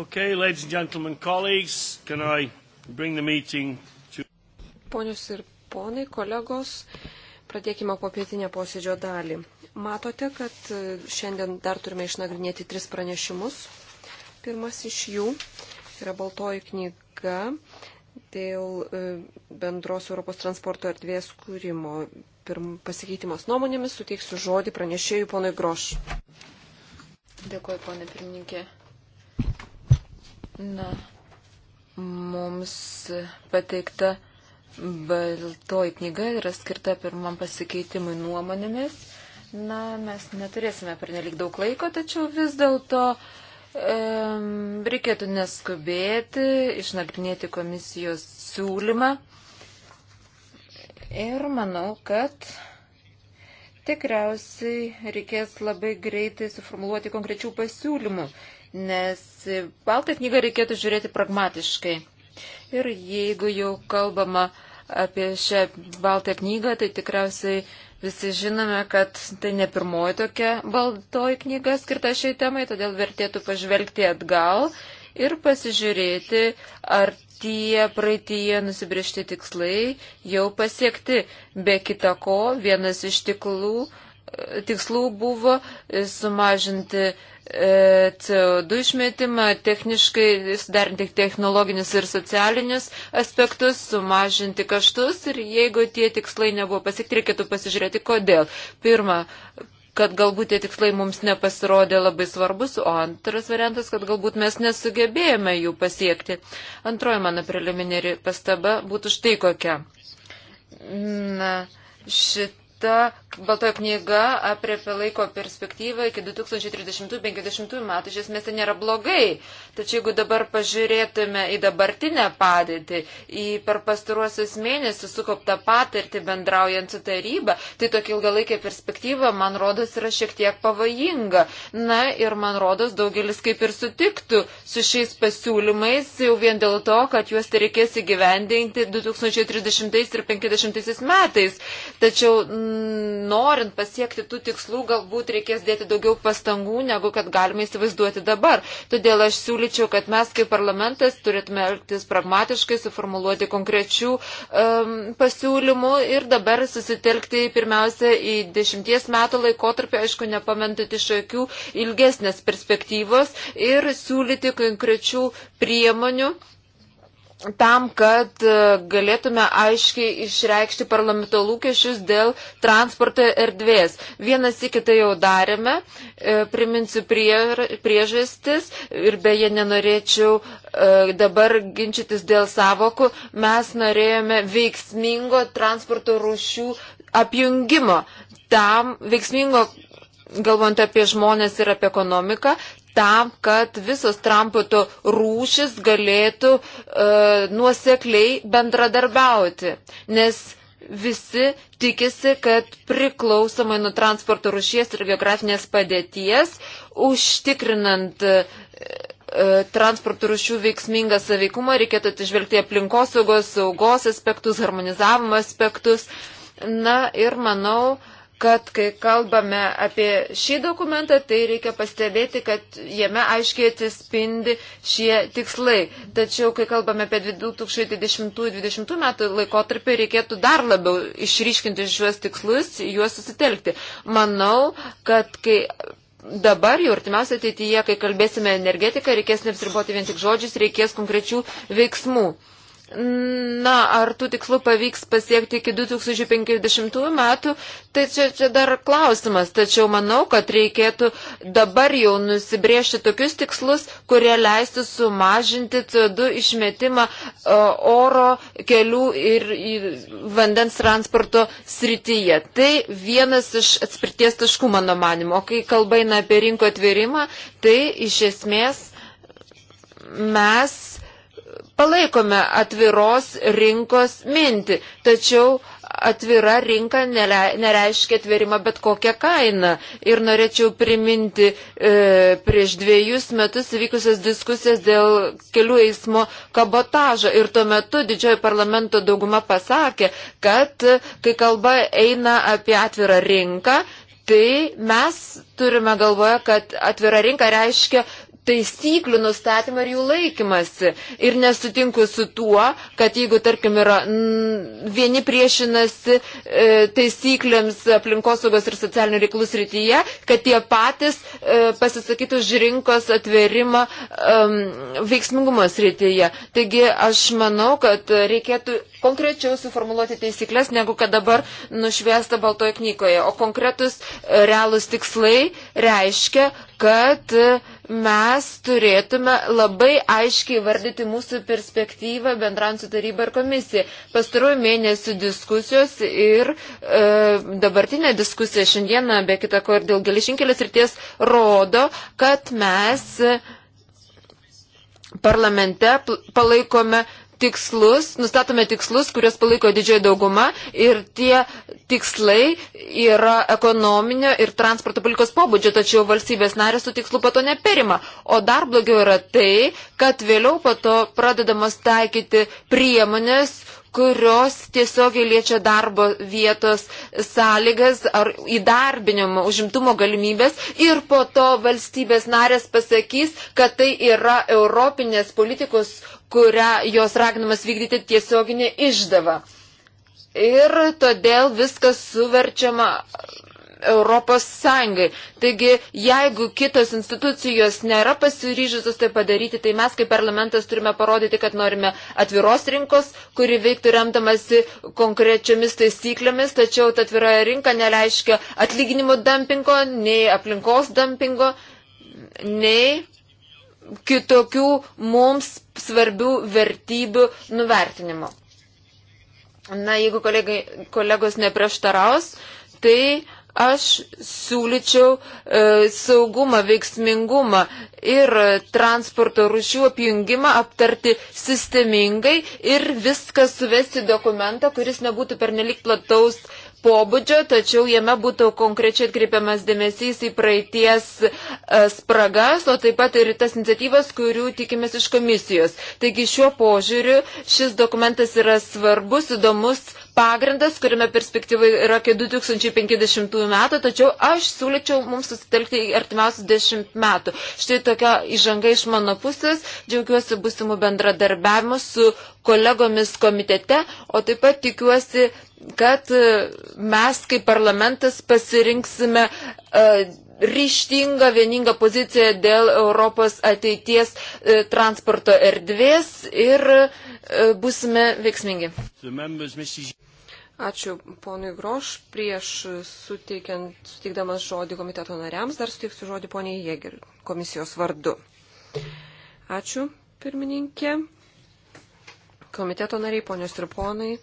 Okay, ladies and gentlemen, colleagues, can I bring the meeting to... Ponius ir ponai, kolegos, pradėkime popietinę posėdžio dalį. Matote, kad e, šiandien dar turime išnagrinėti tris pranešimus. Pirmas iš jų yra baltoji knyga dėl e, bendros Europos transporto erdvės kūrimo. Pirm, pasikeitimas nuomonėmis suteiksiu žodį pranešėjui ponui Groš. Dėkuoju, ponė pirmininkė. Na, mums pateikta baltoji knyga yra skirta pirmam pasikeitimui nuomonėmis. Na, mes neturėsime pernelik daug laiko, tačiau vis dėlto e, reikėtų neskubėti, išnagrinėti komisijos siūlymą. Ir manau, kad tikriausiai reikės labai greitai suformuoluoti konkrečių pasiūlymų nes baltą knygą reikėtų žiūrėti pragmatiškai. Ir jeigu jau kalbama apie šią baltą knygą, tai tikriausiai visi žinome, kad tai ne pirmoji tokia baltoji knyga skirta šiai temai, todėl vertėtų pažvelgti atgal ir pasižiūrėti, ar tie praeitie nusibriežti tikslai jau pasiekti. Be kita ko, vienas iš tiklų tikslų buvo sumažinti e, CO2 išmetimą, techniškai sudarinti technologinius ir socialinius aspektus, sumažinti kaštus ir jeigu tie tikslai nebuvo pasiekti, reikėtų pasižiūrėti, kodėl. Pirma, kad galbūt tie tikslai mums nepasirodė labai svarbus, o antras variantas, kad galbūt mes nesugebėjome jų pasiekti. Antroji mano preliminari pastaba būtų štai kokia. Na, šit ta baltoja knyga apriepia laiko perspektyvą iki 2030-50 metų. Iš esmės tai nėra blogai. Tačiau jeigu dabar pažiūrėtume į dabartinę padėtį, į per pastaruosius mėnesius sukauptą patirtį bendraujant su taryba, tai tokia ilgalaikė perspektyva, man rodos, yra šiek tiek pavojinga. Na ir man rodos, daugelis kaip ir sutiktų su šiais pasiūlymais jau vien dėl to, kad juos tai reikės įgyvendinti 2030 ir 2050 metais. Tačiau norint pasiekti tų tikslų, galbūt reikės dėti daugiau pastangų, negu kad galime įsivaizduoti dabar. Todėl aš siūlyčiau, kad mes kaip parlamentas turėtume elgtis pragmatiškai, suformuluoti konkrečių um, pasiūlymų ir dabar susitelkti pirmiausia į dešimties metų laikotarpį, aišku, nepamentant iš jokių ilgesnės perspektyvos ir siūlyti konkrečių priemonių tam, kad e, galėtume aiškiai išreikšti parlamento lūkesčius dėl transporto erdvės. Vienas į kitą jau darėme, e, priminsiu prie, priežastis ir beje nenorėčiau e, dabar ginčytis dėl savokų, mes norėjome veiksmingo transporto rūšių apjungimo. Tam veiksmingo galvojant apie žmonės ir apie ekonomiką, tam, kad visos trampoto rūšis galėtų e, nuosekliai bendradarbiauti, nes visi tikisi, kad priklausomai nuo transporto rušies ir geografinės padėties, užtikrinant e, e transporto rušių veiksmingą saveikumą, reikėtų atsižvelgti aplinkosaugos, saugos aspektus, harmonizavimo aspektus. Na ir manau, e, kad kai kalbame apie šį dokumentą, tai reikia pastebėti, kad jame aiškiai atsispindi šie tikslai. Tačiau, kai kalbame apie 2020-2020 metų laikotarpį, reikėtų dar labiau išryškinti šiuos tikslus, juos susitelkti. Manau, kad kai dabar jau artimiausia ateityje, kai kalbėsime energetiką, reikės neapsiriboti vien tik žodžiais, reikės konkrečių veiksmų. Na, ar tų tikslų pavyks pasiekti iki 2050 metų, tai čia, čia dar klausimas. Tačiau manau, kad reikėtų dabar jau nusibriežti tokius tikslus, kurie leistų sumažinti CO2 išmetimą e, oro kelių ir vandens transporto srityje. Tai vienas iš atspirties taškų mano manimo. O kai kalba eina apie rinko atvėrimą, tai iš esmės mes palaikome atviros rinkos mintį, tačiau atvira rinka nereiškia atvirimą bet kokią kainą. Ir norėčiau priminti e, prieš dviejus metus vykusias diskusijas dėl kelių eismo kabotažo. Ir tuo metu didžioji parlamento dauguma pasakė, kad e, kai kalba eina apie atvirą rinką, tai mes turime galvoje, kad atvira rinka reiškia taisyklių nustatymą ir jų laikymasi. Ir nesutinku su tuo, kad jeigu, tarkim, yra m, vieni priešinasi e, taisyklėms aplinkosaugos ir socialinių reiklų srityje, kad tie patys e, pasisakytų už rinkos atverimą e, veiksmingumo srityje. Taigi aš manau, kad reikėtų konkrečiau suformuluoti taisyklės, negu kad dabar nušviesta baltoje knygoje. O konkretus e, realūs tikslai reiškia, kad mes turėtume labai aiškiai vardyti mūsų perspektyvą bendram su taryba ir komisija. Pastaruoju mėnesiu diskusijos ir e, dabartinė diskusija šiandieną, be kita ko ir dėl gelišinkelės ryties, rodo, kad mes e, parlamente palaikome tikslus, nustatome tikslus, kuriuos palaiko didžioji dauguma ir tie tikslai yra ekonominio ir transporto politikos pobūdžio, tačiau valstybės narės tų tikslų pato neperima. O dar blogiau yra tai, kad vėliau pato pradedamas taikyti priemonės, kurios tiesiogiai liečia darbo vietos sąlygas ar įdarbinimo užimtumo galimybės ir po to valstybės narės pasakys, kad tai yra europinės politikos kurią jos raginamas vykdyti tiesioginė išdava. Ir todėl viskas suverčiama Europos Sąjungai. Taigi, jeigu kitos institucijos nėra pasiryžusios tai padaryti, tai mes kaip parlamentas turime parodyti, kad norime atviros rinkos, kuri veiktų remdamasi konkrečiomis taisyklėmis, tačiau ta atvira rinka neleiškia atlyginimų dumpingo, nei aplinkos dumpingo, nei kitokių mums svarbių vertybių nuvertinimo. Na, jeigu kolegai, kolegos neprieštaraus, tai aš siūlyčiau e, saugumą, veiksmingumą ir transporto rušių apjungimą aptarti sistemingai ir viską suvesti dokumentą, kuris nebūtų pernelik plataus pobūdžio, tačiau jame būtų konkrečiai atkreipiamas dėmesys į praeities e, spragas, o taip pat ir tas iniciatyvas, kurių tikimės iš komisijos. Taigi šiuo požiūriu šis dokumentas yra svarbus, įdomus pagrindas, kuriame perspektyva yra iki 2050 metų, tačiau aš siūlyčiau mums susitelkti į artimiausius 10 metų. Štai tokia įžanga iš mano pusės, džiaugiuosi būsimų bendradarbiavimu su kolegomis komitete, o taip pat tikiuosi kad e, mes kaip parlamentas pasirinksime e, ryštingą, vieningą poziciją dėl Europos ateities e, transporto erdvės ir busime veiksmingi. Ačiū ponui Groš. Prieš suteikdamas žodį komiteto nariams, dar suteiksiu žodį poniai Jėger komisijos vardu. Ačiū pirmininkė. Komiteto nariai, ponios ir ponai.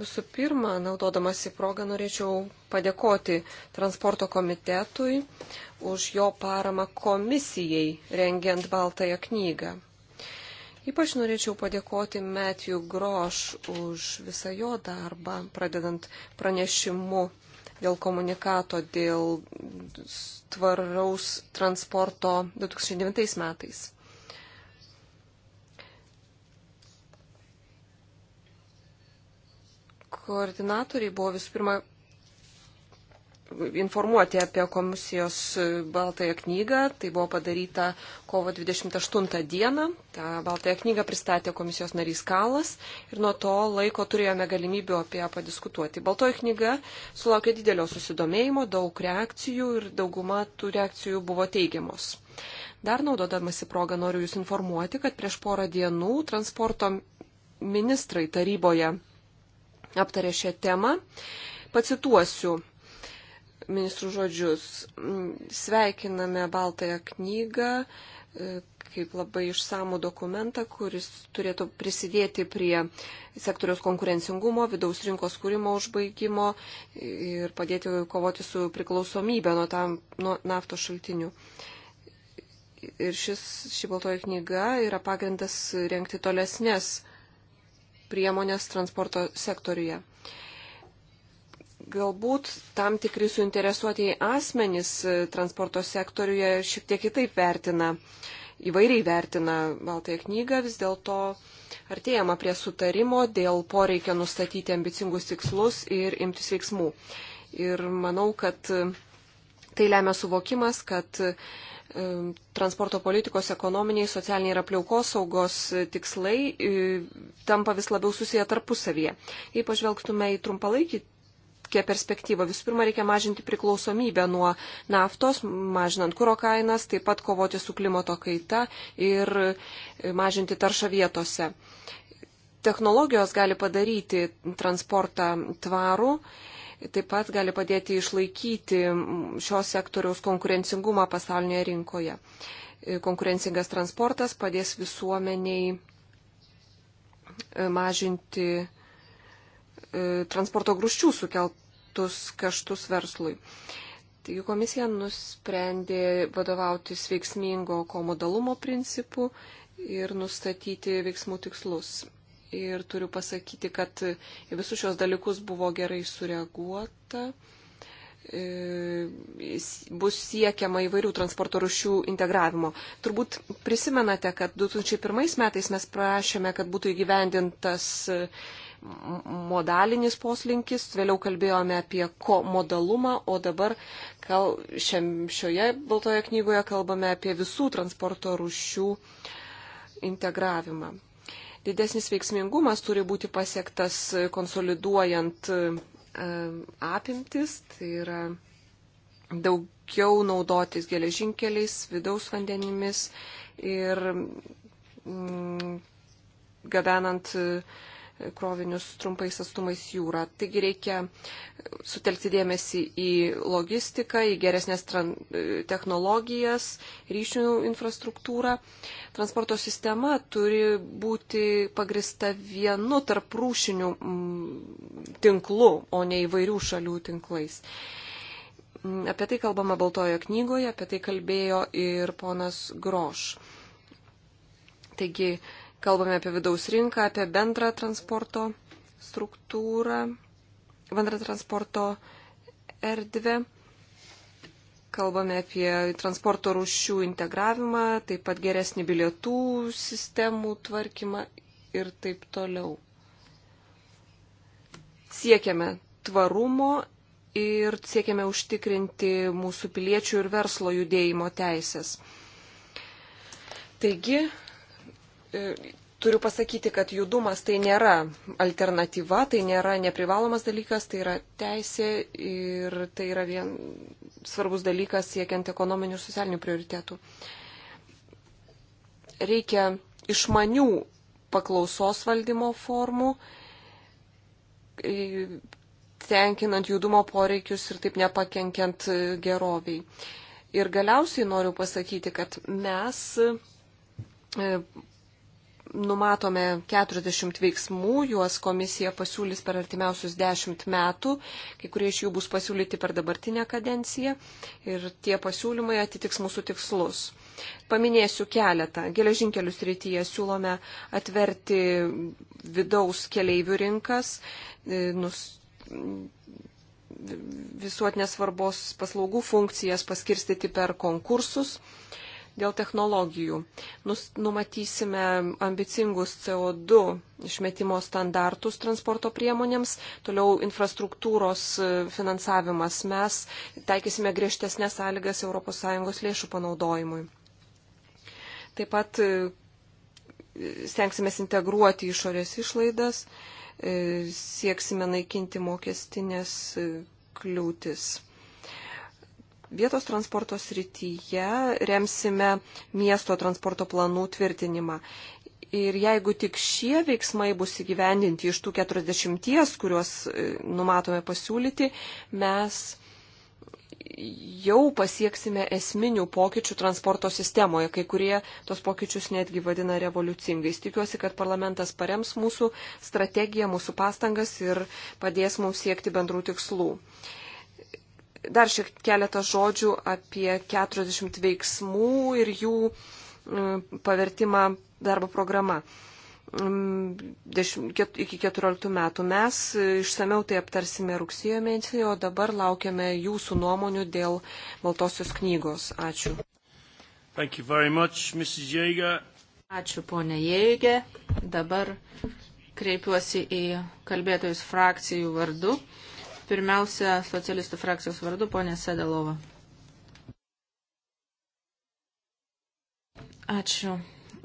Visų pirma, naudodamas į progą, norėčiau padėkoti transporto komitetui už jo paramą komisijai rengiant Baltąją knygą. Ypač norėčiau padėkoti Matthew Grosh už visą jo darbą, pradedant pranešimu dėl komunikato, dėl tvaraus transporto 2009 metais. Koordinatoriai buvo visų pirma informuoti apie komisijos baltąją knygą. Tai buvo padaryta kovo 28 dieną. Ta baltąją knygą pristatė komisijos narys Kalas ir nuo to laiko turėjome galimybių apie ją padiskutuoti. Baltoji knyga sulaukė didelio susidomėjimo, daug reakcijų ir dauguma tų reakcijų buvo teigiamos. Dar naudodamasi progą noriu Jūs informuoti, kad prieš porą dienų transporto ministrai taryboje aptarė šią temą. Pacituosiu ministrų žodžius. Mm, Sveikiname Baltąją knygą e, kaip labai išsamų dokumentą, kuris turėtų prisidėti prie sektoriaus konkurencingumo, vidaus rinkos kūrimo užbaigimo ir padėti kovoti su priklausomybė nuo, tam, nuo naftos šaltinių. Ir šis, ši baltoji knyga yra pagrindas renkti tolesnės priemonės transporto sektoriuje. Galbūt tam tikri suinteresuotieji asmenys e, transporto sektoriuje šiek tiek kitaip vertina, įvairiai vertina Baltąją knygą, vis dėlto artėjama prie sutarimo dėl poreikio nustatyti ambicingus tikslus ir imtis veiksmų. Ir manau, kad e, tai lemia suvokimas, kad e, transporto politikos ekonominiai, socialiniai ir aplinkos saugos e, tikslai e, tampa vis labiau susiję tarpusavyje. Jei pažvelgtume į trumpalaikį perspektyvą, visų pirma, reikia mažinti priklausomybę nuo naftos, mažinant kūro kainas, taip pat kovoti su klimato kaita ir e, mažinti taršą vietose. Technologijos gali padaryti transportą tvarų taip pat gali padėti išlaikyti šios sektoriaus konkurencingumą pasaulinėje rinkoje. E, konkurencingas transportas padės visuomeniai e, mažinti e, transporto grūščių sukeltus kaštus verslui. Taigi komisija nusprendė vadovautis veiksmingo komodalumo principu ir nustatyti veiksmų tikslus ir turiu pasakyti, kad visus šios dalykus buvo gerai sureaguota. E, bus siekiama įvairių transporto rušių integravimo. Turbūt prisimenate, kad 2001 metais mes prašėme, kad būtų įgyvendintas e, modalinis poslinkis, vėliau kalbėjome apie komodalumą, o dabar kal, šiam, šioje baltoje knygoje kalbame apie visų transporto rušių integravimą. Didesnis veiksmingumas turi būti pasiektas konsoliduojant e, apimtis, tai yra daugiau naudotis geležinkeliais, vidaus vandenimis ir mm, gabenant krovinius trumpais atstumais jūrą. Taigi reikia sutelkti dėmesį į logistiką, į geresnės technologijas, ryšių infrastruktūrą. Transporto sistema turi būti pagrista vienu tarp rūšinių mm, tinklu, o ne įvairių šalių tinklais. Apie tai kalbama Baltojo knygoje, apie tai kalbėjo ir ponas Groš. Taigi, Kalbame apie vidaus rinką, apie bendrą transporto struktūrą, bendrą transporto erdvę. Kalbame apie transporto rūšių integravimą, taip pat geresnį bilietų sistemų tvarkymą ir taip toliau. Siekiame tvarumo ir siekiame užtikrinti mūsų piliečių ir verslo judėjimo teisės. Taigi, E, turiu pasakyti, kad judumas tai nėra alternatyva, tai nėra neprivalomas dalykas, tai yra teisė ir tai yra vien svarbus dalykas siekiant ekonominių ir socialinių prioritėtų. Reikia išmanių paklausos valdymo formų, e, tenkinant judumo poreikius ir taip nepakenkiant geroviai. Ir galiausiai noriu pasakyti, kad mes e, numatome 40 veiksmų, juos komisija pasiūlys per artimiausius 10 metų, kai kurie iš jų bus pasiūlyti per dabartinę kadenciją ir tie pasiūlymai atitiks mūsų tikslus. Paminėsiu keletą. Geležinkelių srityje siūlome atverti vidaus keleivių rinkas, e, nus, visuotinės svarbos paslaugų funkcijas paskirstyti per konkursus Dėl technologijų Nus, numatysime ambicingus CO2 išmetimo standartus transporto priemonėms, toliau infrastruktūros e, finansavimas. Mes taikysime griežtesnės sąlygas ES lėšų panaudojimui. Taip pat e, stengsime integruoti išorės išlaidas, e, sieksime naikinti mokestinės kliūtis. Vietos transporto srityje remsime miesto transporto planų tvirtinimą. Ir jeigu tik šie veiksmai bus įgyvendinti iš tų 40, kuriuos e, numatome pasiūlyti, mes jau pasieksime esminių pokyčių transporto sistemoje. Kai kurie tos pokyčius netgi vadina revoliucingais. Tikiuosi, kad parlamentas parems mūsų strategiją, mūsų pastangas ir padės mums siekti bendrų tikslų. Uh, dar šiek keletą žodžių apie 40 veiksmų ir jų mm, pavertimą darbo programą. Mm, iki 14 metų mes e, išsameu tai aptarsime rugsėjo mėnesį, o dabar laukiame jūsų nuomonių dėl Baltosios knygos. Ačiū. Much, Ačiū, ponė Jėgė. Dabar kreipiuosi į kalbėtojus frakcijų vardu. Pirmiausia, socialistų frakcijos vardu, ponė Sedelova. Ačiū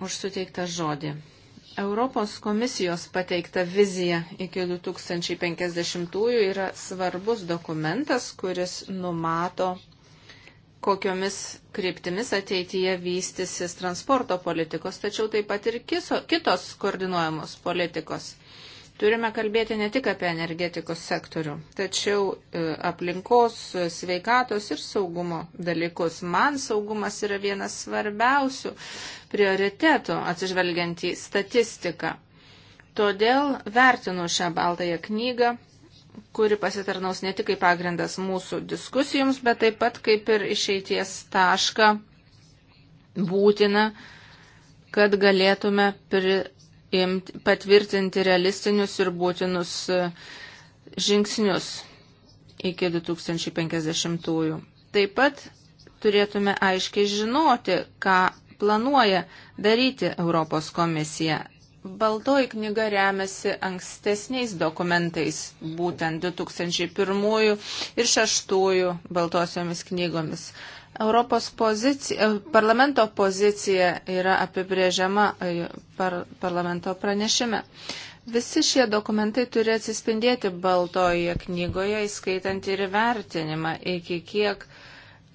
už suteiktą žodį. Europos komisijos pateikta vizija iki 2050-ųjų yra svarbus dokumentas, kuris numato, kokiomis kryptimis ateityje vystysis transporto politikos, tačiau taip pat ir kiso, kitos koordinuojamos politikos. Turime kalbėti ne tik apie energetikos sektorių, tačiau e, aplinkos, e, sveikatos ir saugumo dalykus. Man saugumas yra vienas svarbiausių prioritetų atsižvelgiant į statistiką. Todėl vertinu šią baltąją knygą, kuri pasitarnaus ne tik kaip pagrindas mūsų diskusijoms, bet taip pat kaip ir išeities tašką būtina, kad galėtume pri patvirtinti realistinius ir būtinus e, žingsnius iki 2050-ųjų. Taip pat turėtume aiškiai žinoti, ką planuoja daryti Europos komisija. Baltoji knyga remiasi ankstesniais dokumentais, būtent 2001 ir 2006 baltosiomis knygomis. Europos pozicija, e, parlamento pozicija yra apibrėžiama e, par, parlamento pranešime. Visi šie dokumentai turi atsispindėti baltoje knygoje, įskaitant ir vertinimą, iki kiek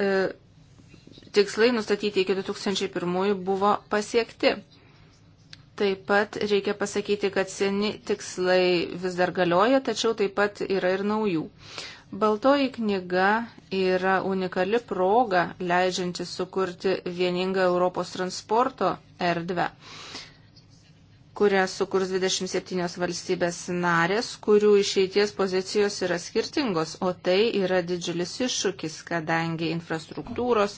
e, tikslai nustatyti iki 2001 buvo pasiekti. Taip pat reikia pasakyti, kad seni tikslai vis dar galioja, tačiau taip pat yra ir naujų. Baltoji knyga yra unikali proga leidžianti sukurti vieningą Europos transporto erdvę kurią sukurs 27 valstybės narės, kurių išeities pozicijos yra skirtingos, o tai yra didžiulis iššūkis, kadangi infrastruktūros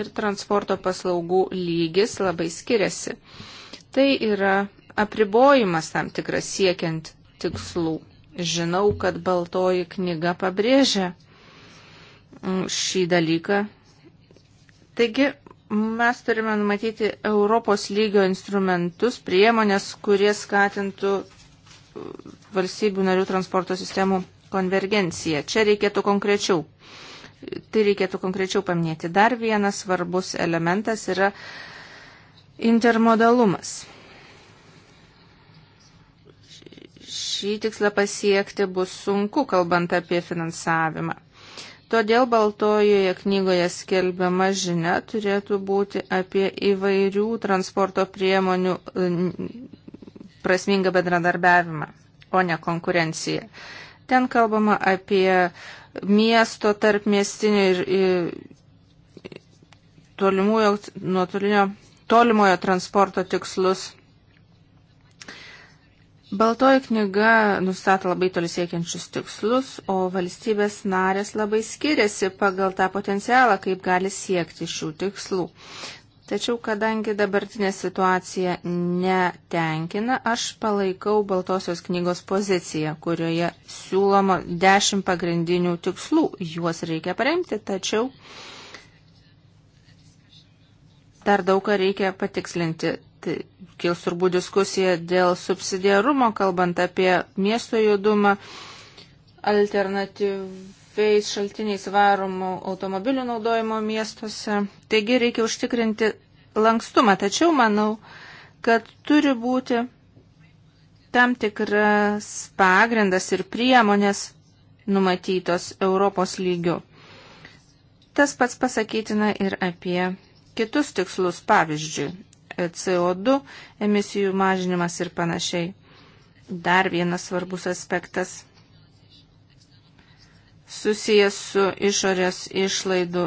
ir transporto paslaugų lygis labai skiriasi. Tai yra apribojimas tam tikras siekiant tikslų. Žinau, kad baltoji knyga pabrėžia mm, šį dalyką. Taigi, mes turime numatyti Europos lygio instrumentus, priemonės, kurie skatintų mm, valstybių narių transporto sistemų konvergenciją. Čia reikėtų konkrečiau. Tai reikėtų konkrečiau paminėti. Dar vienas svarbus elementas yra intermodalumas. šį tikslą pasiekti bus sunku, kalbant apie finansavimą. Todėl Baltojoje knygoje skelbiama žinia turėtų būti apie įvairių transporto priemonių prasmingą bendradarbiavimą, o ne konkurenciją. Ten kalbama apie miesto tarp miestinio ir, ir tolimųjo, nuotolinio, tolimojo transporto tikslus Baltoji knyga nustato labai toli siekiančius tikslus, o valstybės narės labai skiriasi pagal tą potencialą, kaip gali siekti šių tikslų. Tačiau, kadangi dabartinė situacija netenkina, aš palaikau Baltosios knygos poziciją, kurioje siūloma dešimt pagrindinių tikslų. Juos reikia paremti, tačiau dar daug ką reikia patikslinti kils turbūt diskusija dėl subsidiarumo, kalbant apie miesto judumą, alternatyviais šaltiniais varomų automobilių naudojimo miestuose. Taigi reikia užtikrinti lankstumą, tačiau manau, kad turi būti tam tikras pagrindas ir priemonės numatytos Europos lygiu. Tas pats pasakytina ir apie kitus tikslus, pavyzdžiui, CO2 emisijų mažinimas ir panašiai. Dar vienas svarbus aspektas susijęs su išorės išlaidų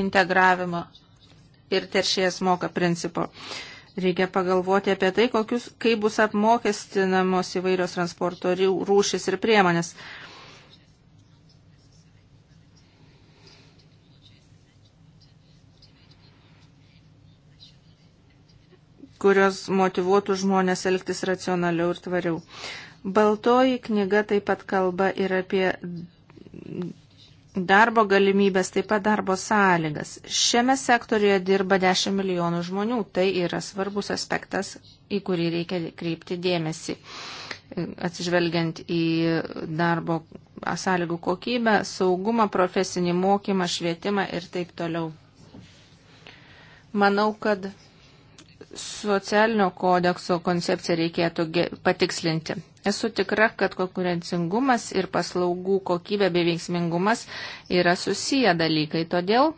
integravimo ir teršėjas moka principo. Reikia pagalvoti apie tai, kokius, kaip bus apmokestinamos įvairios transporto rūšis ir priemonės. kurios motivuotų žmonės elgtis racionaliau ir tvariau. Baltoji knyga taip pat kalba ir apie darbo galimybės, taip pat darbo sąlygas. Šiame sektorijoje dirba 10 milijonų žmonių, tai yra svarbus aspektas, į kurį reikia kreipti dėmesį. Atsižvelgiant į darbo sąlygų kokybę, saugumą, profesinį mokymą, švietimą ir taip toliau. Manau, kad socialinio kodekso koncepciją reikėtų patikslinti. Esu tikra, kad konkurencingumas ir paslaugų kokybė bei veiksmingumas yra susiję dalykai. Todėl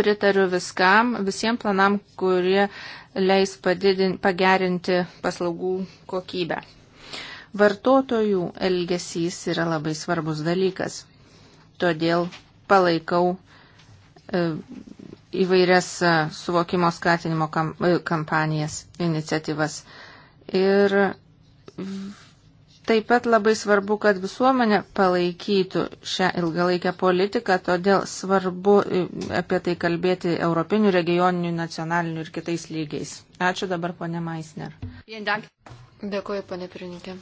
pritariu viskam, visiems planam, kurie leis padidin, pagerinti paslaugų kokybę. Vartotojų elgesys yra labai svarbus dalykas. Todėl palaikau e, įvairias suvokimo skatinimo e, kampanijas, iniciatyvas. Ir taip pat labai svarbu, kad visuomenė palaikytų šią ilgalaikę politiką, todėl svarbu e, apie tai kalbėti europinių, regioninių, nacionalinių ir kitais lygiais. Ačiū dabar, ponė Maisner. Dėkuoju, ponė Pirinkė.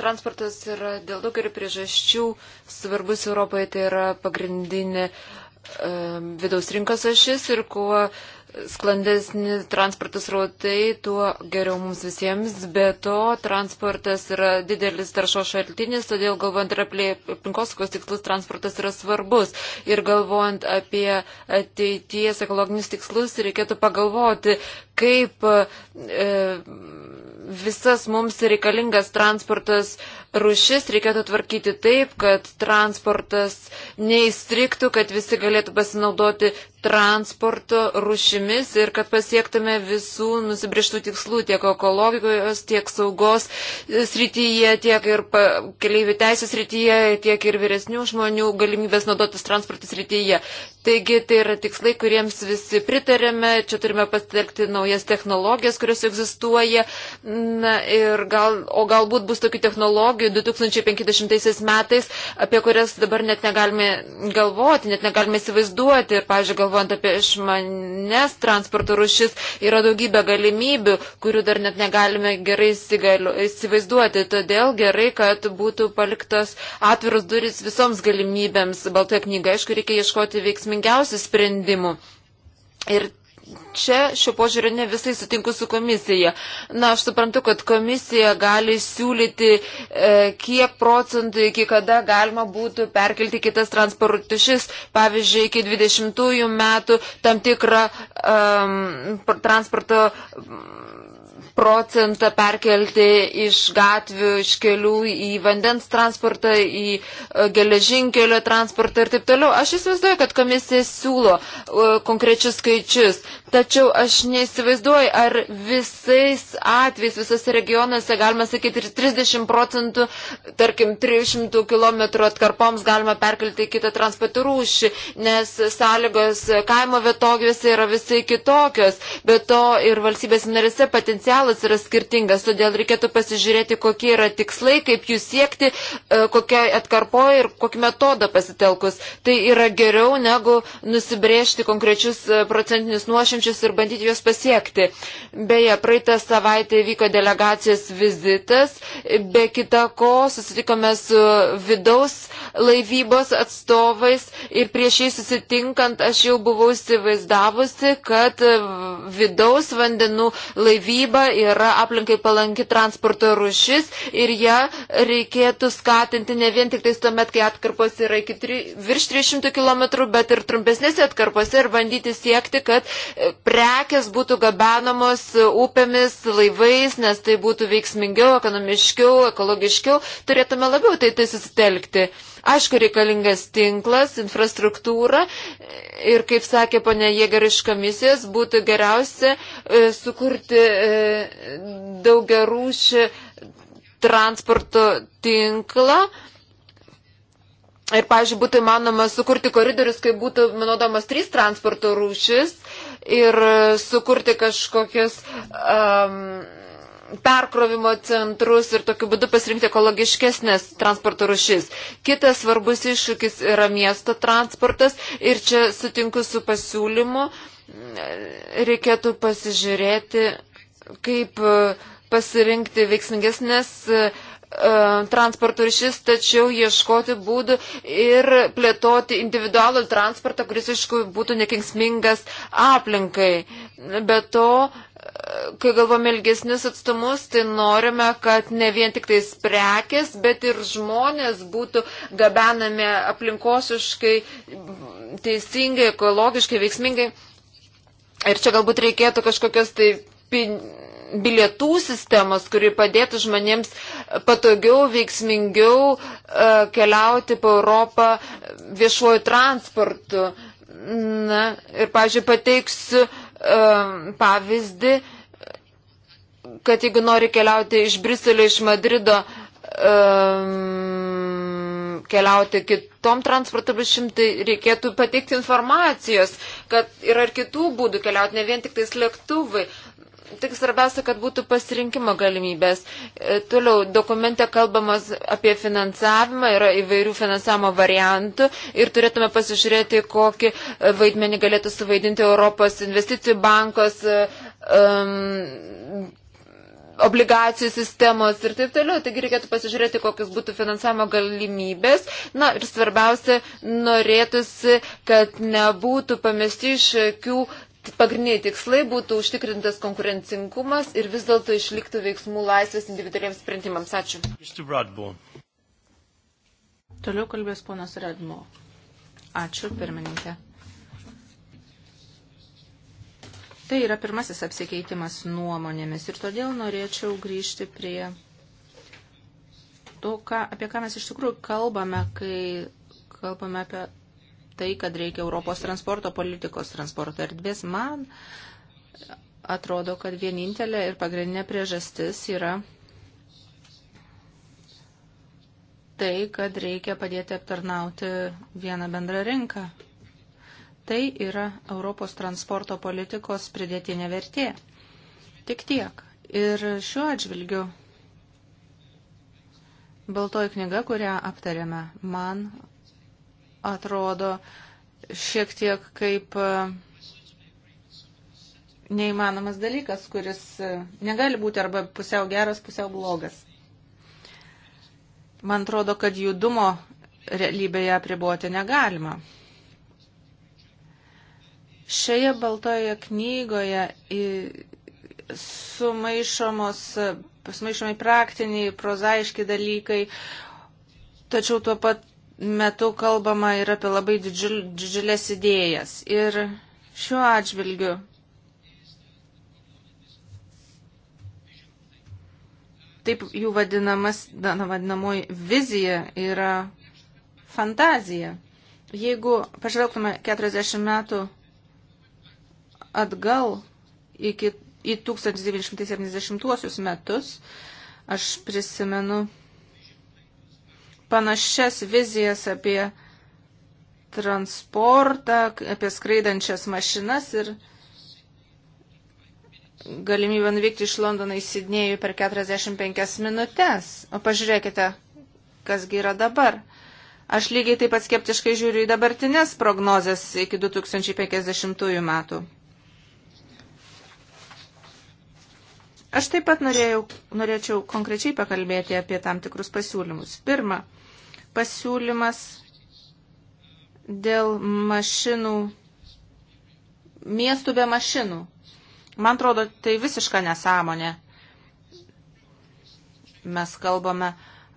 Transportas yra dėl daugelio priežasčių svarbus Europoje, tai yra pagrindinė um, vidaus rinkos ašis ir kuo sklandesni transportas rautai, tuo geriau mums visiems. Be to, transportas yra didelis taršo šaltinis, todėl galvojant ir apie aplinkosaugos tikslus, transportas yra svarbus. Ir galvojant apie ateities ekologinius tikslus, reikėtų pagalvoti, kaip e, visas mums reikalingas transportas rušis reikėtų tvarkyti taip, kad transportas neįstriktų, kad visi galėtų pasinaudoti transporto rušimis ir kad pasiektume visų nusibrieštų tikslų tiek ekologijos, tiek saugos srityje, tiek ir keliaivių teisės srityje, tiek ir vyresnių žmonių galimybės naudotis transporto srityje. Taigi tai yra tikslai, kuriems visi pritarėme, čia turime pasitelkti naujas technologijas, kurios egzistuoja, na, ir gal, o galbūt bus tokių technologijų, technologijų 2050 metais, apie kurias dabar net negalime galvoti, net negalime įsivaizduoti. Ir, pažiūrėjau, galvojant apie išmanes transporto rušis, yra daugybė galimybių, kurių dar net negalime gerai įsivaizduoti. Todėl gerai, kad būtų paliktos atviros duris visoms galimybėms. Baltoje knyga, aišku, reikia ieškoti veiksmingiausių sprendimų. Ir čia šio požiūrio ne visai sutinku su komisija. Na, aš suprantu, kad komisija gali siūlyti, e, kiek procentų iki kada galima būtų perkelti kitas transportušis, pavyzdžiui, iki 20 metų tam tikrą um, e, transporto procentą perkelti iš gatvių, iš kelių į vandens transportą, į e, geležinkelio transportą ir taip toliau. Aš įsivaizduoju, kad komisija siūlo e, konkrečius skaičius, tačiau aš neįsivaizduoju, ar visais atvejais, visose regionuose galima sakyti ir 30 procentų, tarkim, 300 km atkarpoms galima perkelti į kitą transporto rūšį, nes sąlygos kaimo vietovėse yra visai kitokios, bet to ir valstybės narėse potencialas potencialas yra skirtingas, todėl reikėtų pasižiūrėti, kokie yra tikslai, kaip jų siekti, e, kokią atkarpoje ir kokį metodą pasitelkus. Tai yra geriau negu nusibriežti konkrečius e, procentinius nuošimčius ir bandyti juos pasiekti. Beje, praeitą savaitę vyko delegacijos vizitas, be kita ko susitikome su vidaus laivybos atstovais ir prieš jį susitinkant aš jau buvau įsivaizdavusi, kad vidaus vandenų laivyba yra aplinkai palanki transporto rušis ir ją reikėtų skatinti ne vien tik tais tuomet, kai atkarpos yra iki tri, virš 300 km, bet ir trumpesnėse atkarpose ir bandyti siekti, kad e, prekes būtų gabenamos e, upėmis, laivais, nes tai būtų veiksmingiau, ekonomiškiau, ekologiškiau, turėtume labiau tai, tai susitelkti. Aišku, reikalingas tinklas, infrastruktūra ir, kaip sakė ponė Jėger iš komisijos, būtų geriausia e, sukurti e, daugiarūšį transporto tinklą. Ir, pažiūrėjau, būtų įmanoma sukurti koridorius, kai būtų naudomas trys transporto rūšis ir e, sukurti kažkokius um, perkrovimo centrus ir tokiu būdu pasirinkti ekologiškesnės transporto rušis. Kitas svarbus iššūkis yra miesto transportas ir čia sutinku su pasiūlymu, reikėtų pasižiūrėti, kaip pasirinkti veiksmingesnės e, transporto ryšis, tačiau ieškoti būdų ir plėtoti individualų transportą, kuris, aišku, būtų nekenksmingas aplinkai. Be to, kai galvome ilgesnius atstumus, tai norime, kad ne vien tik tais prekes, bet ir žmonės būtų gabenami aplinkosiškai, teisingai, ekologiškai, veiksmingai. Ir čia galbūt reikėtų kažkokios tai bilietų sistemos, kuri padėtų žmonėms patogiau, veiksmingiau e, keliauti po Europą viešuoju transportu. Na, ir, pažiūrėjau, pateiksiu Um, pavyzdį, kad jeigu nori keliauti iš Briselio, iš Madrido, um, keliauti kitom transporto bešimtai, reikėtų pateikti informacijos, kad yra ir kitų būdų keliauti, ne vien tik tais lėktuvai tik svarbiausia, kad būtų pasirinkimo galimybės. E, toliau dokumente kalbamas apie finansavimą, yra įvairių finansavimo variantų ir turėtume pasižiūrėti, kokį e, vaidmenį galėtų suvaidinti Europos investicijų bankos. Um, obligacijų sistemos ir taip toliau. Taigi reikėtų pasižiūrėti, kokius būtų finansavimo galimybės. Na ir svarbiausia, norėtųsi, kad nebūtų pamesti iš akių pagrindiniai tikslai būtų užtikrintas konkurencingumas ir vis dėlto išliktų veiksmų laisvės individualiems sprendimams. Ačiū. Toliau kalbės ponas Redmo. Ačiū, pirmininkė. Tai yra pirmasis apsikeitimas nuomonėmis ir todėl norėčiau grįžti prie to, ką, apie ką mes iš tikrųjų kalbame, kai kalbame apie tai, kad reikia Europos transporto politikos, transporto erdvės, man atrodo, kad vienintelė ir pagrindinė priežastis yra tai, kad reikia padėti aptarnauti vieną bendrą rinką. Tai yra Europos transporto politikos pridėtinė vertė. Tik tiek. Ir šiuo atžvilgiu Baltoji knyga, kurią aptarėme, man atrodo šiek tiek kaip e, neįmanomas dalykas, kuris e, negali būti arba pusiau geras, pusiau blogas. Man atrodo, kad judumo realybėje apriboti negalima. Šioje baltoje knygoje sumaišomos, sumaišomi praktiniai, prozaiški dalykai, tačiau tuo pat metu kalbama ir apie labai didžiul, didžiulės idėjas. Ir šiuo atžvilgiu taip jų vadinamas, na, vadinamoji vizija yra fantazija. Jeigu pažvelgtume 40 metų atgal iki, į 1970 metus, aš prisimenu panašias vizijas apie transportą, apie skraidančias mašinas ir galimybę nuvykti iš Londono į Sidnėjų per 45 minutės. O pažiūrėkite, kasgi yra dabar. Aš lygiai taip pat skeptiškai žiūriu į dabartinės prognozes iki 2050 metų. Aš taip pat norėjau, norėčiau konkrečiai pakalbėti apie tam tikrus pasiūlymus. Pirma, pasiūlymas dėl mašinų, miestų be mašinų. Man atrodo, tai visiška nesąmonė. Mes kalbame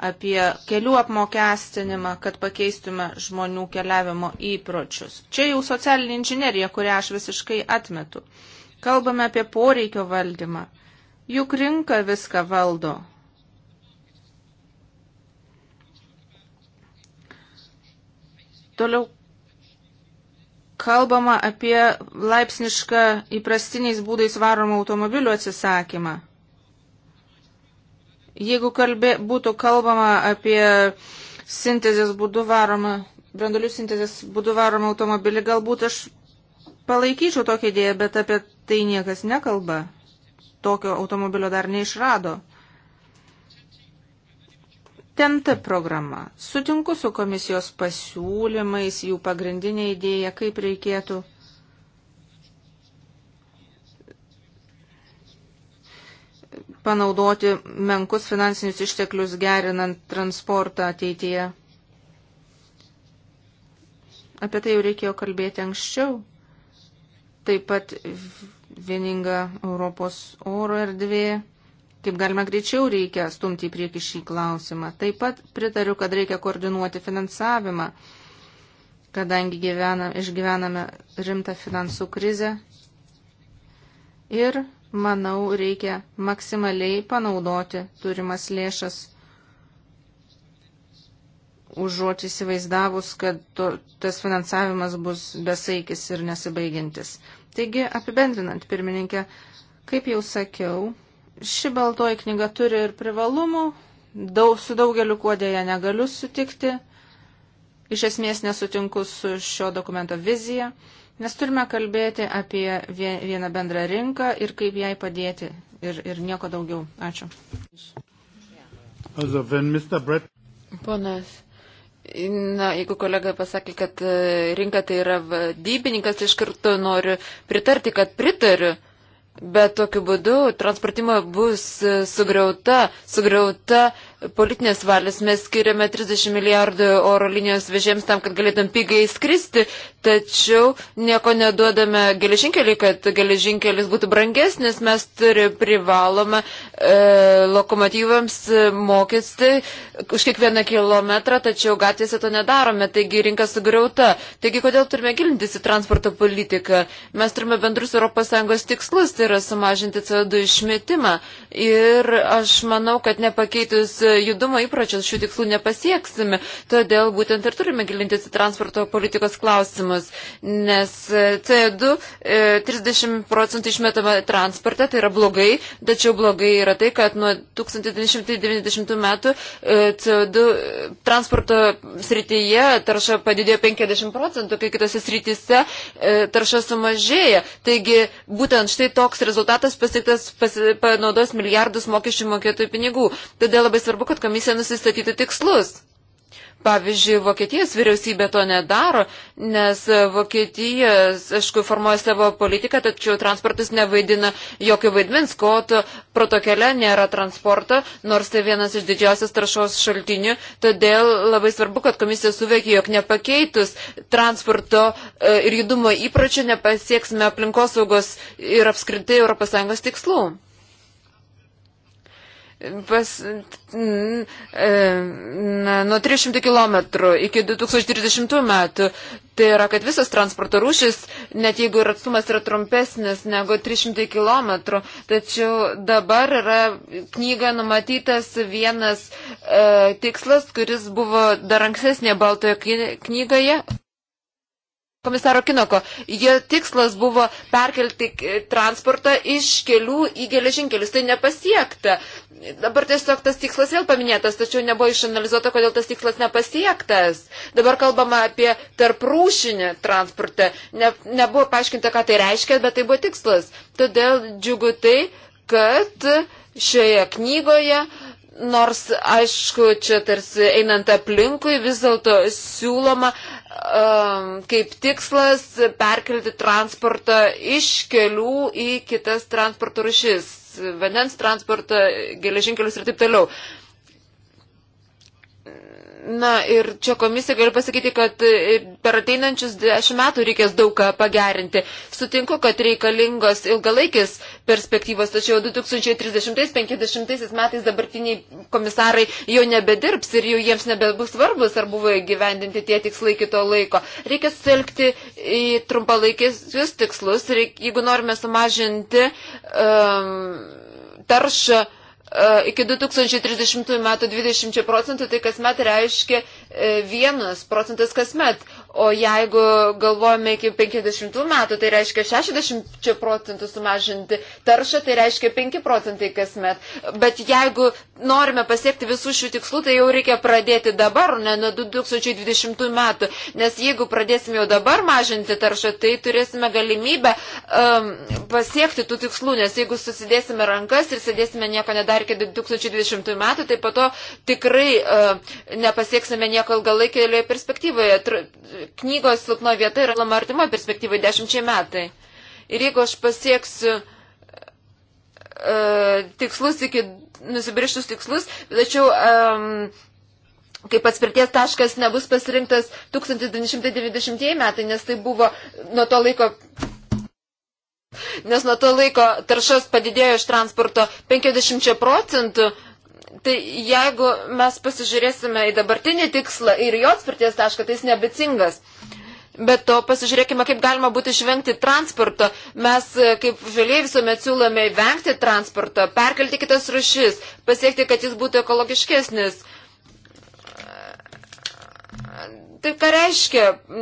apie kelių apmokestinimą, kad pakeistume žmonių keliavimo įpročius. Čia jau socialinė inžinerija, kurią aš visiškai atmetu. Kalbame apie poreikio valdymą. Juk rinka viską valdo. Toliau kalbama apie laipsnišką įprastiniais būdais varomą automobilių atsisakymą. Jeigu kalbė, būtų kalbama apie sintezės būdų varomą, brandulių sintezės būdų varomą automobilį, galbūt aš palaikyčiau tokią idėją, bet apie tai niekas nekalba. Tokio automobilio dar neišrado. TENT programa. Sutinku su komisijos pasiūlymais, jų pagrindinė idėja, kaip reikėtų panaudoti menkus finansinius išteklius gerinant transportą ateityje. Apie tai jau reikėjo kalbėti anksčiau. Taip pat vieninga Europos oro erdvė kaip galima greičiau reikia stumti į priekį šį klausimą. Taip pat pritariu, kad reikia koordinuoti finansavimą, kadangi gyvenam, išgyvename rimtą finansų krizę. Ir, manau, reikia maksimaliai panaudoti turimas lėšas, užuot įsivaizdavus, kad to, tas finansavimas bus besaikis ir nesibaigintis. Taigi, apibendrinant, pirmininkė, kaip jau sakiau, Ši baltoji knyga turi ir privalumų, daug, su daugeliu kuo dėja negaliu sutikti. Iš esmės nesutinku su šio dokumento vizija, nes turime kalbėti apie vieną bendrą rinką ir kaip jai padėti ir, ir nieko daugiau. Ačiū. Ponas. Na, jeigu kolega pasakė, kad e, rinka tai yra vadybininkas, tai iš karto noriu pritarti, kad pritariu bet tokiu būdu transportima bus e, sugriauta, sugriauta politinės valės. Mes skiriame 30 milijardų oro linijos vežėms tam, kad galėtum pigiai skristi, tačiau nieko neduodame geležinkeliui, kad geležinkelis būtų brangesnis. Mes turi privalome e, lokomotyvams mokesti už kiekvieną kilometrą, tačiau gatvėse to nedarome, taigi rinka sugriauta. Taigi kodėl turime gilintis į transporto politiką? Mes turime bendrus ES tikslus, tai yra sumažinti CO2 išmetimą. Ir aš manau, kad nepakeitus judumo įpročius šių tikslų nepasieksime. Todėl būtent ir turime gilintis į transporto politikos klausimus, nes e, CO2 30 e, procentų išmetama transporte, tai yra blogai, tačiau blogai yra tai, kad nuo 1990 metų e, CO2 transporto srityje tarša padidėjo 50 procentų, kai kitose srityse tarša sumažėja. Taigi būtent štai toks rezultatas pasiektas pas, panaudos milijardus mokesčių mokėtojų pinigų. Todėl labai svarbu svarbu, kad komisija nusistatytų tikslus. Pavyzdžiui, Vokietijos vyriausybė to nedaro, nes Vokietijos, aišku, formuoja savo politiką, tačiau transportas nevaidina jokio vaidmens, ko protokele nėra transporto, nors tai vienas iš didžiausias trašos šaltinių. Todėl labai svarbu, kad komisija suveikia, jog nepakeitus transporto e, ir judumo įpročių nepasieksime aplinkosaugos ir apskritai ES tikslų pas, e, na, nuo 300 km iki 2030 metų. Tai yra, kad visas transporto rūšis, net jeigu ir atstumas yra trumpesnis negu 300 km, tačiau dabar yra knyga numatytas vienas e, tikslas, kuris buvo dar ankstesnėje baltoje knygoje komisaro Kinoko. Jo tikslas buvo perkelti transportą iš kelių į geležinkelius. Tai nepasiekta. Dabar tiesiog tas tikslas vėl paminėtas, tačiau nebuvo išanalizuota, kodėl tas tikslas nepasiektas. Dabar kalbama apie tarprūšinį transportą. Ne, nebuvo paaiškinta, ką tai reiškia, bet tai buvo tikslas. Todėl džiugu tai, kad šioje knygoje Nors, aišku, čia tarsi einant aplinkui vis dėlto siūloma Um, kaip tikslas perkelti transportą iš kelių į kitas transporto rušis, vandens transportą, geležinkelius ir taip toliau. Na ir čia komisija galiu pasakyti, kad e, per ateinančius dešimt metų reikės daug ką pagerinti. Sutinku, kad reikalingos ilgalaikis perspektyvos, tačiau 2030-50 metais dabartiniai komisarai jau nebedirbs ir jau jiems nebebus svarbus, ar buvo gyvendinti tie tikslai kito laiko. Reikia sutelkti į trumpalaikis tikslus, reik, jeigu norime sumažinti um, taršą E, iki 2030 metų 20 procentų, tai kasmet reiškia 1 e, procentas kasmet. O jeigu galvojame iki 50 metų, tai reiškia 60 procentų sumažinti taršą, tai reiškia 5 procentai kasmet. Bet jeigu norime pasiekti visų šių tikslų, tai jau reikia pradėti dabar, ne nuo 2020 metų. Nes jeigu pradėsime jau dabar mažinti taršą, tai turėsime galimybę um, pasiekti tų tikslų. Nes jeigu susidėsime rankas ir sėdėsime nieko nedar iki 2020 metų, tai po to tikrai um, nepasieksime nieko ilgalaikėje perspektyvoje knygos silpno vieta yra lama artimo perspektyvai dešimčiai metai. Ir jeigu aš pasieksiu uh, tikslus iki nusibrieštus tikslus, tačiau um, kaip atspirties taškas nebus pasirinktas 1990 metai, nes tai buvo nuo to laiko. Nes nuo to laiko taršas padidėjo iš transporto 50 procentų, Tai jeigu mes pasižiūrėsime į dabartinį tikslą ir jo atspirties tašką, tai jis nebecingas. Bet to pasižiūrėkime, kaip galima būtų išvengti transporto. Mes, e, kaip žaliai visuomet siūlome vengti transporto, perkelti kitas rušis, pasiekti, kad jis būtų ekologiškesnis. Tai ką reiškia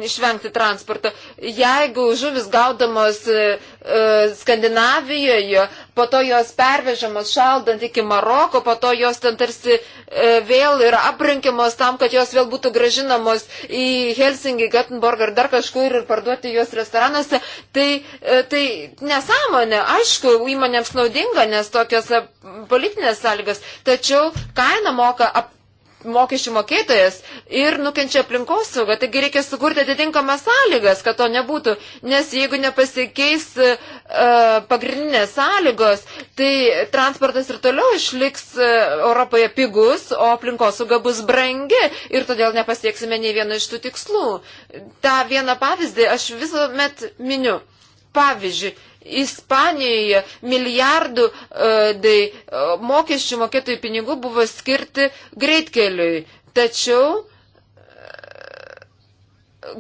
išvengti transporto? Jeigu žuvis gaudamos e, e, Skandinavijoje, po to jos pervežamos šaldant iki Maroko, po to jos ten tarsi e, vėl yra aprinkiamos tam, kad jos vėl būtų gražinamos į Helsingį, Göteborgą ar dar kažkur ir parduoti jos restoranuose, tai, e, tai nesąmonė. Aišku, įmonėms naudinga, nes tokios e, politinės sąlygas, tačiau kaina moka ap, mokesčių mokėtojas ir nukenčia aplinkosauga, taigi reikia sukurti atitinkamas sąlygas, kad to nebūtų, nes jeigu nepasikeis uh, pagrindinės sąlygos, tai transportas ir toliau išliks uh, Europoje pigus, o aplinkosauga bus brangi ir todėl nepasieksime nei vieno iš tų tikslų. Ta vieną pavyzdį aš visuomet miniu. Pavyzdžiui, Ispanijoje milijardų e, e, mokesčių mokėtojų pinigų buvo skirti greitkeliui. Tačiau e,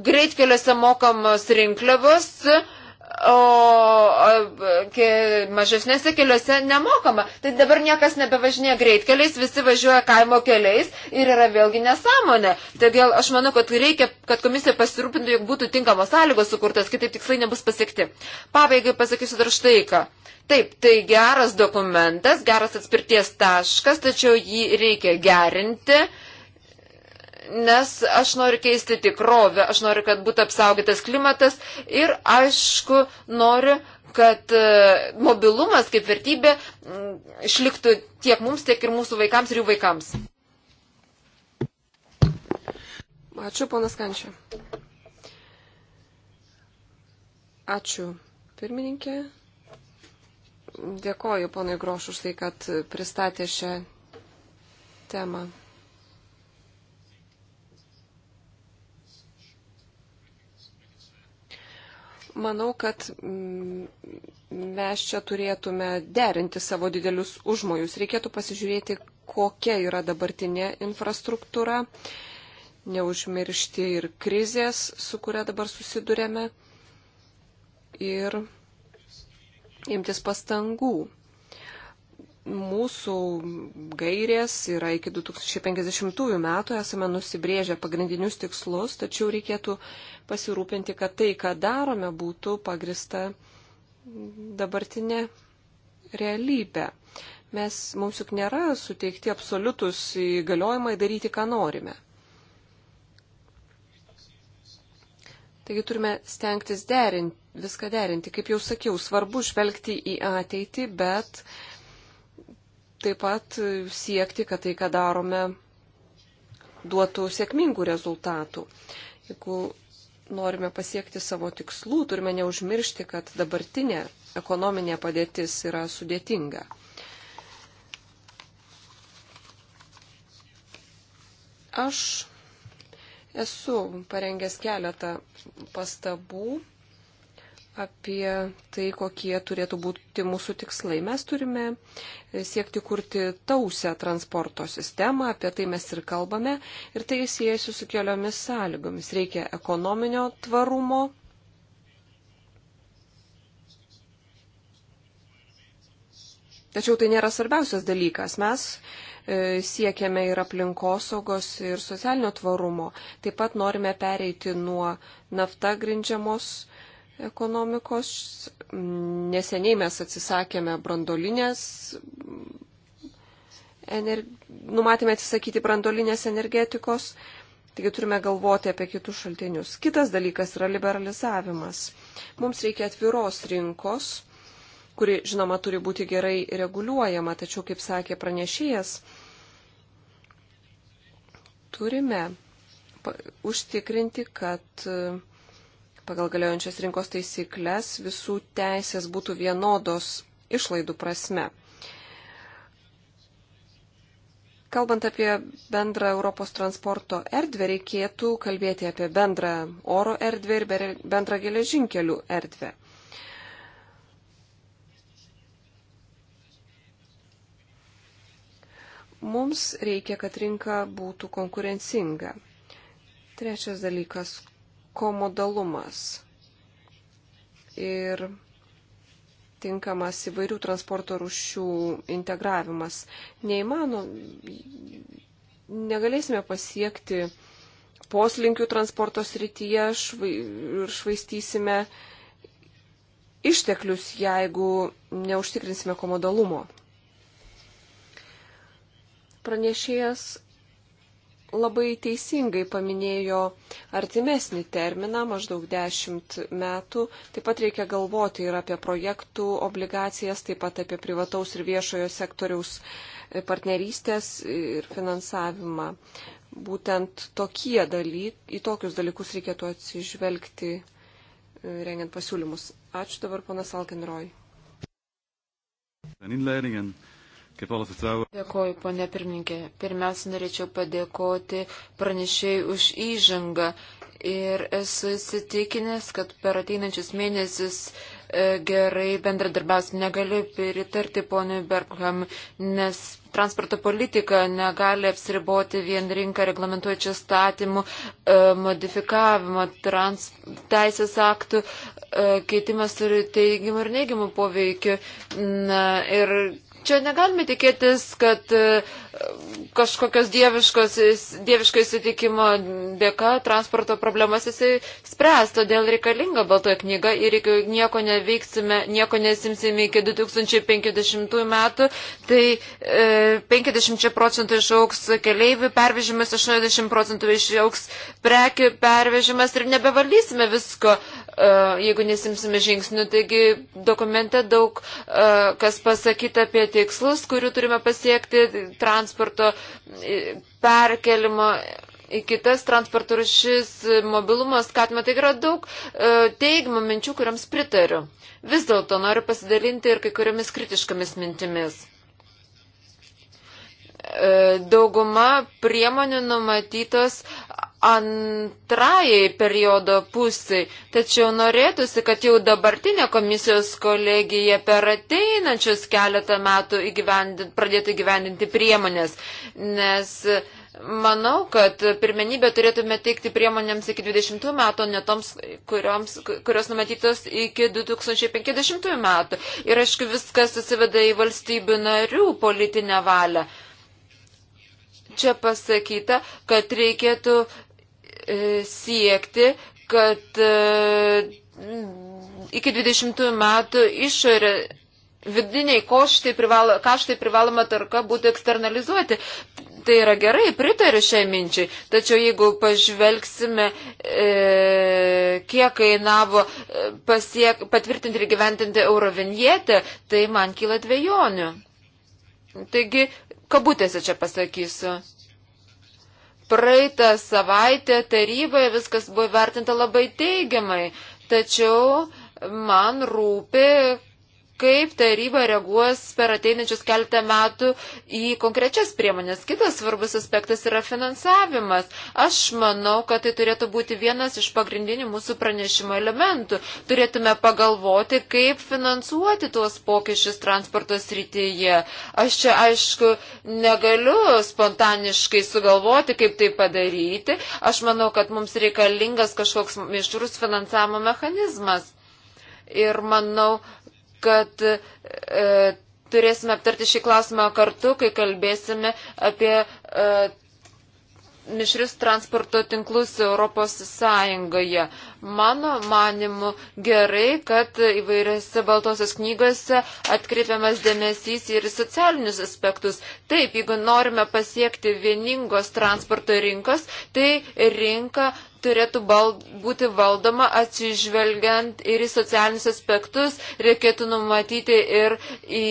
greitkeliuose mokamos rinkliavos o mažesnėse keliuose nemokama. Tai dabar niekas nebevažinėja greitkeliais, visi važiuoja kaimo keliais ir yra vėlgi nesąmonė. Todėl aš manau, kad reikia, kad komisija pasirūpintų, jog būtų tinkamos sąlygos sukurtas, kitaip tikslai nebus pasiekti. Pabaigai pasakysiu dar štai ką. Taip, tai geras dokumentas, geras atspirties taškas, tačiau jį reikia gerinti nes aš noriu keisti tikrovę, aš noriu, kad būtų apsaugotas klimatas ir aišku, noriu, kad e, mobilumas kaip vertybė išliktų tiek mums, tiek ir mūsų vaikams ir jų vaikams. Ačiū, ponas Kančia. Ačiū, pirmininkė. Dėkoju ponui Grošu už tai, kad pristatė šią temą. Manau, kad mm, mes čia turėtume derinti savo didelius užmojus. Reikėtų pasižiūrėti, kokia yra dabartinė infrastruktūra, neužmiršti ir krizės, su kuria dabar susidurėme, ir imtis pastangų mūsų gairės yra iki 2050 metų, esame nusibrėžę pagrindinius tikslus, tačiau reikėtų pasirūpinti, kad tai, ką darome, būtų pagrista dabartinė realybė. Mes, mums juk nėra suteikti absoliutus įgaliojimai daryti, ką norime. Taigi turime stengtis derinti, viską derinti. Kaip jau sakiau, svarbu žvelgti į ateitį, bet uh, taip pat e, siekti, kad tai, ką darome, duotų sėkmingų rezultatų. Jeigu norime pasiekti savo tikslų, turime neužmiršti, kad dabartinė ekonominė padėtis yra sudėtinga. Aš esu parengęs keletą pastabų apie tai, kokie turėtų būti mūsų tikslai. Mes turime siekti kurti tausią transporto sistemą, apie tai mes ir kalbame, ir tai siejasi su keliomis sąlygomis. Reikia ekonominio tvarumo. Tačiau tai nėra svarbiausias dalykas. Mes e, siekiame ir aplinkosaugos, ir socialinio tvarumo. Taip pat norime pereiti nuo nafta grindžiamos ekonomikos. Neseniai mes atsisakėme brandolinės. Ener... Numatėme atsisakyti brandolinės energetikos. Taigi turime galvoti apie kitus šaltinius. Kitas dalykas yra liberalizavimas. Mums reikia atviros rinkos, kuri, žinoma, turi būti gerai reguliuojama, tačiau, kaip sakė pranešėjas, turime užtikrinti, kad pagal galiojančias rinkos taisyklės visų teisės būtų vienodos išlaidų prasme. Kalbant apie bendrą Europos transporto erdvę, reikėtų kalbėti apie bendrą oro erdvę ir bendrą geležinkelių erdvę. Mums reikia, kad rinka būtų konkurencinga. Trečias dalykas komodalumas ir tinkamas įvairių transporto rušių integravimas. Neįmano, negalėsime pasiekti poslinkių transporto srityje švai, ir švaistysime išteklius, jeigu neužtikrinsime komodalumo. Pranešėjas labai teisingai paminėjo artimesnį terminą, maždaug 10 metų. Taip pat reikia galvoti ir apie projektų obligacijas, taip pat apie privataus ir viešojo sektoriaus e, partnerystės ir finansavimą. Būtent tokie dalykai, į tokius dalykus reikėtų atsižvelgti e, rengiant pasiūlymus. Ačiū dabar, ponas Alkenroj. Dėkoju, ponė pirmininkė. Pirmiausia, norėčiau padėkoti pranešėjai už įžangą ir esu įsitikinęs, kad per ateinančius mėnesius e, gerai bendradarbiausim. Negaliu pritarti ponui Bergham, nes transporto politika negali apsiriboti vien rinką reglamentuojančių statymų e, modifikavimo, trans, teisės aktų e, keitimas turi teigiamų ir neigiamų poveikių. Na, ir Čia negalime tikėtis, kad e, kažkokios dieviško įsitikimo dėka transporto problemas jisai spręs, todėl reikalinga baltoja knyga ir jeigu nieko neveiksime, nieko nesimsime iki 2050 metų, tai e, 50 procentų išauks keleivių pervežimas, 80 procentų išauks prekių pervežimas ir nebevaldysime visko. E, jeigu nesimsime žingsnių. Taigi dokumente daug e, kas pasakyta apie tikslus, kurių turime pasiekti transporto e, perkelimo. Į kitas transporto rušis mobilumas skatima, tai yra daug e, teigiamų minčių, kuriams pritariu. Vis dėlto noriu pasidalinti ir kai kuriomis kritiškomis mintimis dauguma priemonių numatytos antrajai periodo pusiai, tačiau norėtųsi, kad jau dabartinė komisijos kolegija per ateinančius keletą metų įgyvendint, pradėtų įgyvendinti priemonės, nes manau, kad pirmenybę turėtume teikti priemonėms iki 20 metų, ne toms, kurioms, kurios numatytos iki 2050 metų. Ir aišku, viskas susiveda į valstybių narių politinę valią čia pasakyta, kad reikėtų E, siekti, kad e, iki 20 metų išorė vidiniai koštai, privalo, kaštai privaloma tarka būtų eksternalizuoti. Tai yra gerai, pritariu šiai minčiai. Tačiau jeigu pažvelgsime, e, kiek kainavo e, pasiek, patvirtinti ir gyventinti eurovinietę, tai man kyla dviejonių. Taigi, kabutėse čia pasakysiu praeitą savaitę taryboje viskas buvo vertinta labai teigiamai, tačiau man rūpi, kaip taryba reaguos per ateinančius keletą metų į konkrečias priemonės. Kitas svarbus aspektas yra finansavimas. Aš manau, kad tai turėtų būti vienas iš pagrindinių mūsų pranešimo elementų. Turėtume pagalvoti, kaip finansuoti tuos pokyčius transporto srityje. Aš čia, aišku, negaliu spontaniškai sugalvoti, kaip tai padaryti. Aš manau, kad mums reikalingas kažkoks mišrus finansavimo mechanizmas. Ir manau, kad e, turėsime aptarti šį klausimą kartu, kai kalbėsime apie e, mišrius transporto tinklus Europos Sąjungoje. Mano manimu gerai, kad įvairiose baltosios knygose atkreipiamas dėmesys ir socialinius aspektus. Taip, jeigu norime pasiekti vieningos transporto rinkos, tai rinka turėtų bal, būti valdoma atsižvelgiant ir į socialinius aspektus, reikėtų numatyti ir į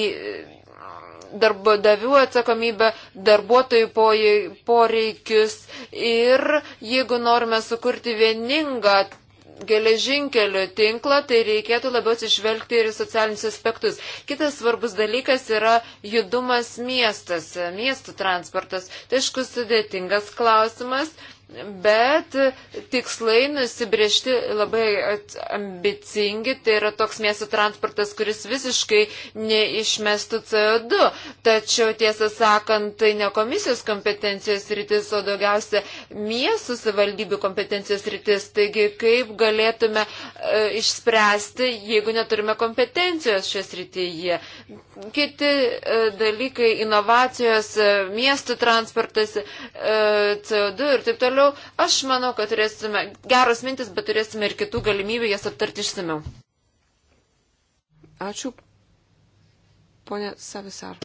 darbdavių atsakomybę, darbuotojų poreikius ir jeigu norime sukurti vieningą geležinkelių tinklą, tai reikėtų labiau atsižvelgti ir socialinius aspektus. Kitas svarbus dalykas yra judumas miestuose, miestų transportas. Tai aišku sudėtingas klausimas, bet tikslai nusibriežti labai ambicingi, tai yra toks miesto transportas, kuris visiškai neišmestų CO2. Tačiau tiesą sakant, tai ne komisijos kompetencijos rytis, o daugiausia miestų savivaldybių kompetencijos rytis. Taigi, kaip galėtume e, išspręsti, jeigu neturime kompetencijos šios rytyje. Kiti e, dalykai - inovacijos, e, miestų transportas, e, CO2 ir taip toliau toliau. Aš manau, kad turėsime geros mintis, bet turėsime ir kitų galimybių jas aptarti išsamiau. Ačiū, ponė Savisar.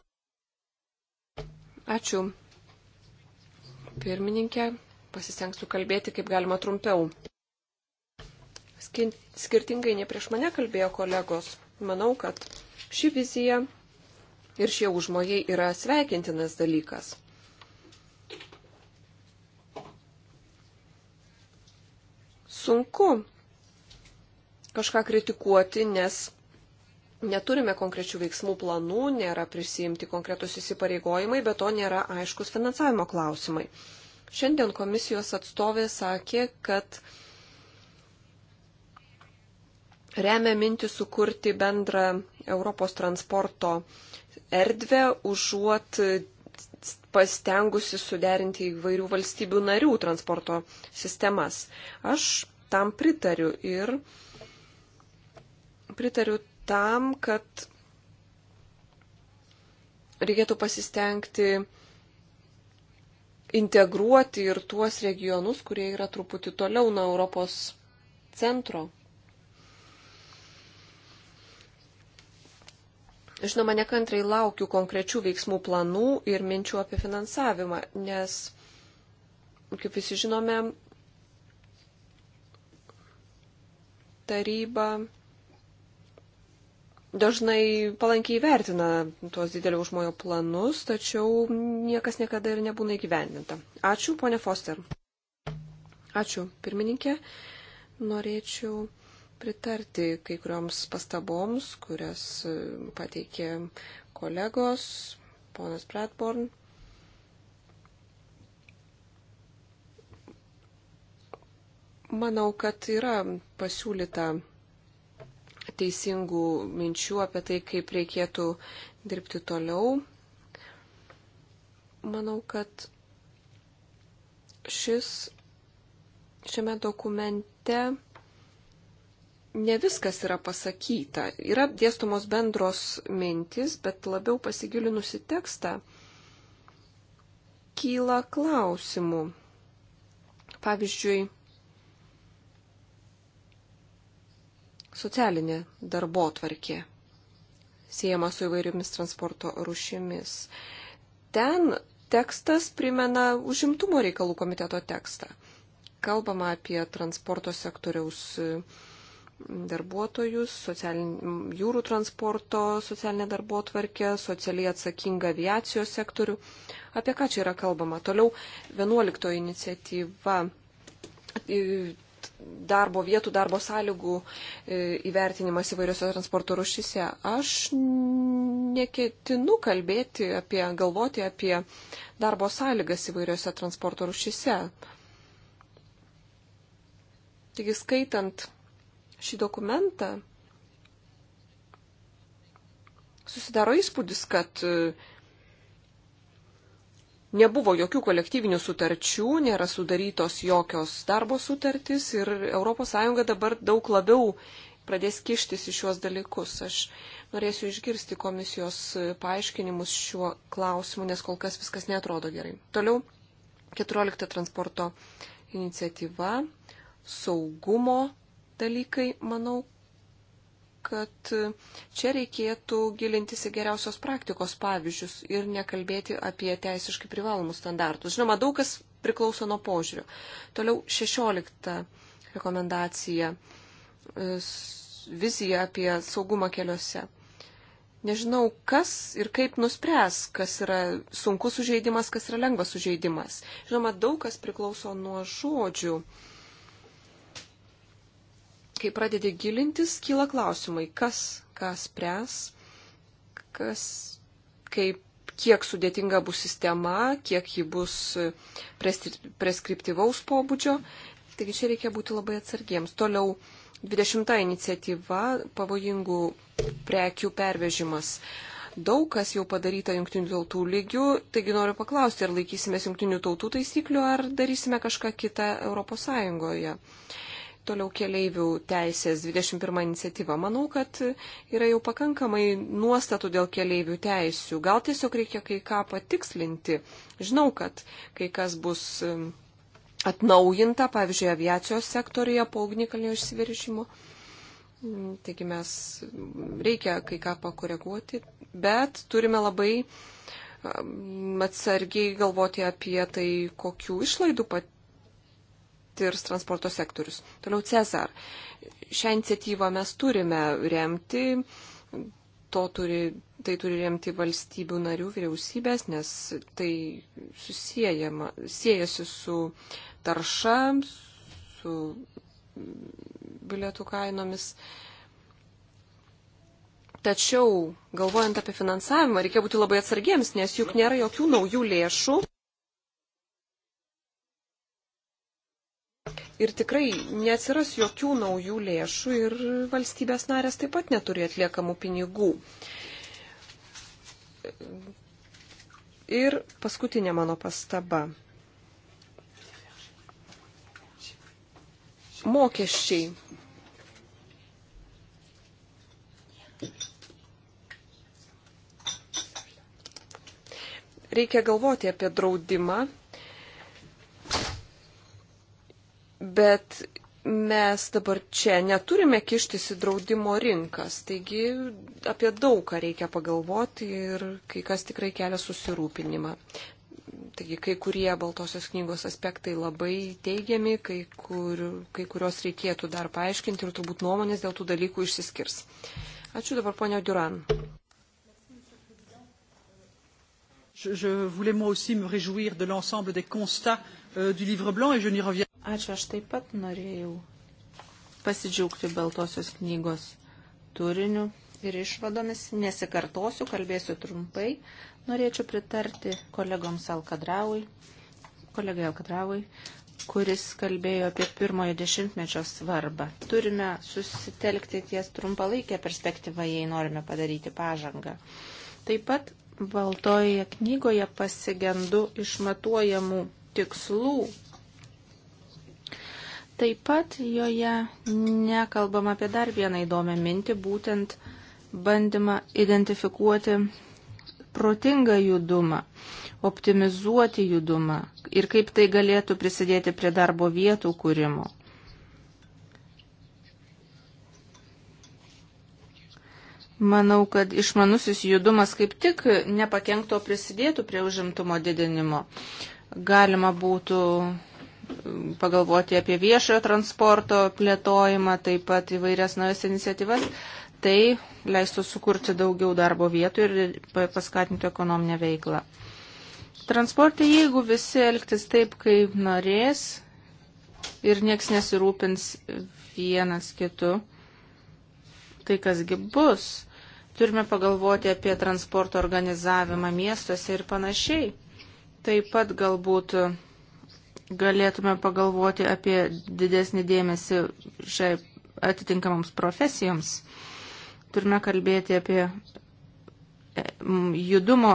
Ačiū, pirmininkė. Pasistengsiu kalbėti kaip galima trumpiau. Skirtingai ne prieš mane kalbėjo kolegos. Manau, kad ši vizija ir šie užmojai yra sveikintinas dalykas. sunku kažką kritikuoti, nes neturime konkrečių veiksmų planų, nėra prisijimti konkretus įsipareigojimai, bet to nėra aiškus finansavimo klausimai. Šiandien komisijos atstovė sakė, kad remia mintį sukurti bendrą Europos transporto erdvę, užuot pastengusi suderinti įvairių valstybių narių transporto sistemas. Aš tam pritariu ir pritariu tam, kad reikėtų pasistengti integruoti ir tuos regionus, kurie yra truputį toliau nuo Europos centro. Žinoma, nekantrai laukiu konkrečių veiksmų planų ir minčių apie finansavimą, nes, kaip visi žinome, taryba dažnai palankiai vertina tuos didelio užmojo planus, tačiau niekas niekada ir nebūna įgyvendinta. Ačiū, ponė Foster. Ačiū, pirmininkė. Norėčiau pritarti kai kurioms pastaboms, kurias pateikė kolegos, ponas Bradborn. Manau, kad yra pasiūlyta teisingų minčių apie tai, kaip reikėtų dirbti toliau. Manau, kad šis, šiame dokumente ne viskas yra pasakyta. Yra dėstomos bendros mintis, bet labiau pasigilinusi tekstą kyla klausimų. Pavyzdžiui, socialinė darbo tvarkė, siejama su įvairiomis transporto rušimis. Ten tekstas primena užimtumo reikalų komiteto tekstą. Kalbama apie transporto sektoriaus darbuotojus, socialin, jūrų transporto, socialinę darbo tvarkę, socialiai atsakingą aviacijos sektorių. Apie ką čia yra kalbama? Toliau 11 iniciatyva darbo vietų, darbo sąlygų e, įvertinimas įvairiose transporto rušyse. Aš neketinu kalbėti apie, galvoti apie darbo sąlygas įvairiose transporto rušyse. Taigi skaitant šį dokumentą, susidaro įspūdis, kad e, Nebuvo jokių kolektyvinių sutarčių, nėra sudarytos jokios darbo sutartys ir ES dabar daug labiau pradės kištis į šiuos dalykus. Aš norėsiu išgirsti komisijos paaiškinimus šiuo klausimu, nes kol kas viskas netrodo gerai. Toliau 14 transporto iniciatyva, saugumo dalykai, manau, kad čia reikėtų gilintis į geriausios praktikos pavyzdžius ir nekalbėti apie teisiškai privalomus standartus. Žinoma, daug kas priklauso nuo požiūrių. Toliau 16 rekomendacija - vizija apie saugumą keliuose. Nežinau, kas ir kaip nuspręs, kas yra sunkus sužeidimas, kas yra lengvas sužeidimas. Žinoma, daug kas priklauso nuo žodžių kai pradedi gilintis, kyla klausimai, kas ką spręs, kas, kaip, kiek sudėtinga bus sistema, kiek ji bus preskriptivaus pobūdžio. Taigi čia reikia būti labai atsargiems. Toliau 20 iniciatyva - pavojingų prekių pervežimas. Daug kas jau padaryta jungtinių tautų lygių, taigi noriu paklausti, ar laikysimės jungtinių tautų taisyklių, ar darysime kažką kitą Europos Sąjungoje. Uh, Toliau keleivių teisės 21 iniciatyva. Manau, kad yra jau pakankamai nuostatų dėl keleivių teisių. Gal tiesiog reikia kai ką patikslinti. Žinau, kad kai kas bus um, atnaujinta, pavyzdžiui, aviacijos sektorija po ugnikalnio išsiveržimo. Mm, taigi mes mm, reikia kai ką pakoreguoti, bet turime labai um, atsargiai galvoti apie tai, kokių išlaidų pat tirs transporto sektorius. Toliau Cezar. Šią iniciatyvą mes turime remti, to turi, tai turi remti valstybių narių vyriausybės, nes tai susijęjama, siejasi su tarša, su bilietų kainomis. Tačiau, galvojant apie finansavimą, reikia būti labai atsargiems, nes juk nėra jokių naujų lėšų Ir tikrai neatsiras jokių naujų lėšų ir valstybės narės taip pat neturi atliekamų pinigų. Ir paskutinė mano pastaba. Mokesčiai. Reikia galvoti apie draudimą bet mes dabar čia neturime kištis į draudimo rinkas, taigi apie daug ką reikia pagalvoti ir kai kas tikrai kelia susirūpinimą. Taigi kai kurie Baltosios knygos aspektai labai teigiami, kai, kur, kai kurios reikėtų dar paaiškinti ir turbūt nuomonės dėl tų dalykų išsiskirs. Ačiū dabar ponia Duran. Je, je voulais moi aussi me réjouir de l'ensemble des constats euh, du livre blanc et je n'y reviens. Ačiū, aš taip pat norėjau pasidžiaugti Baltosios knygos turiniu ir išvadomis. Nesikartosiu, kalbėsiu trumpai. Norėčiau pritarti kolegoms Alkadravui, kolegai Alkadravui, kuris kalbėjo apie pirmojo dešimtmečio svarbą. Turime susitelkti ties trumpalaikę perspektyvą, jei norime padaryti pažangą. Taip pat Baltojoje knygoje pasigendu išmatuojamų tikslų Taip pat joje nekalbam apie dar vieną įdomią mintį, būtent bandymą identifikuoti protingą judumą, optimizuoti judumą ir kaip tai galėtų prisidėti prie darbo vietų kūrimo. Manau, kad išmanusis judumas kaip tik nepakenkto prisidėtų prie užimtumo didinimo. Galima būtų pagalvoti apie viešojo transporto plėtojimą, taip pat įvairias naujas iniciatyvas, tai leistų sukurti daugiau darbo vietų ir paskatinti ekonominę veiklą. Transportai, jeigu visi elgtis taip, kaip norės ir nieks nesirūpins vienas kitu, tai kasgi bus? Turime pagalvoti apie transporto organizavimą miestuose ir panašiai. Taip pat galbūt galėtume pagalvoti apie didesnį dėmesį šiai atitinkamoms profesijoms. Turime kalbėti apie e, judumo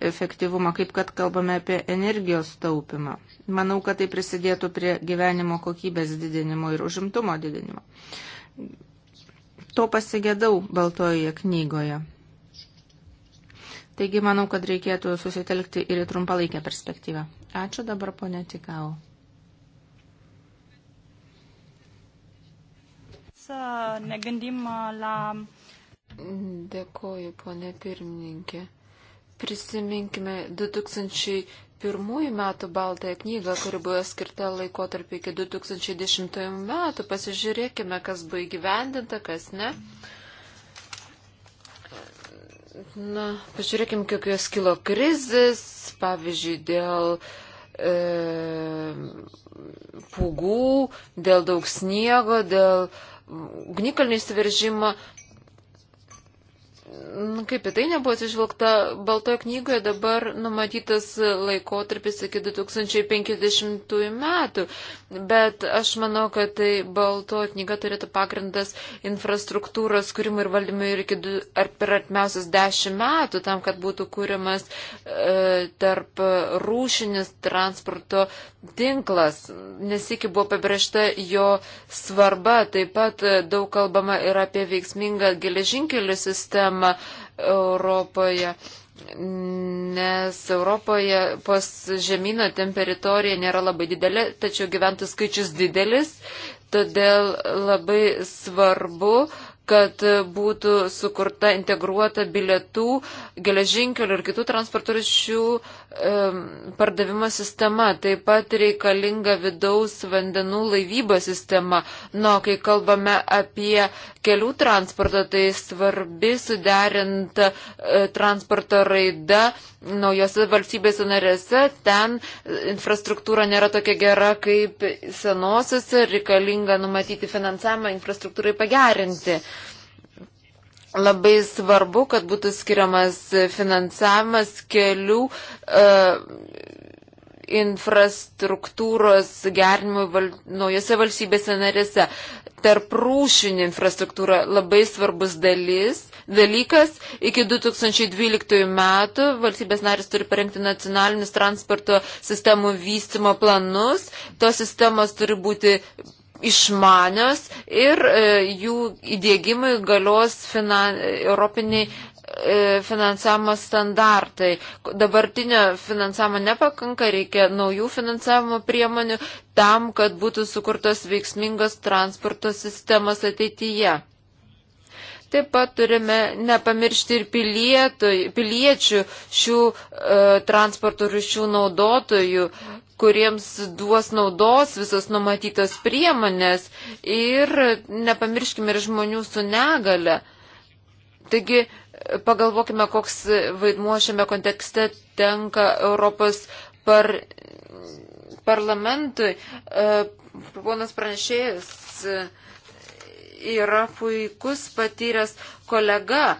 efektyvumą, kaip kad kalbame apie energijos taupimą. Manau, kad tai prisidėtų prie gyvenimo kokybės didinimo ir užimtumo didinimo. To pasigėdau baltojoje knygoje. Taigi manau, kad reikėtų susitelkti ir į trumpalaikę perspektyvą. Ačiū dabar, ponė Tikau. Să ne gândim uh, la Dėkoju, ponė pirmininkė. Prisiminkime 2001 metų baltąją knygą, kuri buvo skirta laikotarpį iki 2010 metų. Pasižiūrėkime, kas buvo įgyvendinta, kas ne. Mm. Na, pažiūrėkime, kokios kilo krizės, pavyzdžiui, dėl e, pūgų, dėl daug sniego, dėl ugnikalnių įsiveržimo. Nu, kaip į tai nebuvo atsižvelgta, Baltoje knygoje dabar numatytas laikotarpis iki 2050 metų, bet aš manau, kad tai Baltoje knyga turėtų pagrindas infrastruktūros kūrimui ir valdymui ir iki, ar per atmiausius 10 metų, tam, kad būtų kūrimas e, tarp rūšinis transporto tinklas, nes iki buvo pabrėžta jo svarba, taip pat daug kalbama ir apie veiksmingą geležinkelių sistemą problema Europoje. Nes Europoje pas žemyno ten teritorija nėra labai didelė, tačiau gyventojų skaičius didelis, todėl labai svarbu uh, kad būtų sukurta integruota bilietų, geležinkelių ir kitų transporto ryšių pardavimo sistema. Taip pat reikalinga vidaus vandenų laivybos sistema. Nu, kai kalbame apie kelių transportą, tai svarbi suderinta e, transporto raida naujose valstybėse narėse. Ten infrastruktūra nėra tokia gera kaip senosiose, reikalinga numatyti finansavimą infrastruktūrai pagerinti labai svarbu, kad būtų skiriamas finansavimas kelių e, infrastruktūros gerinimui val, naujose valstybėse narėse. Tarp rūšinė infrastruktūra labai svarbus dalis, dalykas. Iki 2012 metų valstybės narės turi parengti nacionalinius transporto sistemų vystimo planus. Tos sistemos turi būti išmanios ir e, jų įdėgymui galios finan, europiniai e, finansavimo standartai. Dabartinio finansavimo nepakanka, reikia naujų finansavimo priemonių tam, kad būtų sukurtos veiksmingos transporto sistemos ateityje. Taip pat turime nepamiršti ir pilietų, piliečių šių e, transporto rušių naudotojų, kuriems duos naudos visos numatytos priemonės ir nepamirškime ir žmonių su negale. Taigi pagalvokime, koks vaidmuo šiame kontekste tenka Europos par, parlamentui. E, ponas pranešėjas. E, yra puikus patyręs kolega.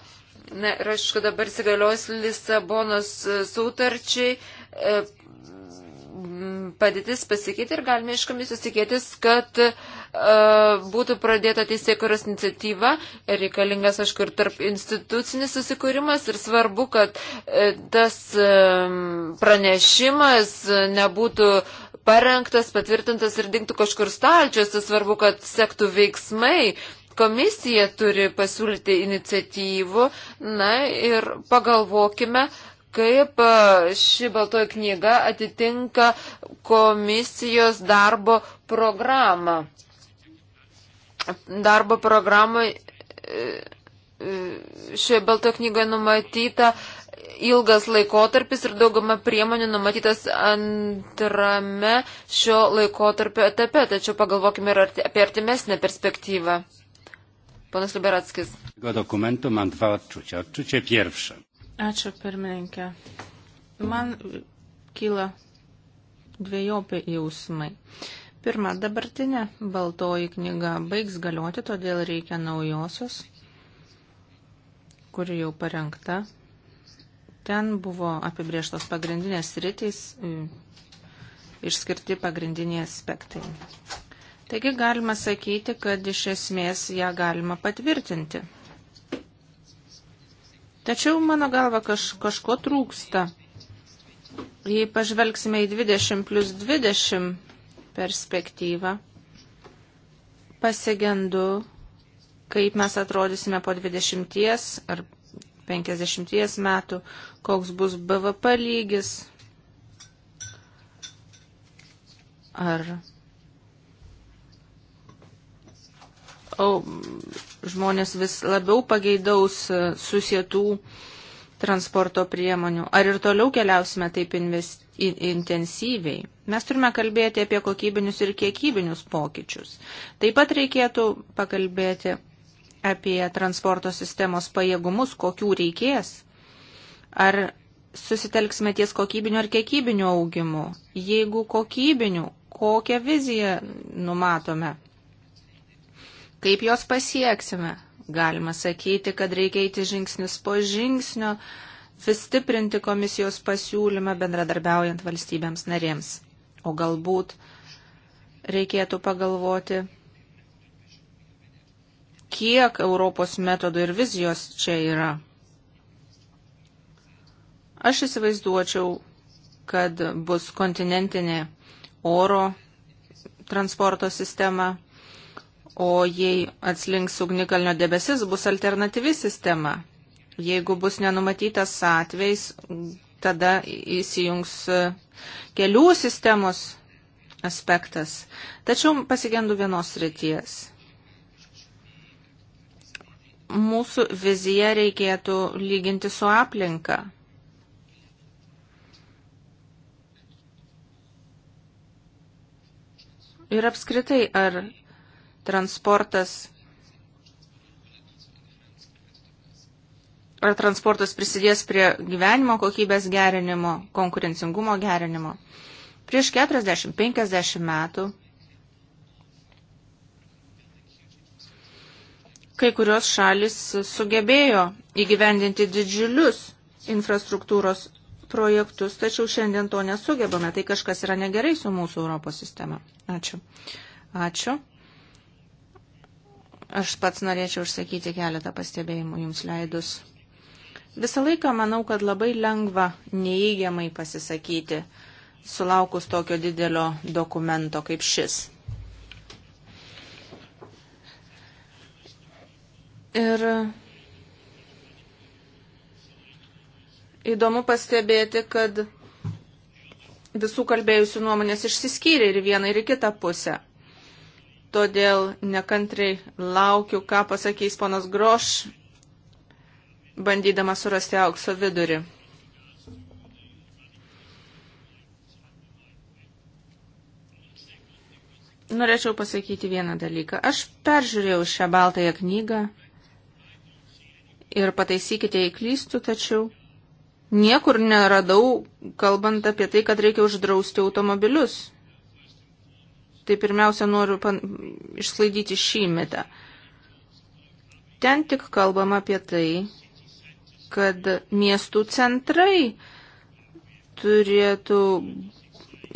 Na, ir aišku, dabar įsigalios Lisabonos e, sutarčiai, e, padėtis pasikeitė ir galime iš komisijos tikėtis, kad e, būtų pradėta teisėkuros iniciatyva, reikalingas, aišku, ir tarp institucinis susikūrimas ir svarbu, kad e, tas e, pranešimas e, nebūtų parengtas, patvirtintas ir dinktų kažkur stalčiuose, svarbu, kad sektų veiksmai. Komisija turi pasiūlyti iniciatyvų, na ir pagalvokime, kaip e, ši baltoji knyga atitinka komisijos darbo programą. Darbo programai e, e, šioje baltoje knygoje numatyta ilgas laikotarpis ir dauguma priemonių numatytas antrame šio laikotarpio etape, tačiau pagalvokime ir apie artimesnę perspektyvą. Ponas Liberatskis. Dokumentų man dva atčiūčia. Atčiūčia pirmą. Ačiū pirmininkė. Man kyla dviejopi jausmai. Pirma, dabartinė baltoji knyga baigs galioti, todėl reikia naujosios, kuri jau parengta, Ten buvo apibrieštos pagrindinės rytis, mm, išskirti pagrindiniai aspektai. Taigi galima sakyti, kad iš esmės ją galima patvirtinti. Tačiau mano galva kaž, kažko trūksta. Jei pažvelgsime į 20 plus 20 perspektyvą, pasigendu, kaip mes atrodysime po 20 ar 50 metų, koks bus BVP lygis, ar o, žmonės vis labiau pageidaus e, susietų transporto priemonių, ar ir toliau keliausime taip invest, in, intensyviai. Mes turime kalbėti apie kokybinius ir kiekybinius pokyčius. Taip pat reikėtų pakalbėti apie transporto sistemos pajėgumus, kokių reikės? Ar susitelksime ties kokybiniu ar kiekybiniu augimu? Jeigu kokybiniu, kokią viziją numatome? Kaip jos pasieksime? Galima sakyti, kad reikia eiti žingsnis po žingsnio, vis stiprinti komisijos pasiūlymą bendradarbiaujant valstybėms narėms. O galbūt reikėtų pagalvoti kiek Europos metodų ir vizijos čia yra. Aš įsivaizduočiau, kad bus kontinentinė oro transporto sistema, o jei atslinks ugnikalnio debesis, bus alternatyvi sistema. Jeigu bus nenumatytas atvejs, tada įsijungs e, kelių sistemos aspektas. Tačiau pasigendu vienos ryties mūsų viziją reikėtų lyginti su aplinka. Ir apskritai, ar transportas, ar transportas prisidės prie gyvenimo kokybės gerinimo, konkurencingumo gerinimo. Prieš 40-50 metų kai kurios šalis sugebėjo įgyvendinti didžiulius infrastruktūros projektus, tačiau šiandien to nesugebame. Tai kažkas yra negerai su mūsų Europos sistema. Ačiū. Ačiū. Aš pats norėčiau užsakyti keletą pastebėjimų jums leidus. Visą laiką manau, kad labai lengva neįgiamai pasisakyti, sulaukus tokio didelio dokumento kaip šis. Ir įdomu pastebėti, kad visų kalbėjusių nuomonės išsiskyrė ir vieną, ir kitą pusę. Todėl nekantriai laukiu, ką pasakys ponas Groš, bandydamas surasti aukso vidurį. Norėčiau pasakyti vieną dalyką. Aš peržiūrėjau šią baltąją knygą ir pataisykite į klystų, tačiau niekur neradau, kalbant apie tai, kad reikia uždrausti automobilius. Tai pirmiausia, noriu pan... išsklaidyti šį mitą. Ten tik kalbam apie tai, kad miestų centrai turėtų,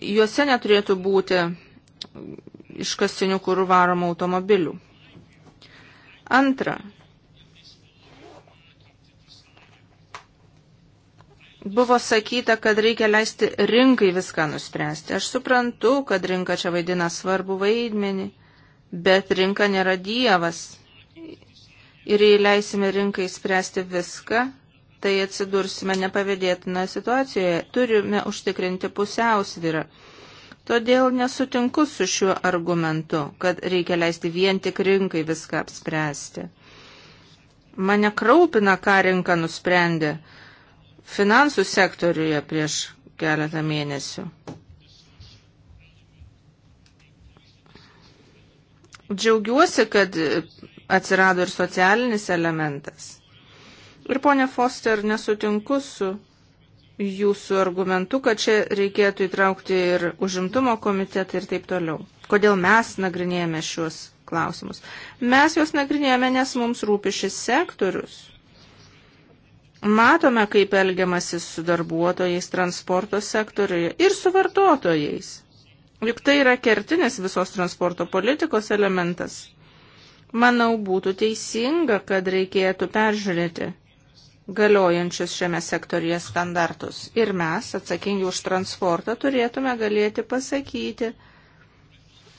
juose neturėtų būti iškastinių kurų varomų automobilių. Antra, Buvo sakyta, kad reikia leisti rinkai viską nuspręsti. Aš suprantu, kad rinka čia vaidina svarbu vaidmenį, bet rinka nėra dievas. Ir jei leisime rinkai spręsti viską, tai atsidursime nepavydėtinoje situacijoje. Turime užtikrinti pusiausvyrą. Todėl nesutinku su šiuo argumentu, kad reikia leisti vien tik rinkai viską apspręsti. Mane kraupina, ką rinka nusprendė finansų sektoriuje prieš keletą mėnesių. Džiaugiuosi, kad atsirado ir socialinis elementas. Ir ponia Foster, nesutinku su jūsų argumentu, kad čia reikėtų įtraukti ir užimtumo komitetą ir taip toliau. Kodėl mes nagrinėjame šiuos klausimus? Mes juos nagrinėjame, nes mums rūpi šis sektorius matome, kaip elgiamasi su darbuotojais transporto sektoriuje ir su vartotojais. Juk tai yra kertinis visos transporto politikos elementas. Manau, būtų teisinga, kad reikėtų peržiūrėti galiojančius šiame sektorije standartus. Ir mes, atsakingi už transportą, turėtume galėti pasakyti,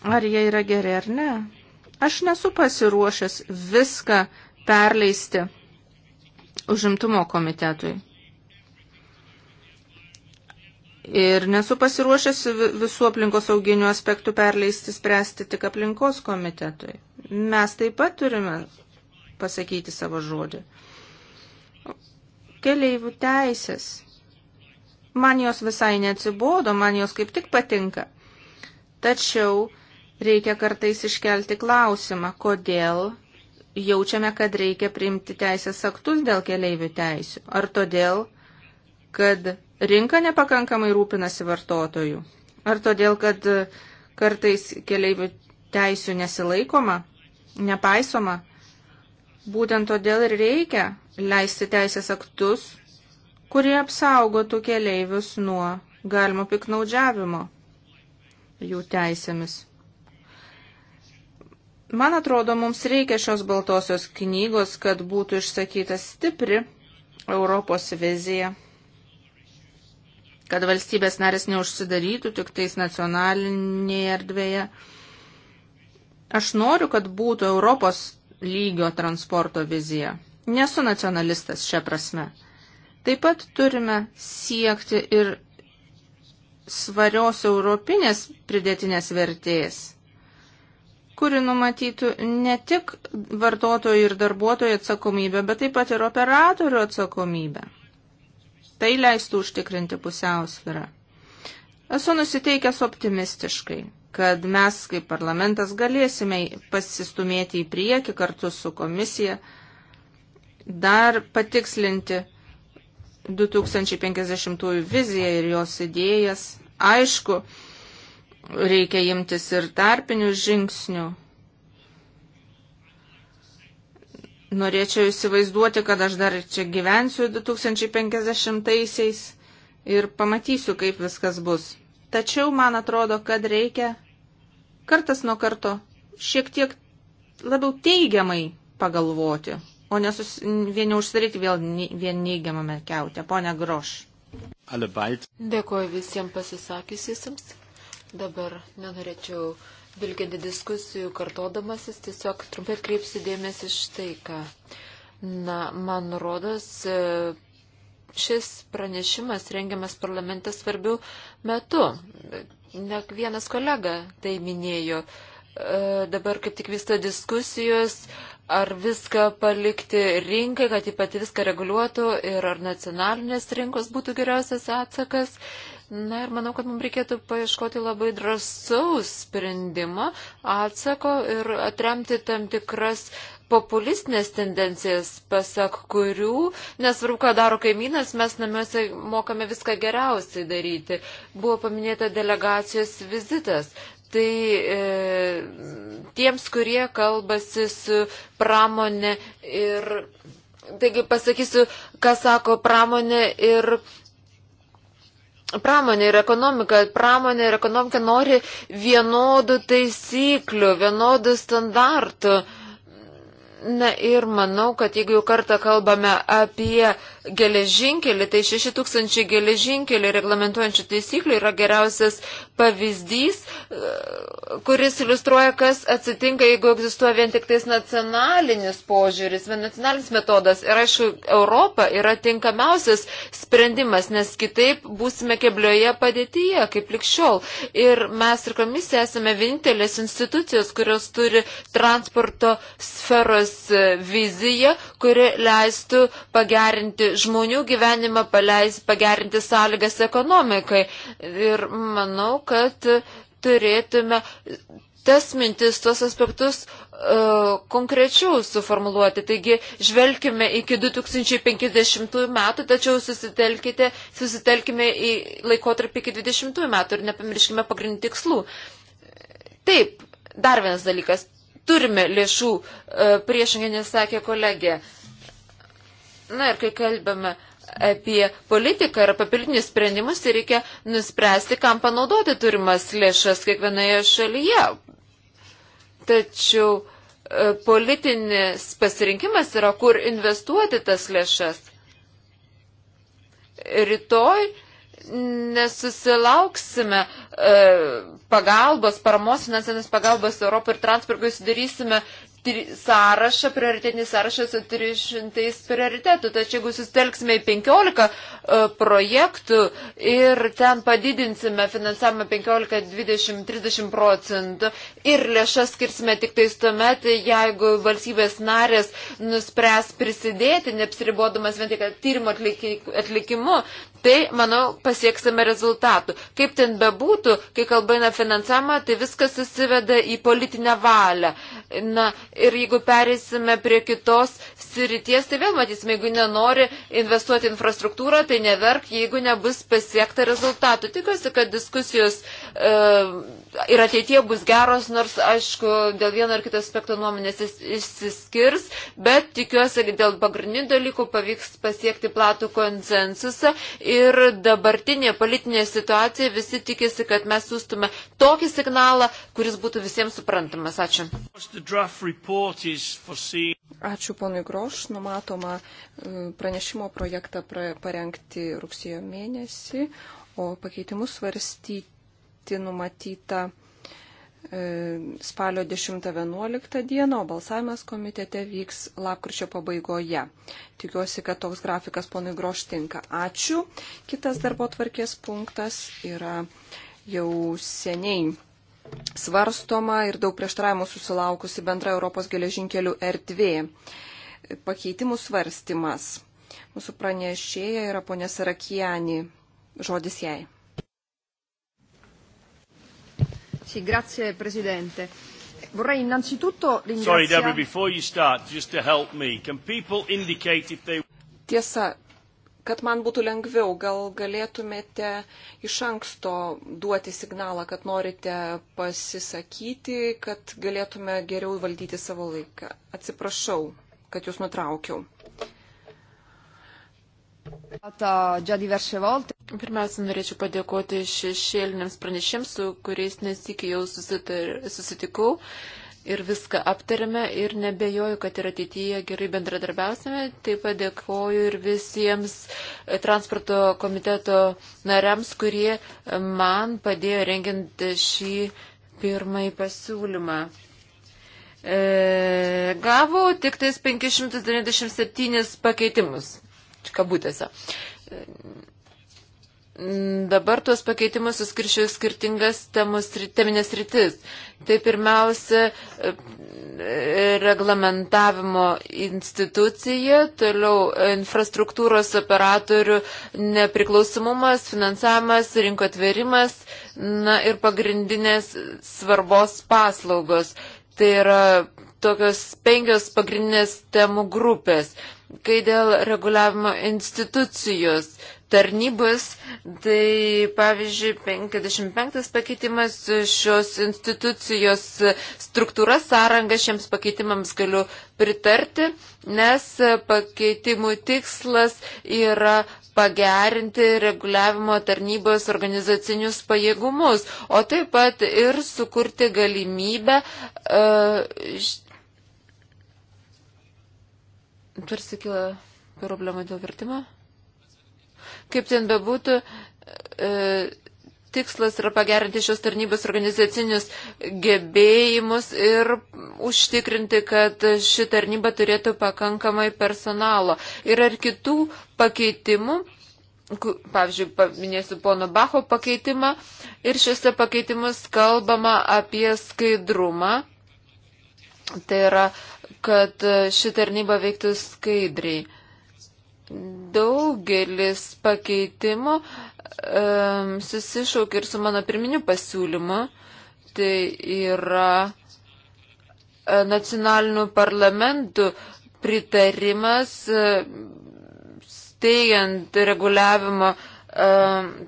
ar jie yra geri ar ne. Aš nesu pasiruošęs viską perleisti užimtumo komitetui. Ir nesu pasiruošęs visų aplinkos sauginių aspektų perleisti spręsti tik aplinkos komitetui. Mes taip pat turime pasakyti savo žodį. Keleivių teisės. Man jos visai neatsibodo, man jos kaip tik patinka. Tačiau reikia kartais iškelti klausimą, kodėl jaučiame, kad reikia priimti teisės aktus dėl keleivių teisių? Ar todėl, kad rinka nepakankamai rūpinasi vartotojų? Ar todėl, kad kartais keleivių teisių nesilaikoma, nepaisoma? Būtent todėl ir reikia leisti teisės aktus, kurie apsaugotų keleivius nuo galimo piknaudžiavimo jų teisėmis. Man atrodo, mums reikia šios baltosios knygos, kad būtų išsakyta stipri Europos vizija, kad valstybės narės neužsidarytų tik tais nacionalinėje erdvėje. Aš noriu, kad būtų Europos lygio transporto vizija. Nesu nacionalistas šią prasme. Taip pat turime siekti ir svarios europinės pridėtinės vertės kuri numatytų ne tik vartotojų ir darbuotojų atsakomybę, bet taip pat ir operatorių atsakomybę. Tai leistų užtikrinti pusiausvyrą. Esu nusiteikęs optimistiškai, kad mes kaip parlamentas galėsime pasistumėti į priekį kartu su komisija, dar patikslinti 2050 viziją ir jos idėjas. Aišku, reikia imtis ir tarpinių žingsnių. Norėčiau įsivaizduoti, kad aš dar čia gyvensiu 2050-aisiais ir pamatysiu, kaip viskas bus. Tačiau man atrodo, kad reikia kartas nuo karto šiek tiek labiau teigiamai pagalvoti, o nesus, vien neužsidaryti vėl vien neigiamame keutė. Pone Groš. Dėkuoju visiems pasisakysiesiams. Dabar nenorėčiau vilkinti diskusijų kartodamasis, tiesiog trumpai atkreipsiu dėmesį štai ką. Na, man rodos, e, šis pranešimas rengiamas parlamente svarbių metų. Ne vienas kolega tai minėjo e, dabar kaip tik vyksta diskusijos, ar viską palikti rinkai, kad ji pati viską reguliuotų ir ar nacionalinės rinkos būtų geriausias atsakas. Na ir manau, kad mums reikėtų paieškoti labai drąsaus sprendimo, atsako ir atremti tam tikras populistinės tendencijas, pasak kurių, nesvarbu, ką daro kaimynas, mes namuose mokame viską geriausiai daryti. Buvo paminėta delegacijos vizitas tai e, tiems, kurie kalbasi su pramonė ir, taigi pasakysiu, ką sako pramonė ir pramonė ir ekonomika. Pramonė ir ekonomika nori vienodų taisyklių, vienodų standartų. Uh, Na ir manau, kad jeigu jau kartą kalbame apie geležinkelį, tai 6000 geležinkelį reglamentuojančių taisyklių yra geriausias pavyzdys, e, kuris iliustruoja, kas atsitinka, jeigu egzistuoja vien tik tais nacionalinis požiūris, vien nacionalinis metodas. Ir aišku, Europa yra tinkamiausias sprendimas, nes kitaip būsime keblioje padėtyje, kaip likščiol. Ir mes ir komisija esame vienintelės institucijos, kurios turi transporto sferos Europos e, viziją, kuri leistų pagerinti žmonių gyvenimą, paleis, pagerinti sąlygas ekonomikai. Ir manau, kad turėtume tas mintis, tuos aspektus uh, e, konkrečių suformuluoti. Taigi, žvelgime iki 2050 metų, tačiau susitelkime į laikotarpį iki 2020 metų ir nepamirškime pagrindinių tikslų. Taip, dar vienas dalykas turime lėšų, e, priešingai nesakė kolegė. Na ir kai kalbame apie politiką ir apie politinius sprendimus, tai reikia nuspręsti, kam panaudoti turimas lėšas kiekvienoje šalyje. Tačiau e, politinis pasirinkimas yra, kur investuoti tas lėšas. Rytoj nesusilauksime e, pagalbos, paramos finansinės pagalbos Europai ir transportui sudarysime sąrašą, prioritetinį sąrašą su 300 prioritetų. Tačiau jeigu sustelksime į 15 e, projektų ir ten padidinsime finansavimą 15, 20, 30 procentų ir lėšas skirsime tik tais tuomet, jeigu valstybės narės nuspręs prisidėti, neapsiribodamas vien tik tyrimo atlikimu, tai, manau, pasieksime rezultatų. Kaip ten bebūtų, kai kalba eina finansavimą, tai viskas susiveda į politinę valią. Na, ir jeigu perėsime prie kitos srities, tai vėl matysime, jeigu nenori investuoti infrastruktūrą, tai neverk, jeigu nebus pasiekta rezultatų. Tikiuosi, kad diskusijos E, ir ateitie bus geros, nors, aišku, dėl vieno ar kito aspekto nuomonės išsiskirs, bet tikiuosi, kad dėl pagrindinių dalykų pavyks pasiekti platų konsensusą ir dabartinė politinė situacija visi tikisi, kad mes sustume tokį signalą, kuris būtų visiems suprantamas. Ačiū. Ačiū ponui Groš, numatoma e, pranešimo projektą parengti rugsėjo mėnesį, o pakeitimus svarstyti balsuoti numatyta e, spalio 10-11 dieną, o balsavimas komitete vyks lapkričio pabaigoje. Tikiuosi, kad toks grafikas ponui Groštinka. Ačiū. Kitas darbo tvarkės punktas yra jau seniai svarstoma ir daug prieštaravimų susilaukusi bendra Europos geležinkelių erdvė. Pakeitimų svarstymas. Mūsų pranešėja yra ponė Sarakijani. Žodis jai. Sì, grazie Presidente. Vorrei innanzitutto ringraziare... Sorry Deborah, before you start, just to help me, can people indicate if they... Tiesa, kad man būtų lengviau, gal galėtumėte iš anksto duoti signalą, kad norite pasisakyti, kad galėtume geriau valdyti savo laiką. Atsiprašau, kad jūs nutraukiau. Pirmiausia, norėčiau padėkoti šešėliniams pranešėms, su kuriais nesikį jau susitar, susitikau ir viską aptarėme ir nebejoju, kad ir ateityje gerai bendradarbiausime. Taip pat dėkoju ir visiems e, transporto komiteto nariams, kurie e, man padėjo rengiant šį pirmąjį pasiūlymą. E, gavo tik tais 597 pakeitimus kabutėse. Dabar tuos pakeitimus suskiršiu skirtingas temus, teminės rytis. Tai pirmiausia reglamentavimo institucija, toliau infrastruktūros operatorių nepriklausomumas, finansavimas, rinko atverimas na, ir pagrindinės svarbos paslaugos. Tai yra tokios penkios pagrindinės temų grupės. Kai dėl reguliavimo institucijos tarnybos, tai pavyzdžiui, 55 pakeitimas šios institucijos struktūra sąranga šiems pakeitimams galiu pritarti, nes pakeitimų tikslas yra pagerinti reguliavimo tarnybos organizacinius pajėgumus, o taip pat ir sukurti galimybę uh, tarsi kila problema dėl vertimo. Kaip ten bebūtų, e, tikslas yra pagerinti šios tarnybos organizacinius gebėjimus ir užtikrinti, kad ši tarnyba turėtų pakankamai personalo. Ir ar kitų pakeitimų, pavyzdžiui, paminėsiu pono Bacho pakeitimą, ir šiuose pakeitimus kalbama apie skaidrumą. Tai yra kad e, ši tarnyba veiktų skaidriai. Daugelis pakeitimų um, e, susišauk ir su mano pirminiu pasiūlymu. Tai yra e, nacionalinių parlamentų pritarimas steigiant reguliavimo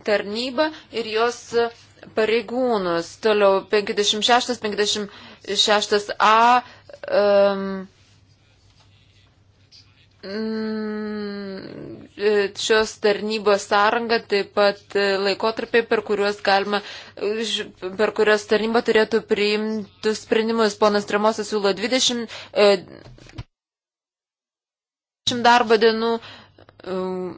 tarnybą ir jos pareigūnus. Toliau 56, 56a um, šios tarnybos sąranga, taip pat laikotarpiai, per kuriuos galima, per kuriuos tarnyba turėtų priimti sprendimus. Ponas Tremosas siūlo 20, 20 e, darbo dienų. Ehm,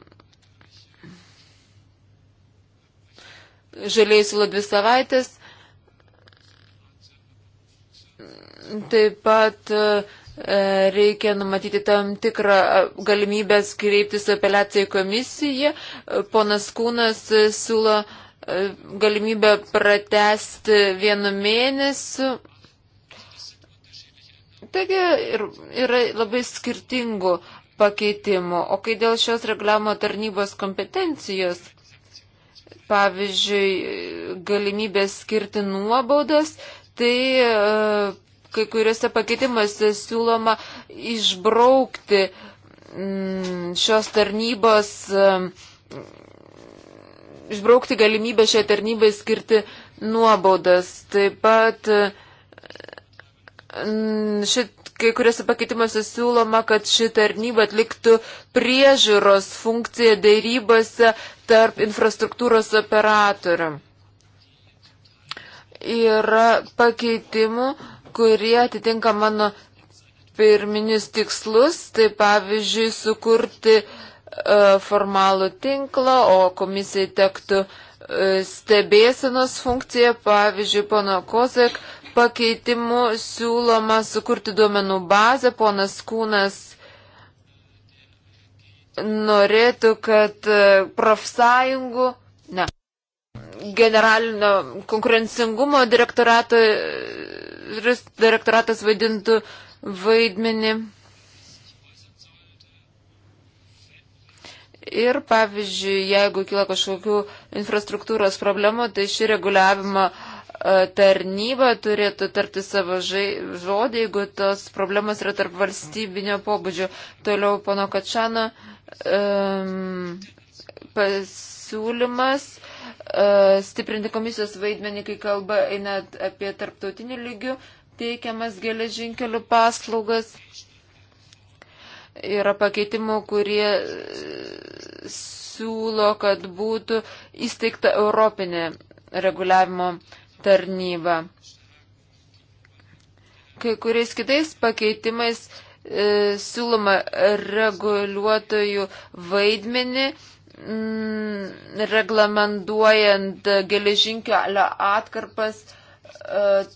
Žaliai siūlo dvi savaitės. Taip pat e, e, reikia numatyti tam tikrą e, galimybę kreiptis apeliaciją į komisiją. Ponas Kūnas siūlo galimybę pratesti vienu mėnesiu. Taigi yra labai skirtingų pakeitimų. O kai dėl šios reglamo tarnybos kompetencijos, pavyzdžiui, galimybės skirti nuobaudas, tai kai kuriuose pakeitimuose siūloma išbraukti mm, šios tarnybos, mm, išbraukti galimybę šiai tarnybai skirti nuobaudas. Taip pat mm, šit, kai kuriuose pakeitimuose siūloma, kad ši tarnyba atliktų priežiūros funkciją dėrybose tarp infrastruktūros operatorių. Yra pakeitimų, kurie atitinka mano pirminius tikslus, tai pavyzdžiui, sukurti e, formalų tinklą, o komisijai tektų e, stebėsenos funkcija, pavyzdžiui, pono Kozek pakeitimu siūloma sukurti duomenų bazę, ponas Kūnas norėtų, kad e, profsąjungų, ne, generalinio konkurencingumo direktorato direktoratas vaidintų vaidmenį. Ir, pavyzdžiui, jeigu kyla kažkokių infrastruktūros problemų, tai ši reguliavimo e, tarnyba turėtų tarti savo žodį, jeigu tos problemas yra tarp valstybinio pobūdžio. Toliau pono Kačano um, pasiūlymas E, stiprinti komisijos vaidmenį, kai kalba eina apie tarptautinį lygių teikiamas geležinkelių paslaugas. Yra pakeitimų, kurie e, siūlo, kad būtų įsteigta Europinė reguliavimo tarnyba. Kai kuriais kitais pakeitimais e, siūloma reguliuotojų vaidmenį Mm, reglamentuojant geležinkelio atkarpas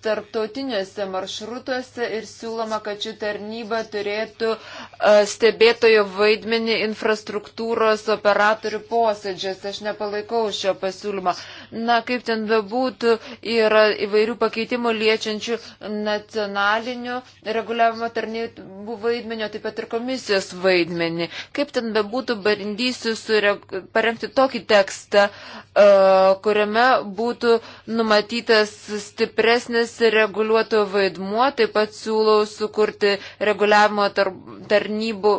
tarptautiniuose maršrutuose ir siūloma, kad ši tarnyba turėtų e, stebėtojo vaidmenį infrastruktūros operatorių posėdžiuose. Aš nepalaikau šio pasiūlymo. Na, kaip ten bebūtų, yra įvairių pakeitimų liečiančių nacionalinių reguliavimo tarnybų vaidmenio, taip pat ir komisijos vaidmenį. Kaip ten bebūtų, bandysiu sureg... parengti tokį tekstą, e, kuriame būtų numatytas stebėtojo stipresnis reguliuotojų vaidmuo, taip pat siūlau sukurti reguliavimo tarnybų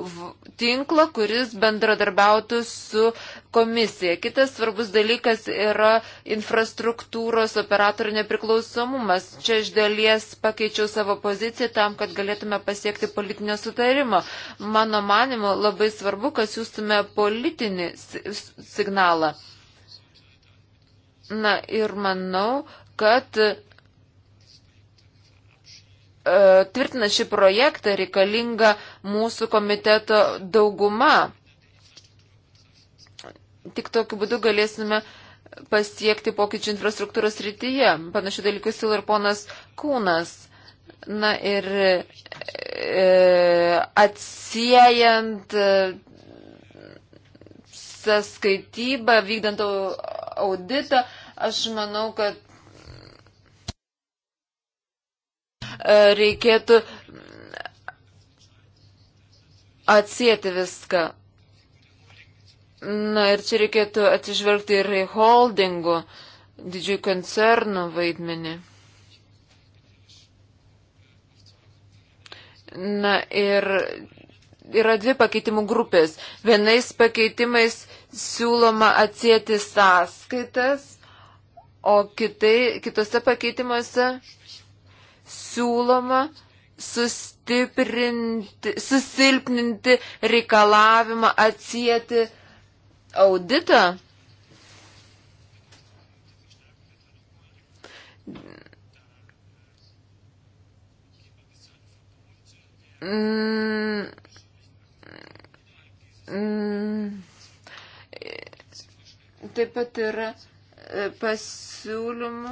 tinklą, kuris bendradarbiautų su komisija. Kitas svarbus dalykas yra infrastruktūros operatorių nepriklausomumas. Čia iš dalies pakeičiau savo poziciją tam, kad galėtume pasiekti politinio sutarimo. Mano manimo labai svarbu, kad siūstume politinį signalą. Na ir manau, kad tvirtina šį projektą reikalinga mūsų komiteto dauguma. Tik tokiu būdu galėsime pasiekti pokyčių infrastruktūros rytyje. Panašių dalykų siūlo ir ponas Kūnas. Na ir e, atsiejant e, sąskaitybą, vykdant auditą, aš manau, kad E, reikėtų atsėti viską. Na ir čia reikėtų atsižvelgti ir į holdingų, didžiųjų koncernų vaidmenį. Na ir yra dvi pakeitimų grupės. Vienais pakeitimais siūloma atsėti sąskaitas, o kitai, kitose pakeitimuose siūloma sustiprinti, susilpninti reikalavimą atsijėti auditą. Mm. Mm. Taip pat yra. Ir pasiūlymų,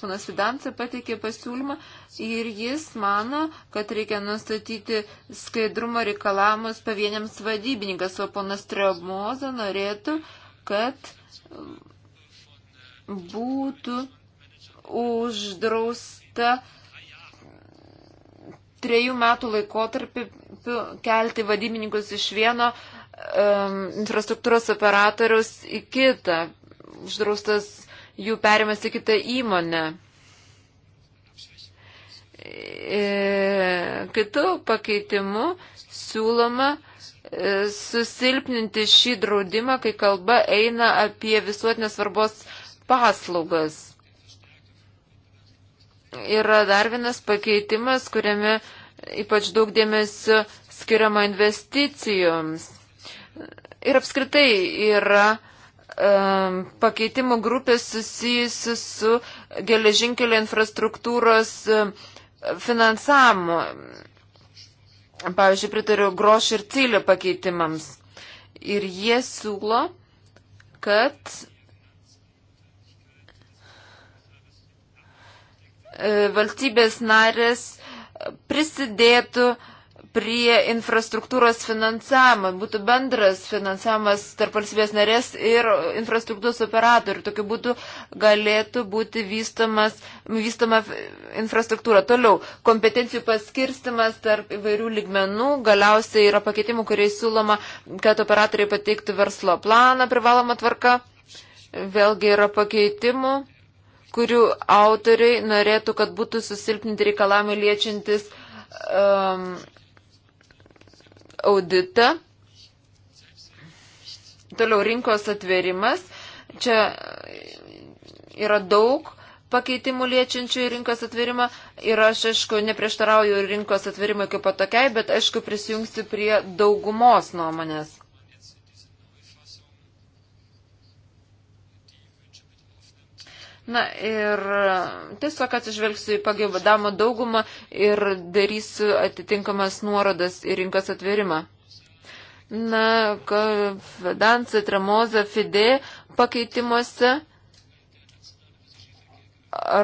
ponas Vidansa pateikė pasiūlymą ir jis mano, kad reikia nustatyti skaidrumo reikalavimus pavieniams vadybininkas, o ponas Tremoza norėtų, kad būtų uždrausta trejų metų laikotarpį kelti vadybininkus iš vieno um, infrastruktūros operatoriaus į kitą uždraustas jų perimas į kitą įmonę. E, kitu pakeitimu siūloma e, susilpninti šį draudimą, kai kalba eina apie visuotinės svarbos paslaugas. Yra dar vienas pakeitimas, kuriame ypač daug dėmesio skiriama investicijoms. Ir apskritai yra uh, um, pakeitimų grupė susijusi su geležinkelio infrastruktūros finansavimu. Pavyzdžiui, pritariu Groš ir Cilio pakeitimams. Ir jie siūlo, kad e, valstybės narės prisidėtų uh, prie infrastruktūros finansavimo, būtų bendras finansavimas tarp valstybės narės ir infrastruktūros operatorių. Tokiu būdu galėtų būti vystomas, vystoma infrastruktūra. Toliau, kompetencijų paskirstimas tarp įvairių ligmenų, galiausiai yra pakeitimų, kuriais siūloma, kad operatoriai pateiktų verslo planą privaloma tvarka. Vėlgi yra pakeitimų kurių autoriai norėtų, kad būtų susilpninti reikalavimai liečiantis um, auditą. Toliau rinkos atverimas. Čia yra daug pakeitimų liečiančių į rinkos atvirimą ir aš, aišku, neprieštarauju rinkos atvirimui kaip patokiai, bet, aišku, prisijungsiu prie daugumos nuomonės. Na ir tiesiog atsižvelgsiu į pagėvadamo daugumą ir darysiu atitinkamas nuorodas į rinkos atverimą. Na, Vedansa, Tremoza, Fide pakeitimuose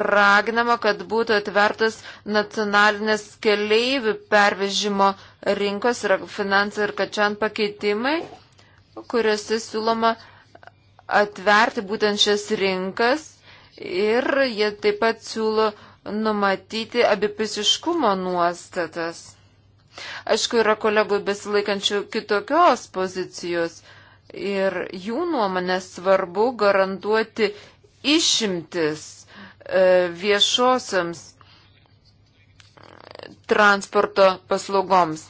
raginama, kad būtų atvertas nacionalinės keleivių pervežimo rinkos finansai ir kačian pakeitimai, kuriuose siūloma atverti būtent šias rinkas Ir jie taip pat siūlo numatyti abipusiškumo nuostatas. Aišku, yra kolegų besilaikančių kitokios pozicijos ir jų nuomonė svarbu garantuoti išimtis e, viešosiams transporto paslaugoms.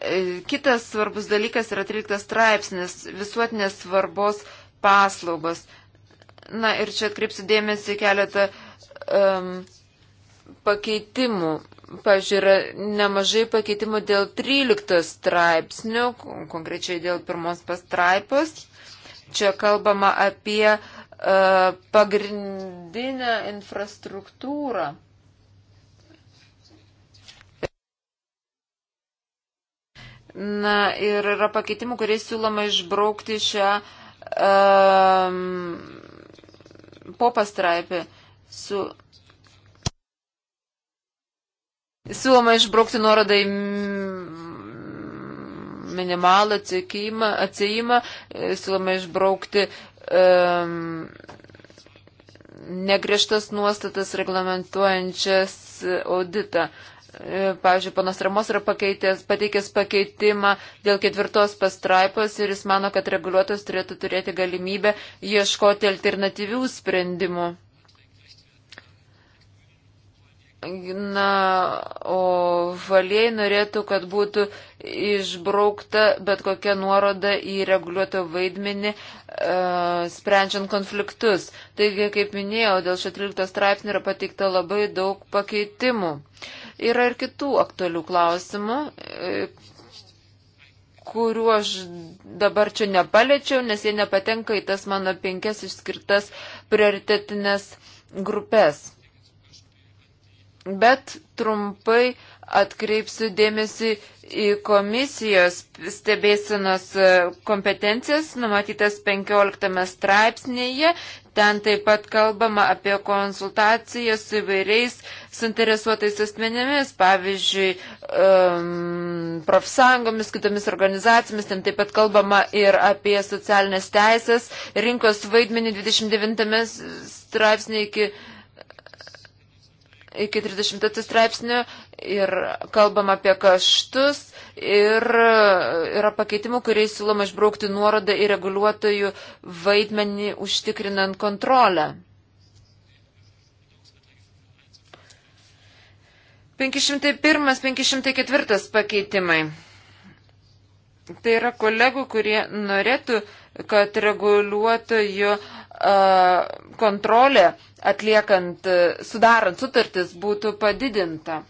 E, kitas svarbus dalykas yra 13 straipsnis visuotinės svarbos paslaugos. Na ir čia atkreipsiu dėmesį keletą um, pakeitimų. Pavyzdžiui, yra nemažai pakeitimų dėl 13 straipsnių, konkrečiai dėl pirmos pastraipos. Čia kalbama apie uh, pagrindinę infrastruktūrą. Na ir yra pakeitimų, kuriais siūloma išbraukti šią um, po pastraipį su. Siūloma išbraukti nuorodą į minimalą atsijimą, atsijimą e, siūloma išbraukti um, negriežtas nuostatas reglamentuojančias auditą. Uh, E, pavyzdžiui, panas Ramos yra pakeitės, pateikęs pakeitimą dėl ketvirtos pastraipos ir jis mano, kad reguliuotojas turėtų turėti galimybę ieškoti alternatyvių sprendimų. Na, o valiai norėtų, kad būtų išbraukta bet kokia nuoroda į reguliuoto vaidmenį, e, sprendžiant konfliktus. Taigi, kaip minėjau, dėl šio 13 straipsnio yra pateikta labai daug pakeitimų. Yra ir kitų aktualių klausimų, e, kuriuo aš dabar čia nepaliečiau, nes jie nepatenka į tas mano penkias išskirtas prioritetinės grupės. Bet trumpai atkreipsiu dėmesį į komisijos stebėsinos e, kompetencijas, numatytas 15 straipsnėje. Ten taip pat kalbama apie konsultaciją su įvairiais suinteresuotais asmenėmis, pavyzdžiui, um, profsąjungomis, kitomis organizacijomis. Ten taip pat kalbama ir apie socialinės teisės, rinkos vaidmenį 29 straipsnėje iki. Uh, iki 30 straipsnių ir kalbam apie kaštus ir yra pakeitimų, kuriais siūloma išbraukti nuorodą į reguliuotojų vaidmenį užtikrinant kontrolę. 501-504 pakeitimai. Tai yra kolegų, kurie norėtų, kad reguliuotojų uh, kontrolė atliekant, sudarant sutartis būtų padidinta.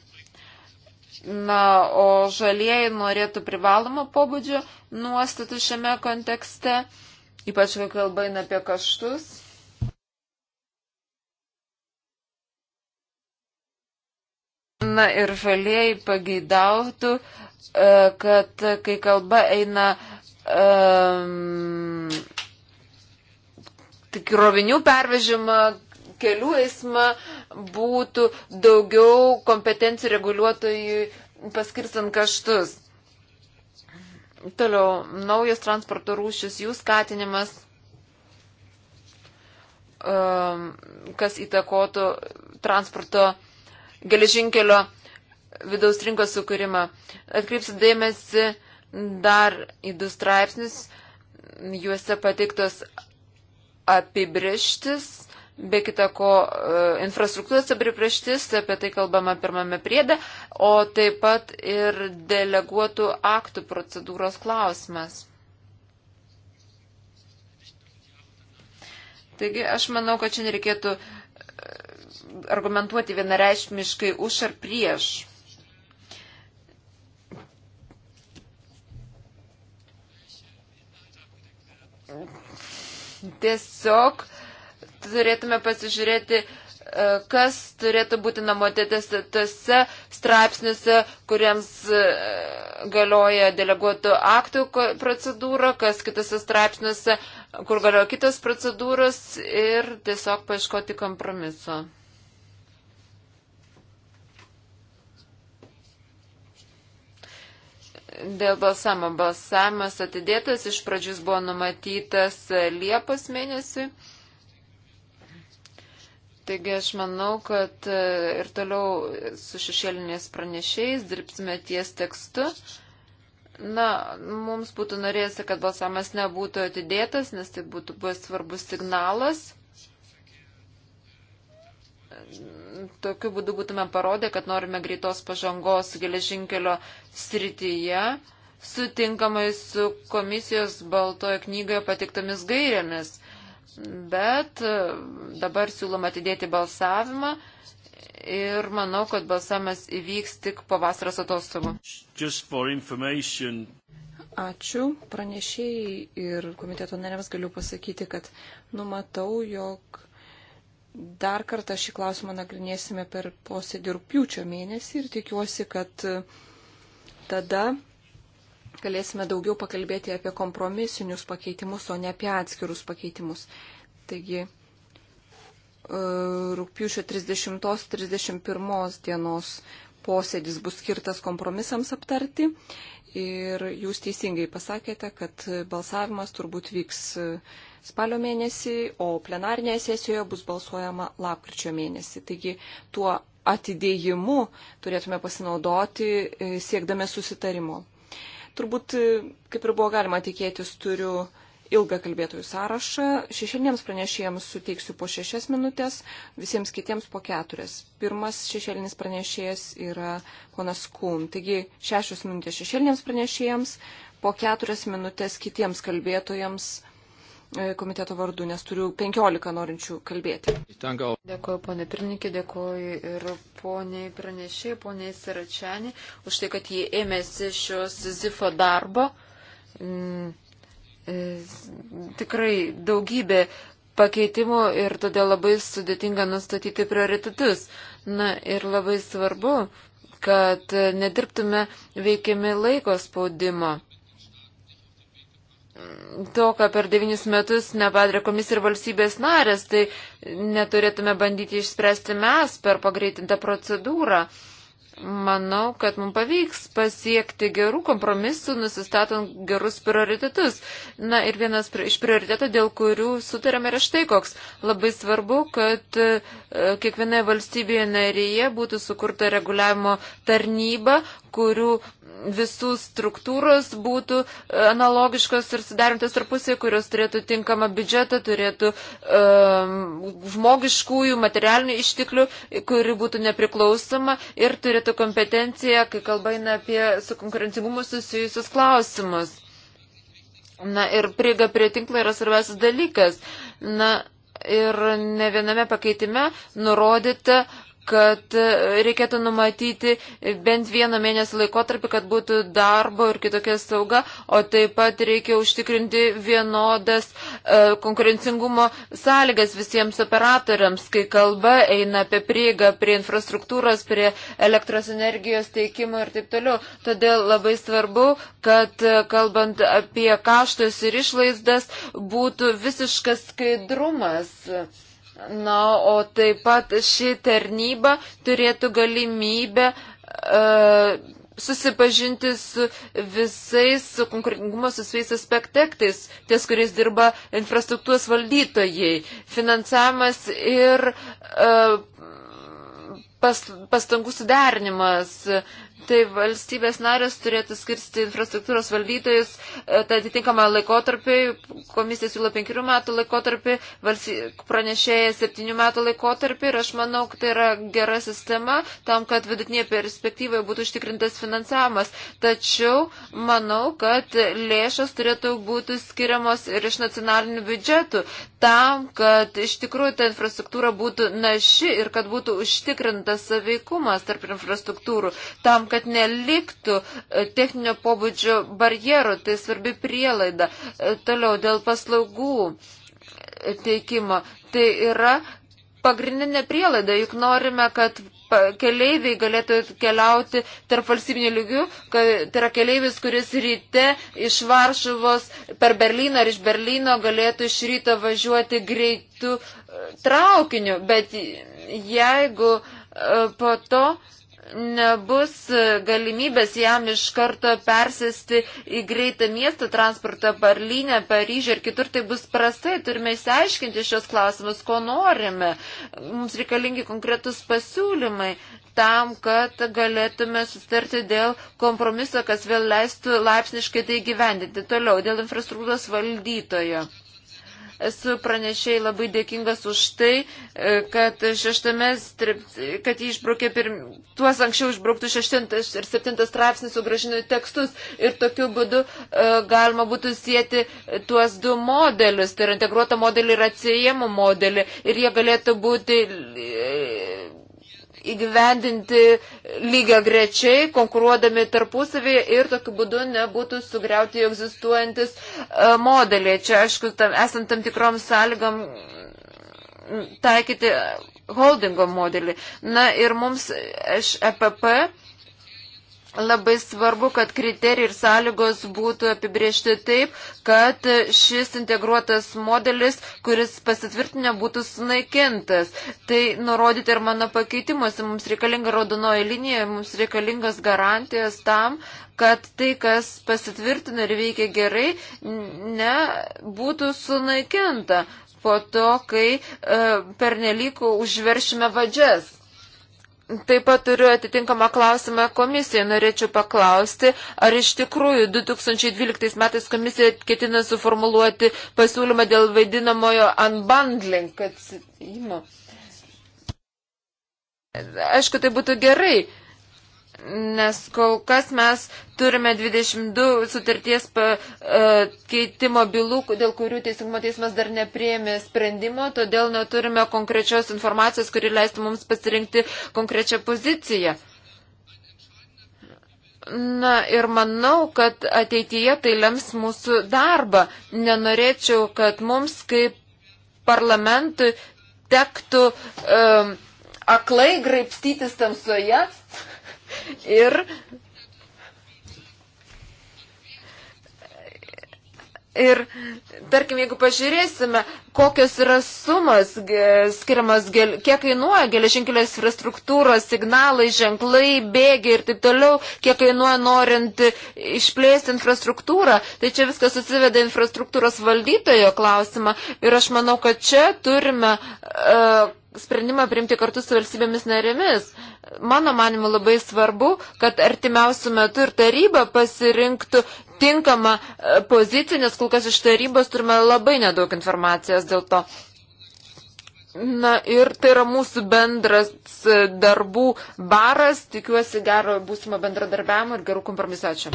Na, o žalieji norėtų privalomo pobūdžio nuostatų šiame kontekste, ypač kai kalba eina apie kaštus. Na ir žalieji pageidautų, kad kai kalba eina um, krovinių pervežimą, kelių eismą būtų daugiau kompetencijų reguliuotojų paskirstant kaštus. Toliau, naujas transporto rūšis, jų skatinimas, um, kas įtakotų transporto geležinkelio vidaus rinkos sukūrimą. Atkreipsiu dėmesį dar į du straipsnius, juose pateiktos apibrieštis, be kita ko e, infrastruktūros apibrieštis, apie tai kalbama pirmame priede, o taip pat ir deleguotų aktų procedūros klausimas. Taigi aš manau, kad čia nereikėtų e, argumentuoti vienareišmiškai už ar prieš. Tiesiog turėtume pasižiūrėti, e, kas turėtų būti namuotėtėse tose straipsniuose, kuriems e, galioja deleguotų aktų procedūra, kas kitose straipsniuose, kur galioja kitos procedūros ir tiesiog paieškoti kompromiso. dėl balsamo. Balsamas atidėtas, iš pradžius buvo numatytas Liepos mėnesiui. Taigi aš manau, kad e, ir toliau su šešėlinės pranešėjais dirbsime ties tekstu. Na, mums būtų norėjusi, kad balsamas nebūtų atidėtas, nes tai būtų buvęs svarbus signalas tokiu būdu būtume parodę, kad norime greitos pažangos geležinkelio srityje, sutinkamai su komisijos baltojo knygoje patiktomis gairėmis. Bet e, dabar siūlom atidėti balsavimą ir manau, kad balsavimas įvyks tik po vasaros atostogų. Ačiū. Pranešėjai ir komiteto nariams galiu pasakyti, kad numatau, jog Dar kartą šį klausimą nagrinėsime per posėdį rūpiučio mėnesį ir tikiuosi, kad tada galėsime daugiau pakalbėti apie kompromisinius pakeitimus, o ne apie atskirus pakeitimus. Taigi, e, rūpiučio 30-31 dienos posėdis bus skirtas kompromisams aptarti Ir jūs teisingai pasakėte, kad balsavimas turbūt vyks spalio mėnesį, o plenarinėje sesijoje bus balsuojama lapkričio mėnesį. Taigi tuo atidėjimu turėtume pasinaudoti e, siekdami susitarimo. Turbūt, e, kaip ir buvo galima tikėtis, turiu ilgą kalbėtojų sąrašą. Šešėlinėms pranešėjams suteiksiu po šešias minutės, visiems kitiems po keturias. Pirmas šešėlinis pranešėjas yra ponas Kum. Taigi šešios minutės šešėlinėms pranešėjams, po keturias minutės kitiems kalbėtojams e, komiteto vardu, nes turiu 15 norinčių kalbėti. Dėkuoju, ponė pirmininkė, dėkuoju ir poniai pranešėjai, poniai Siračiani, už tai, kad jie ėmėsi šios Zifo darbo. Mm E, tikrai daugybė pakeitimų ir todėl labai sudėtinga nustatyti prioritetus. Na ir labai svarbu, kad nedirbtume veikiami laiko spaudimo. To, ką per devynis metus nepadarė komisija ir valstybės narės, tai neturėtume bandyti išspręsti mes per pagreitintą procedūrą. Uh, manau, kad mums pavyks pasiekti gerų kompromisų, nusistatant gerus prioritetus. Na ir vienas iš prioritetų, dėl kurių sutarėme, yra štai koks. Labai svarbu, kad e, kiekvienoje valstybėje narėje būtų sukurta reguliavimo tarnyba, kurių visų struktūros būtų e, analogiškos ir sudarintos tarpusė, kurios turėtų tinkamą biudžetą, turėtų um, žmogiškųjų, materialinių išteklių, kuri būtų nepriklausoma ir turėtų kompetenciją, kai kalba eina apie su konkurencingumu susijusius klausimus. Na ir prieiga prie tinklo yra svarbiausias dalykas. Na ir ne viename pakeitime nurodyta, uh, kad e, reikėtų numatyti bent vieną mėnesį laikotarpį, kad būtų darbo ir kitokia sauga, o taip pat reikia užtikrinti vienodas e, konkurencingumo sąlygas visiems operatoriams, kai kalba eina apie prieigą prie infrastruktūros, prie elektros energijos teikimo ir taip toliau. Todėl labai svarbu, kad e, kalbant apie kaštus ir išlaizdas būtų visiškas skaidrumas. Yes Na, o taip pat ši tarnyba turėtų galimybę e, susipažinti su visais, su konkurencingumo, su visais aspektais, ties kuriais dirba infrastruktūros valdytojai, finansavimas ir e, pas, pastangų suderinimas. E, tai valstybės narės turėtų skirsti infrastruktūros valdytojus e, atitinkamą laikotarpį, komisija siūlo penkerių metų laikotarpį, pranešėja septynių metų laikotarpį ir aš manau, kad tai yra gera sistema tam, kad vidutinėje perspektyvoje būtų užtikrintas finansavimas. Tačiau manau, kad lėšas turėtų būti skiriamos ir iš nacionalinių biudžetų tam, kad iš tikrųjų ta infrastruktūra būtų naši ir kad būtų užtikrintas saveikumas tarp infrastruktūrų, tam, kad neliktų e, techninio pobūdžio barjerų, tai svarbi prielaida. E, toliau dėl paslaugų e, teikimo. Tai yra pagrindinė prielaida, juk norime, kad keleiviai galėtų keliauti tarp valstybinių lygių, kad tai yra keleivis, kuris ryte iš Varšuvos per Berliną ar iš Berlyno galėtų iš ryto važiuoti greitų e, traukiniu, bet jeigu e, po to nebus e, galimybės jam iš karto persėsti į greitą miesto transportą Berlyne, Paryžiuje ir kitur, tai bus prastai. Turime įsiaiškinti šios klausimus, ko norime. Mums reikalingi konkretus pasiūlymai tam, kad galėtume sustarti dėl kompromiso, kas vėl leistų laipsniškai tai gyvendinti toliau, dėl infrastruktūros valdytojo. Esu pranešėjai labai dėkingas už tai, e, kad šeštame, kad jį išbraukė pirm, tuos anksčiau išbrauktų šeštintas ir septintas straipsnis sugražino į tekstus ir tokiu būdu e, galima būtų sieti tuos du modelius, tai yra integruotą modelį ir atsijėmų modelį ir jie galėtų būti e, įgyvendinti lygia grečiai, konkuruodami tarpusavėje ir tokiu būdu nebūtų sugriauti egzistuojantis e, modeliai. Čia, aišku, tam, esant tam tikrom sąlygom taikyti holdingo modelį. Na ir mums iš EPP Labai svarbu, kad kriterijai ir sąlygos būtų apibriežti taip, kad šis integruotas modelis, kuris pasitvirtinę, būtų sunaikintas. Tai nurodyti ir mano pakeitimuose. Mums reikalinga raudonoji linija, mums reikalingas garantijas tam, kad tai, kas pasitvirtina ir veikia gerai, nebūtų sunaikinta po to, kai e, pernelyg užveršime vadžias. Taip pat turiu atitinkamą klausimą komisijai. Norėčiau paklausti, ar iš tikrųjų 2012 metais komisija ketina suformuluoti pasiūlymą dėl vaidinamojo unbundling. Kad... Aišku, tai būtų gerai nes kol kas mes turime 22 sutarties pa, uh, keitimo bylų, dėl kurių teisingumo teismas dar neprieėmė sprendimo, todėl neturime konkrečios informacijos, kuri leistų mums pasirinkti konkrečią poziciją. Na ir manau, kad ateityje tai lems mūsų darbą. Nenorėčiau, kad mums kaip parlamentui tektų um, aklai graipstytis tamsoje, ir Ir, tarkim, jeigu pažiūrėsime, kokios yra sumas skiriamas, kiek kainuoja geležinkelės infrastruktūros, signalai, ženklai, bėgiai ir taip toliau, kiek kainuoja norint išplėsti infrastruktūrą, tai čia viskas susiveda infrastruktūros valdytojo klausimą ir aš manau, kad čia turime uh, sprendimą priimti kartu su valstybėmis narėmis. Mano manimu labai svarbu, kad artimiausių metų ir taryba pasirinktų tinkamą e, poziciją, nes kol kas iš tarybos turime labai nedaug informacijos dėl to. Na ir tai yra mūsų bendras e, darbų baras. Tikiuosi gero būsimo bendradarbiavimo ir gerų kompromisų. Ačiū.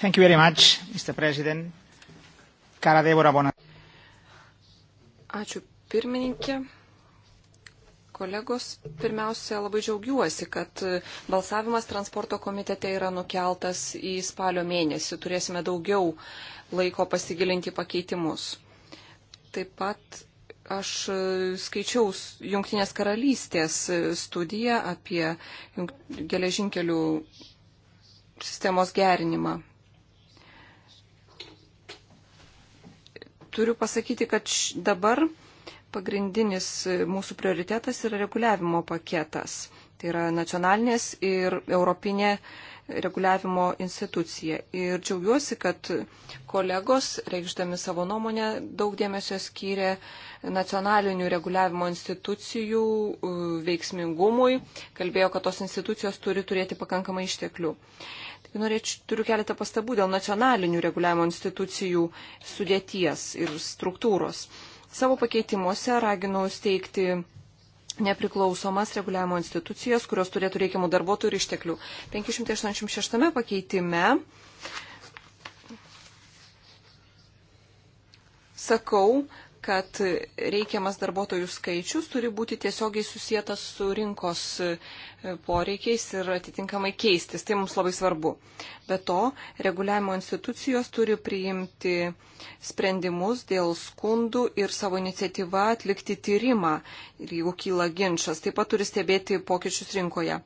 Thank you very much, Mr. President. Cara Débora, bona. Ačiū pirmininkė kolegos, pirmiausia, labai džiaugiuosi, kad balsavimas transporto komitete yra nukeltas į spalio mėnesį. Turėsime daugiau laiko pasigilinti pakeitimus. Taip pat aš skaičiau Junktinės karalystės studiją apie geležinkelių sistemos gerinimą. Turiu pasakyti, kad dabar pagrindinis mūsų prioritetas yra reguliavimo paketas. Tai yra nacionalinės ir europinė reguliavimo institucija. Ir džiaugiuosi, kad kolegos, reikšdami savo nuomonę, daug dėmesio skyrė nacionalinių reguliavimo institucijų veiksmingumui, kalbėjo, kad tos institucijos turi turėti pakankamai išteklių. Taigi norėčiau, turiu keletą pastabų dėl nacionalinių reguliavimo institucijų sudėties ir struktūros. Savo pakeitimuose raginau steigti nepriklausomas reguliavimo institucijas, kurios turėtų reikiamų darbuotojų ir išteklių. 586 pakeitime sakau, kad reikiamas darbuotojų skaičius turi būti tiesiogiai susijęs su rinkos e, poreikiais ir atitinkamai keistis. Tai mums labai svarbu. Be to, reguliavimo institucijos turi priimti sprendimus dėl skundų ir savo iniciatyvą atlikti tyrimą, jeigu kyla ginčas. Taip pat turi stebėti pokyčius rinkoje.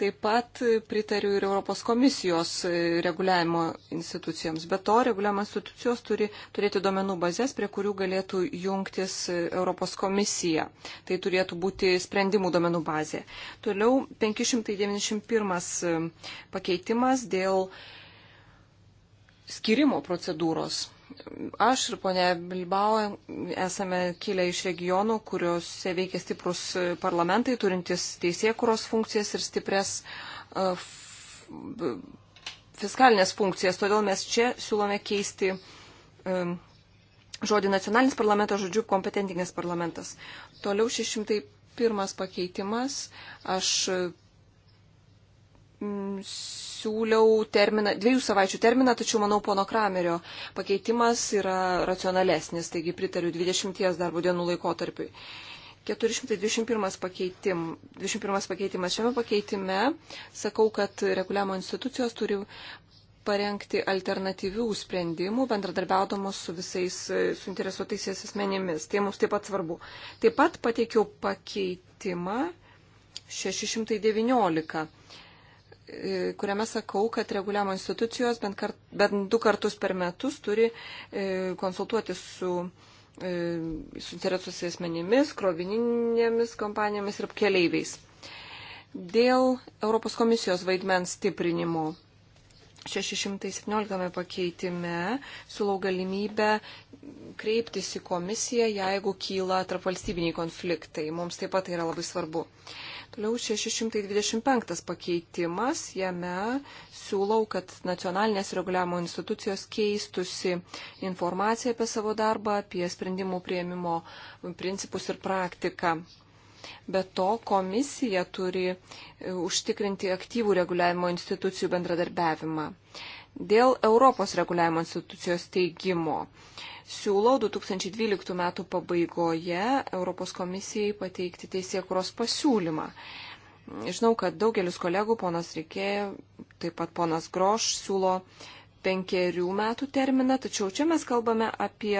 Taip pat pritariu ir Europos komisijos e, reguliavimo institucijoms. Be to, reguliavimo institucijos turi turėti domenų bazės, prie kurių galėtų jungtis e, Europos komisija. Tai turėtų būti sprendimų domenų bazė. Toliau 591 e, pakeitimas dėl skirimo procedūros. Aš ir ponė Bilbao esame kilę iš regionų, kuriuose veikia stiprus parlamentai, turintis teisėkuros funkcijas ir stipres e, fiskalinės funkcijas. Todėl mes čia siūlome keisti e, žodį nacionalinis parlamentas, žodžiu kompetentingas parlamentas. Toliau 601 pakeitimas. Aš mm, siūliau terminą, dviejų savaičių terminą, tačiau manau pono Kramerio pakeitimas yra racionalesnis, taigi pritariu 20 darbo dienų laikotarpiui. 421 pakeitim, 21 pakeitimas. Šiame pakeitime sakau, kad reguliavimo institucijos turi parengti alternatyvių sprendimų, bendradarbiaudamos su visais suinteresuotaisiais asmenimis. Tai mums taip pat svarbu. Taip pat pateikiau pakeitimą 619. E, kuriame sakau, kad reguliavimo institucijos bent, kart, bent du kartus per metus turi e, konsultuoti su e, suinteresuosi asmenimis, krovininėmis kompanijomis ir keleiviais. Dėl Europos komisijos vaidmens stiprinimo 617 pakeitime siūlau galimybę kreiptis į komisiją, jeigu kyla tarpvalstybiniai konfliktai. Mums taip pat tai yra labai svarbu. E, Toliau 625 pakeitimas. Jame siūlau, kad nacionalinės reguliavimo institucijos keistusi informaciją apie savo darbą, apie sprendimų prieimimo principus ir praktiką. Be to, komisija turi e, užtikrinti aktyvų reguliavimo institucijų bendradarbiavimą. Dėl Europos reguliavimo institucijos teigimo siūlau 2012 metų pabaigoje Europos komisijai pateikti teisėkuros pasiūlymą. Žinau, kad daugelis kolegų, ponas Rikė, taip pat ponas Groš, siūlo penkerių metų terminą, tačiau čia mes kalbame apie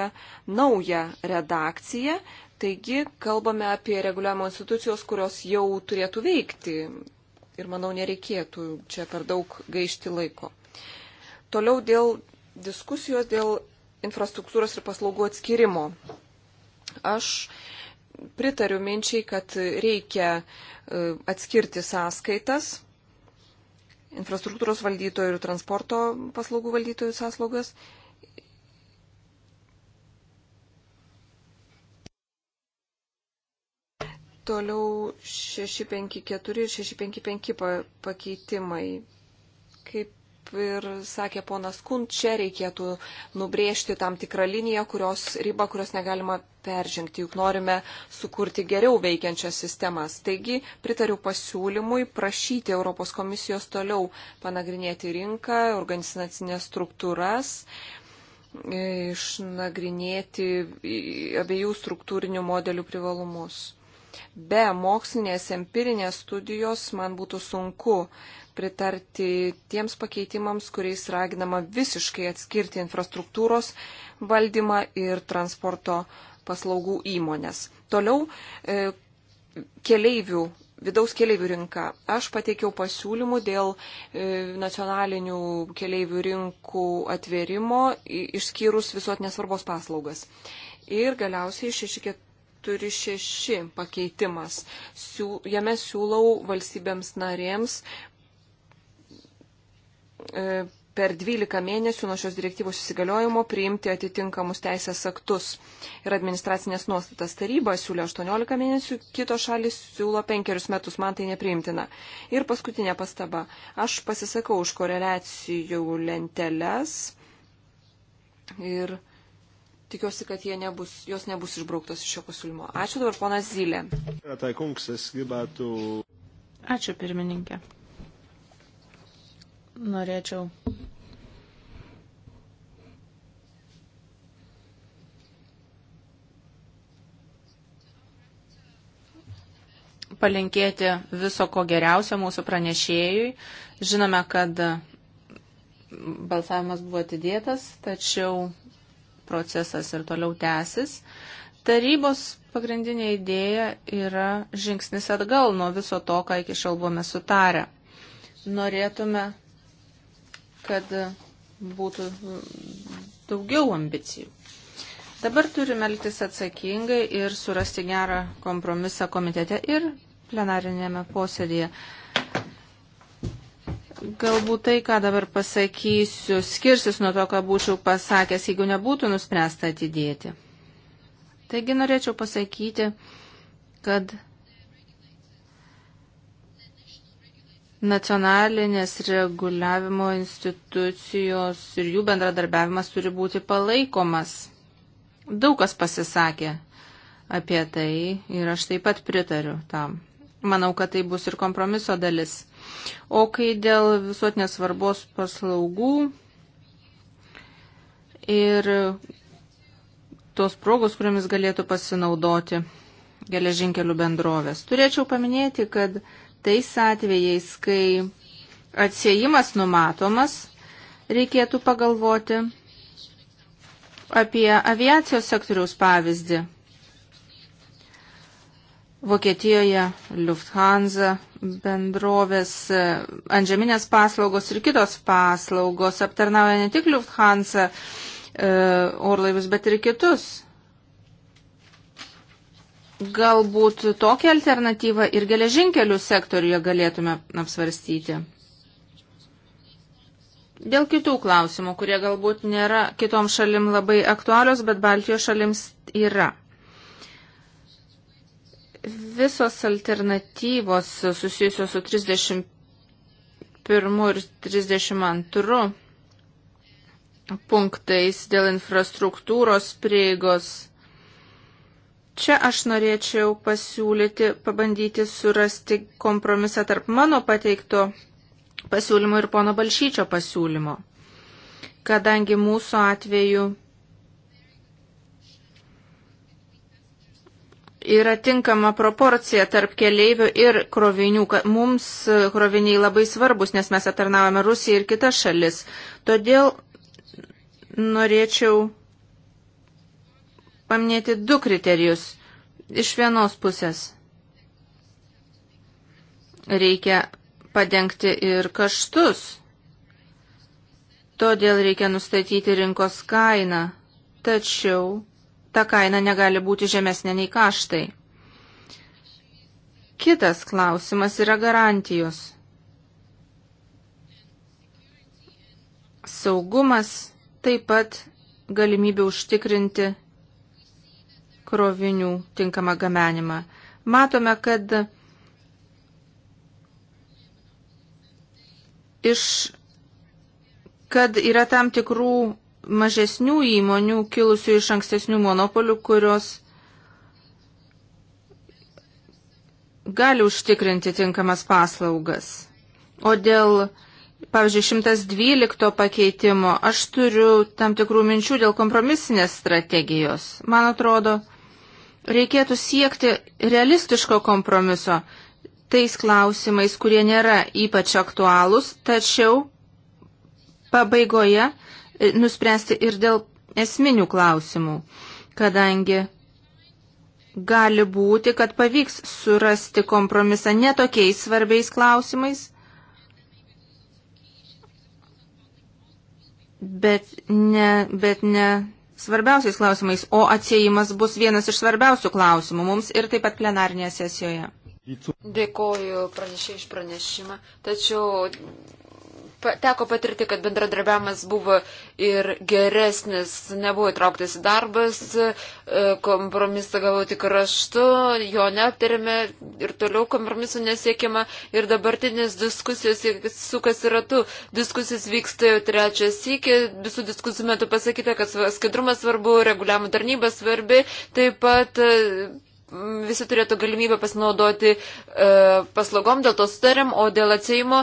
naują redakciją, taigi kalbame apie reguliavimo institucijos, kurios jau turėtų veikti. Ir manau, nereikėtų čia per daug gaišti laiko. Toliau dėl diskusijos dėl infrastruktūros ir paslaugų atskirimo. Aš pritariu minčiai, kad reikia e, atskirti sąskaitas, infrastruktūros valdytojų ir transporto paslaugų valdytojų sąslaugas. Toliau 654 ir 655 pakeitimai. Kaip kaip ir sakė ponas Kun, čia reikėtų nubrėžti tam tikrą liniją, kurios ribą, kurios negalima peržengti, juk norime sukurti geriau veikiančias sistemas. Taigi pritariu pasiūlymui prašyti Europos komisijos toliau panagrinėti rinką, organizacinės struktūras išnagrinėti abiejų struktūrinių modelių privalumus. Be mokslinės empirinės studijos man būtų sunku uh, pritarti tiems pakeitimams, kuriais raginama visiškai atskirti infrastruktūros valdymą ir transporto paslaugų įmonės. Toliau e, keleivių, vidaus keleivių rinka. Aš pateikiau pasiūlymų dėl e, nacionalinių keleivių rinkų atvėrimo, išskyrus visuotinės svarbos paslaugas. Ir galiausiai 64 turi šeši pakeitimas. Siū, jame siūlau valstybėms narėms E, per 12 mėnesių nuo šios direktyvos įsigaliojimo priimti atitinkamus teisės aktus ir administracinės nuostatas. Taryba siūlė 18 mėnesių, kitos šalis siūlo 5 metus, man tai nepriimtina. Ir paskutinė pastaba. Aš pasisakau už koreliacijų lenteles ir tikiuosi, kad nebus, jos nebus išbrauktos iš šio pasiūlymo. Ačiū dabar, ponas Zylė. Ačiū pirmininkė norėčiau palinkėti viso ko geriausio mūsų pranešėjui. Žinome, kad balsavimas buvo atidėtas, tačiau procesas ir toliau tęsis. Tarybos pagrindinė idėja yra žingsnis atgal nuo viso to, ką iki šiol buvome sutarę. Norėtume kad būtų daugiau ambicijų. Dabar turime elgtis atsakingai ir surasti gerą kompromisą komitete ir plenarinėme posėdėje. Galbūt tai, ką dabar pasakysiu, skirsis nuo to, ką būčiau pasakęs, jeigu nebūtų nuspręsta atidėti. Taigi norėčiau pasakyti, kad Nacionalinės reguliavimo institucijos ir jų bendradarbiavimas turi būti palaikomas. Daug kas pasisakė apie tai ir aš taip pat pritariu tam. Manau, kad tai bus ir kompromiso dalis. O kai dėl visuotinės svarbos paslaugų ir tos progos, kuriomis galėtų pasinaudoti geležinkelių bendrovės. Turėčiau paminėti, kad tais atvejais, kai atsiejimas numatomas, reikėtų pagalvoti apie aviacijos sektoriaus pavyzdį. Vokietijoje Lufthansa bendrovės e, antžeminės paslaugos ir kitos paslaugos aptarnauja ne tik Lufthansa e, orlaivius, bet ir kitus. Galbūt tokią alternatyvą ir geležinkelių sektoriuje galėtume apsvarstyti. Dėl kitų klausimų, kurie galbūt nėra kitom šalim labai aktualios, bet Baltijos šalims yra. Visos alternatyvos susijusios su 31 ir 32 punktais dėl infrastruktūros prieigos Čia aš norėčiau pasiūlyti, pabandyti surasti kompromisą tarp mano pateikto pasiūlymo ir pono Balšyčio pasiūlymo. Kadangi mūsų atveju yra tinkama proporcija tarp keleivių ir krovinių, kad mums kroviniai labai svarbus, nes mes atarnavome Rusiją ir kitas šalis. Todėl norėčiau paminėti du kriterijus. Iš vienos pusės reikia padengti ir kaštus. Todėl reikia nustatyti rinkos kainą. Tačiau ta kaina negali būti žemesnė nei kaštai. Kitas klausimas yra garantijos. Saugumas taip pat galimybė užtikrinti krovinių tinkamą gamenimą. Matome, kad iš, kad yra tam tikrų mažesnių įmonių kilusių iš ankstesnių monopolių, kurios gali užtikrinti tinkamas paslaugas. O dėl, pavyzdžiui, 112 pakeitimo aš turiu tam tikrų minčių dėl kompromisinės strategijos. Man atrodo, reikėtų siekti realistiško kompromiso tais klausimais, kurie nėra ypač aktualūs, tačiau pabaigoje e, nuspręsti ir dėl esminių klausimų, kadangi gali būti, kad pavyks surasti kompromisą netokiais svarbiais klausimais, bet ne, bet ne svarbiausiais klausimais, o atsiejimas bus vienas iš svarbiausių klausimų mums ir taip pat plenarnėje sesijoje. Dėkoju pranešėjai iš pranešimą, tačiau teko patirti, kad bendradarbiavimas buvo ir geresnis, nebuvo įtrauktas į darbas, e, kompromisą gavau tik raštu, jo neaptarėme ir toliau kompromisų nesiekima ir dabartinės diskusijos sukasi ratu. Diskusijos vyksta jau trečias iki, visų diskusijų metu pasakyta, kad skaidrumas svarbu, reguliavimo tarnyba svarbi, taip pat e, visi turėtų galimybę pasinaudoti e, paslaugom, dėl to sutarėm, o dėl atsėjimo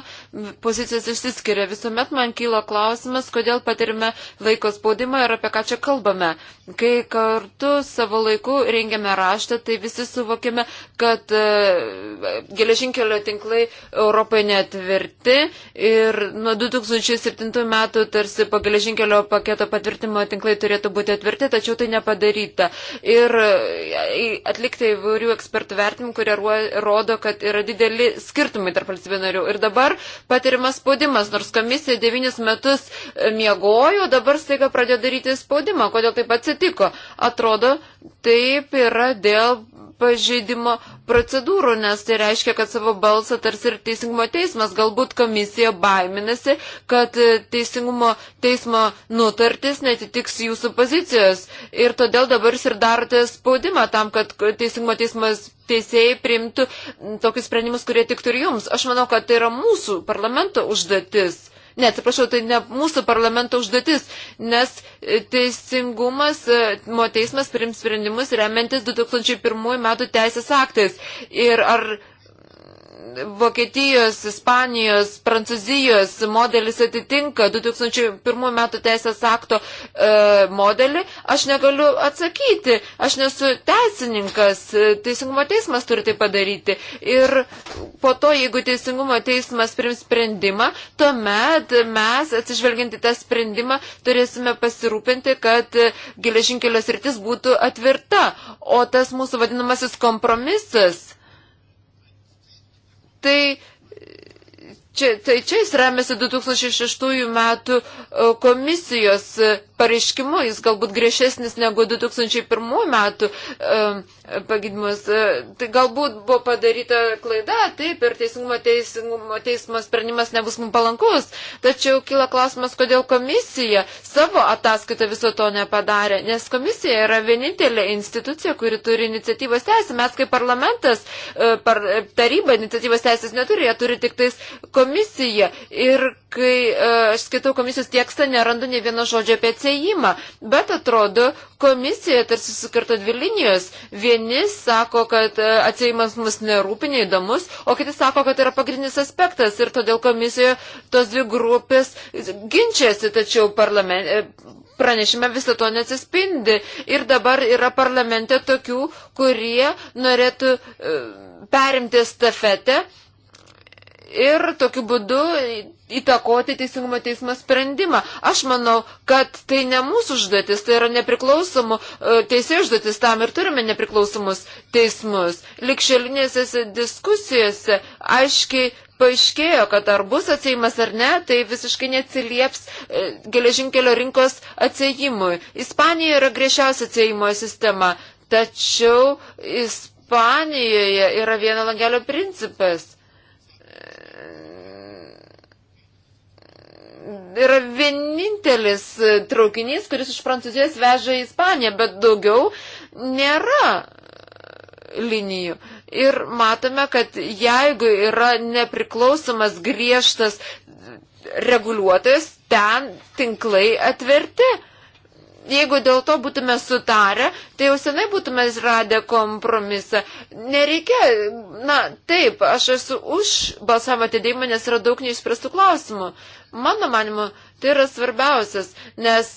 pozicijos išsiskiria. Visuomet man kyla klausimas, kodėl patirime laiko spaudimą ir apie ką čia kalbame. Kai kartu savo laiku rengiame raštą, tai visi suvokime, kad e, geležinkelio tinklai Europoje netvirti ir nuo 2007 metų tarsi po geležinkelio paketo patvirtimo tinklai turėtų būti atvirti, tačiau tai nepadaryta. Ir e, atlikti pateikta įvairių ekspertų vertinimų, kurie rodo, kad yra dideli skirtumai tarp valstybių narių. Ir dabar patirimas spaudimas, nors komisija devynis metus e, miegojo, dabar staiga pradėjo daryti spaudimą. Kodėl taip atsitiko? Atrodo, taip yra dėl pažeidimo procedūrų, nes tai reiškia, kad savo balsą tarsi ir teisingumo teismas, galbūt komisija baiminasi, kad e, teisingumo teismo nutartis netitiks jūsų pozicijos ir todėl dabar jūs ir darote spaudimą tam, kad teisingumo teismas teisėjai priimtų tokius sprendimus, kurie tiktų ir jums. Aš manau, kad tai yra mūsų parlamento užduotis Ne, atsiprašau, tai ne mūsų parlamento užduotis, nes e, teisingumas, e, mo teismas priims sprendimus remiantis 2001 metų teisės aktais. Ir ar Vokietijos, Ispanijos, Prancūzijos modelis atitinka 2001 metų teisės akto e, modelį, aš negaliu atsakyti, aš nesu teisininkas, teisingumo teismas turi tai padaryti. Ir po to, jeigu teisingumo teismas prims sprendimą, tuomet mes, atsižvelginti tą sprendimą, turėsime pasirūpinti, kad geležinkelio sritis būtų atvirta. O tas mūsų vadinamasis kompromisas, Tai čia, tai čia jis remiasi 2006 metų e, komisijos e, pareiškimu, jis galbūt griežesnis negu 2001 metų e, pagydimas. E, tai galbūt buvo padaryta klaida, taip, ir teisingumo, teisingumo teismo sprendimas nebus mums palankus. Tačiau kila klausimas, kodėl komisija savo ataskaitą viso to nepadarė, nes komisija yra vienintelė institucija, kuri turi iniciatyvos teisę. Mes kaip parlamentas, e, par, taryba iniciatyvos teisės neturi, jie turi tik tais komisiją. Ir kai e, aš skaitau komisijos tekstą, nerandu ne vieno žodžio apie atsitikimą atsėjimą. Bet atrodo, komisija tarsi susikirto dvi linijos. Vieni sako, kad e, atsėjimas mus nerūpinė įdomus, o kiti sako, kad tai yra pagrindinis aspektas ir todėl komisijoje tos dvi grupės ginčiasi, tačiau parlamente pranešime viso to nesispindi. Ir dabar yra parlamente tokių, kurie norėtų e, perimti stafetę ir tokiu būdu įtakoti teisingumo teismo sprendimą. Aš manau, kad tai ne mūsų užduotis, tai yra nepriklausomų e, teisėjų užduotis, tam ir turime nepriklausomus teismus. Likšelinėse diskusijose aiškiai paaiškėjo, kad ar bus atsėjimas ar ne, tai visiškai neatsilieps e, geležinkelio rinkos atsėjimui. Ispanija yra griežčiausia atsėjimo sistema, tačiau Ispanijoje yra vieno langelio principas. yra vienintelis e, traukinys, kuris iš Prancūzijos veža į Ispaniją, bet daugiau nėra e, linijų. Ir matome, kad jeigu yra nepriklausomas griežtas reguliuotojas, ten tinklai atverti. Jeigu dėl to būtume sutarę, tai jau senai būtume radę kompromisą. Nereikia, na taip, aš esu už balsavimą atidėjimą, nes yra daug neišspręstų klausimų. Uh, Mano manimu, tai yra svarbiausias, nes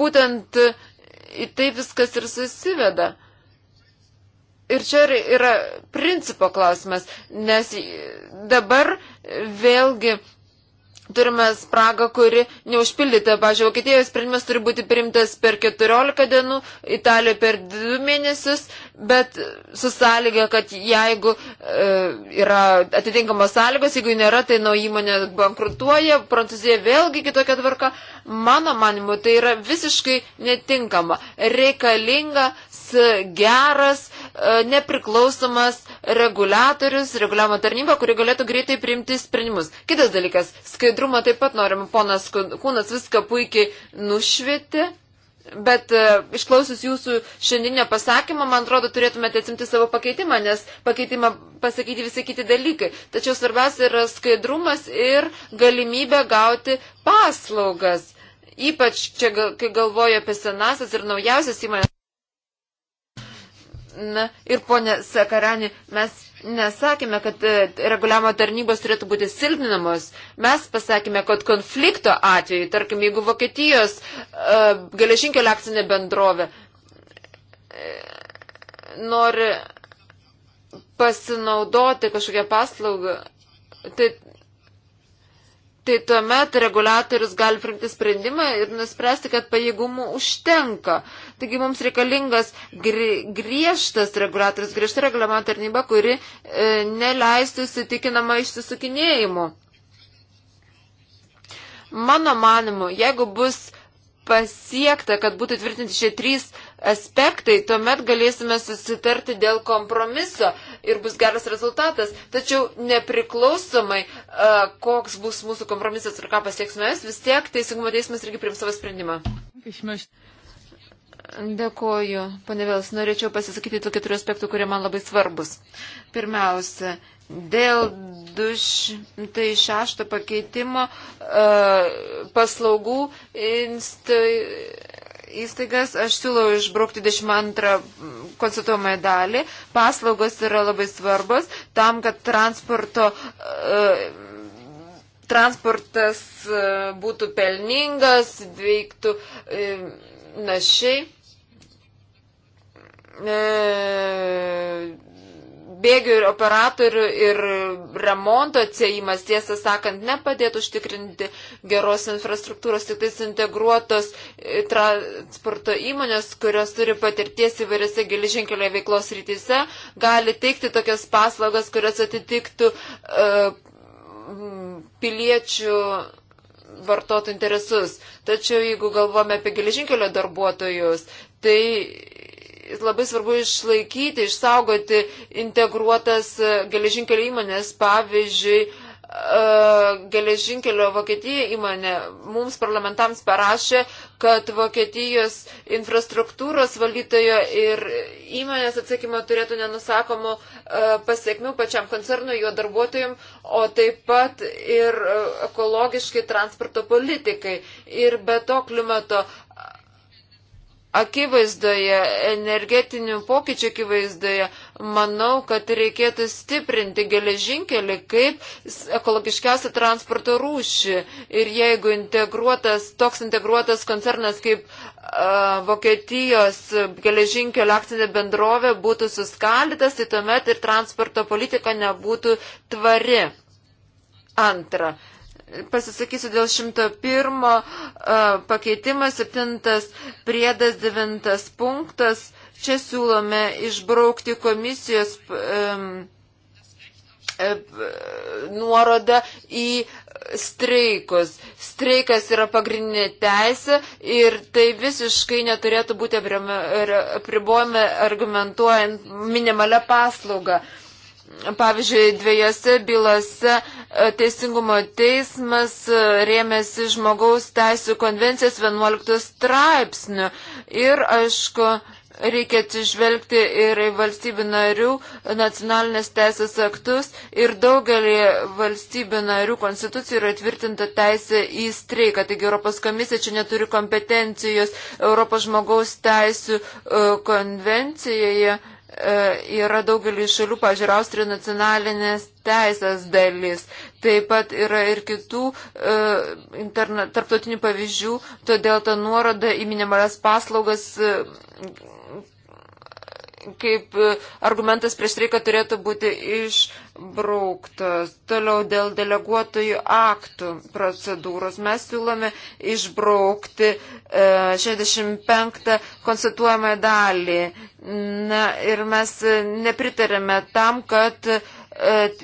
būtent į tai viskas ir susiveda. Ir čia yra principo klausimas, nes dabar vėlgi turime spragą, kuri neužpildyta. Pavyzdžiui, Vokietijoje sprendimas turi būti priimtas per 14 dienų, Italijoje per 2 mėnesius, bet su sąlyga, kad jeigu e, yra atitinkamos sąlygos, jeigu nėra, tai nauja įmonė bankrutuoja, Prancūzija vėlgi kitokia tvarka. Mano manimu, tai yra visiškai netinkama. Reikalinga geras, e, nepriklausomas reguliatorius, reguliavimo tarnyba, kuri galėtų greitai priimti sprendimus. Kitas dalykas, skaidrumą taip pat norim, ponas Kūnas viską puikiai nušvieti. Bet e, išklausus jūsų šiandieninio pasakymo, man atrodo, turėtumėte atsimti savo pakeitimą, nes pakeitimą pasakyti visi kiti dalykai. Tačiau svarbiausia yra skaidrumas ir galimybė gauti paslaugas. Ypač čia, kai galvoju apie senasias ir naujausias įmonės. Na ir ponė Sakarani, mes nesakėme, kad e, reguliavimo tarnybos turėtų būti silpninamos. Mes pasakėme, kad konflikto atveju, tarkim, jeigu Vokietijos uh, geležinkelio akcinė bendrovė e, nori pasinaudoti kažkokią paslaugą, tai tai tuomet reguliatorius gali primti sprendimą ir nuspręsti, kad pajėgumų užtenka. Taigi mums reikalingas griežtas reguliatorius, griežta reglamento tarnyba, kuri e, neleistų įsitikinama išsisukinėjimu. Mano manimu, jeigu bus pasiekta, kad būtų tvirtinti šie trys aspektai, tuomet galėsime susitarti dėl kompromiso ir bus geras rezultatas. Tačiau nepriklausomai, e, koks bus mūsų kompromisas ir ką pasieksime mes, vis tiek Teisingumo teismas irgi prims savo sprendimą. Dėkoju, pane Vėlas. Norėčiau pasisakyti tų keturių aspektų, kurie man labai svarbus. Pirmiausia, dėl 206 pakeitimo e, paslaugų insti, įstaigas, aš siūlau išbraukti 22 mm, konstatuojamąją dalį. Paslaugos yra labai svarbos tam, kad transporto. Uh, transportas e, būtų pelningas, veiktų e, našiai. E, bėgių ir operatorių ir remonto atsėjimas, tiesą sakant, nepadėtų užtikrinti geros infrastruktūros, tik tais integruotos e, transporto įmonės, kurios turi patirties įvairiose geležinkelio veiklos rytise, gali teikti tokias paslaugas, kurios atitiktų uh, piliečių vartotojų interesus. Tačiau jeigu galvome apie geležinkelio darbuotojus, tai labai svarbu išlaikyti, išsaugoti integruotas e, geležinkelio įmonės, pavyzdžiui, e, geležinkelio Vokietija įmonė mums parlamentams parašė, kad Vokietijos infrastruktūros valdytojo ir įmonės atsakymo turėtų nenusakomų e, pasiekmių pačiam koncernui, jo darbuotojim, o taip pat ir ekologiškai transporto politikai ir be to klimato akivaizdoje, energetinių pokyčių akivaizdoje, manau, kad reikėtų stiprinti geležinkelį kaip ekologiškiausią transporto rūšį. Ir jeigu integruotas, toks integruotas koncernas kaip a, Vokietijos geležinkelio akcinė bendrovė būtų suskaldytas, tai tuomet ir transporto politika nebūtų tvari. Antra, Pasisakysiu dėl 101 e, pakeitimas, 7 priedas, 9 punktas. Čia siūlome išbraukti komisijos e, nuorodą į streikus. Streikas yra pagrindinė teisė ir tai visiškai neturėtų būti apribojami argumentuojant minimalią paslaugą. Pavyzdžiui, dviejose bylose e, Teisingumo teismas e, rėmėsi žmogaus teisų konvencijos 11 straipsnių ir, aišku, reikia atsižvelgti ir į valstybių narių nacionalinės teisės aktus ir daugelį valstybių narių konstitucijų yra tvirtinta teisė į streiką. Taigi Europos komisija čia neturi kompetencijos Europos žmogaus teisų e, konvencijoje E, yra daugelį šalių, pažiūrėjau, Austrijų nacionalinės teisės dalis. Taip pat yra ir kitų e, interna, tarptautinių pavyzdžių, todėl ta nuoroda į minimalias paslaugas e, kaip e, argumentas prieš streiką turėtų būti išbrauktas. Toliau dėl deleguotojų aktų procedūros mes siūlome išbraukti 65 e, konstatuojamą dalį. Na, ir mes nepritarėme tam, kad e,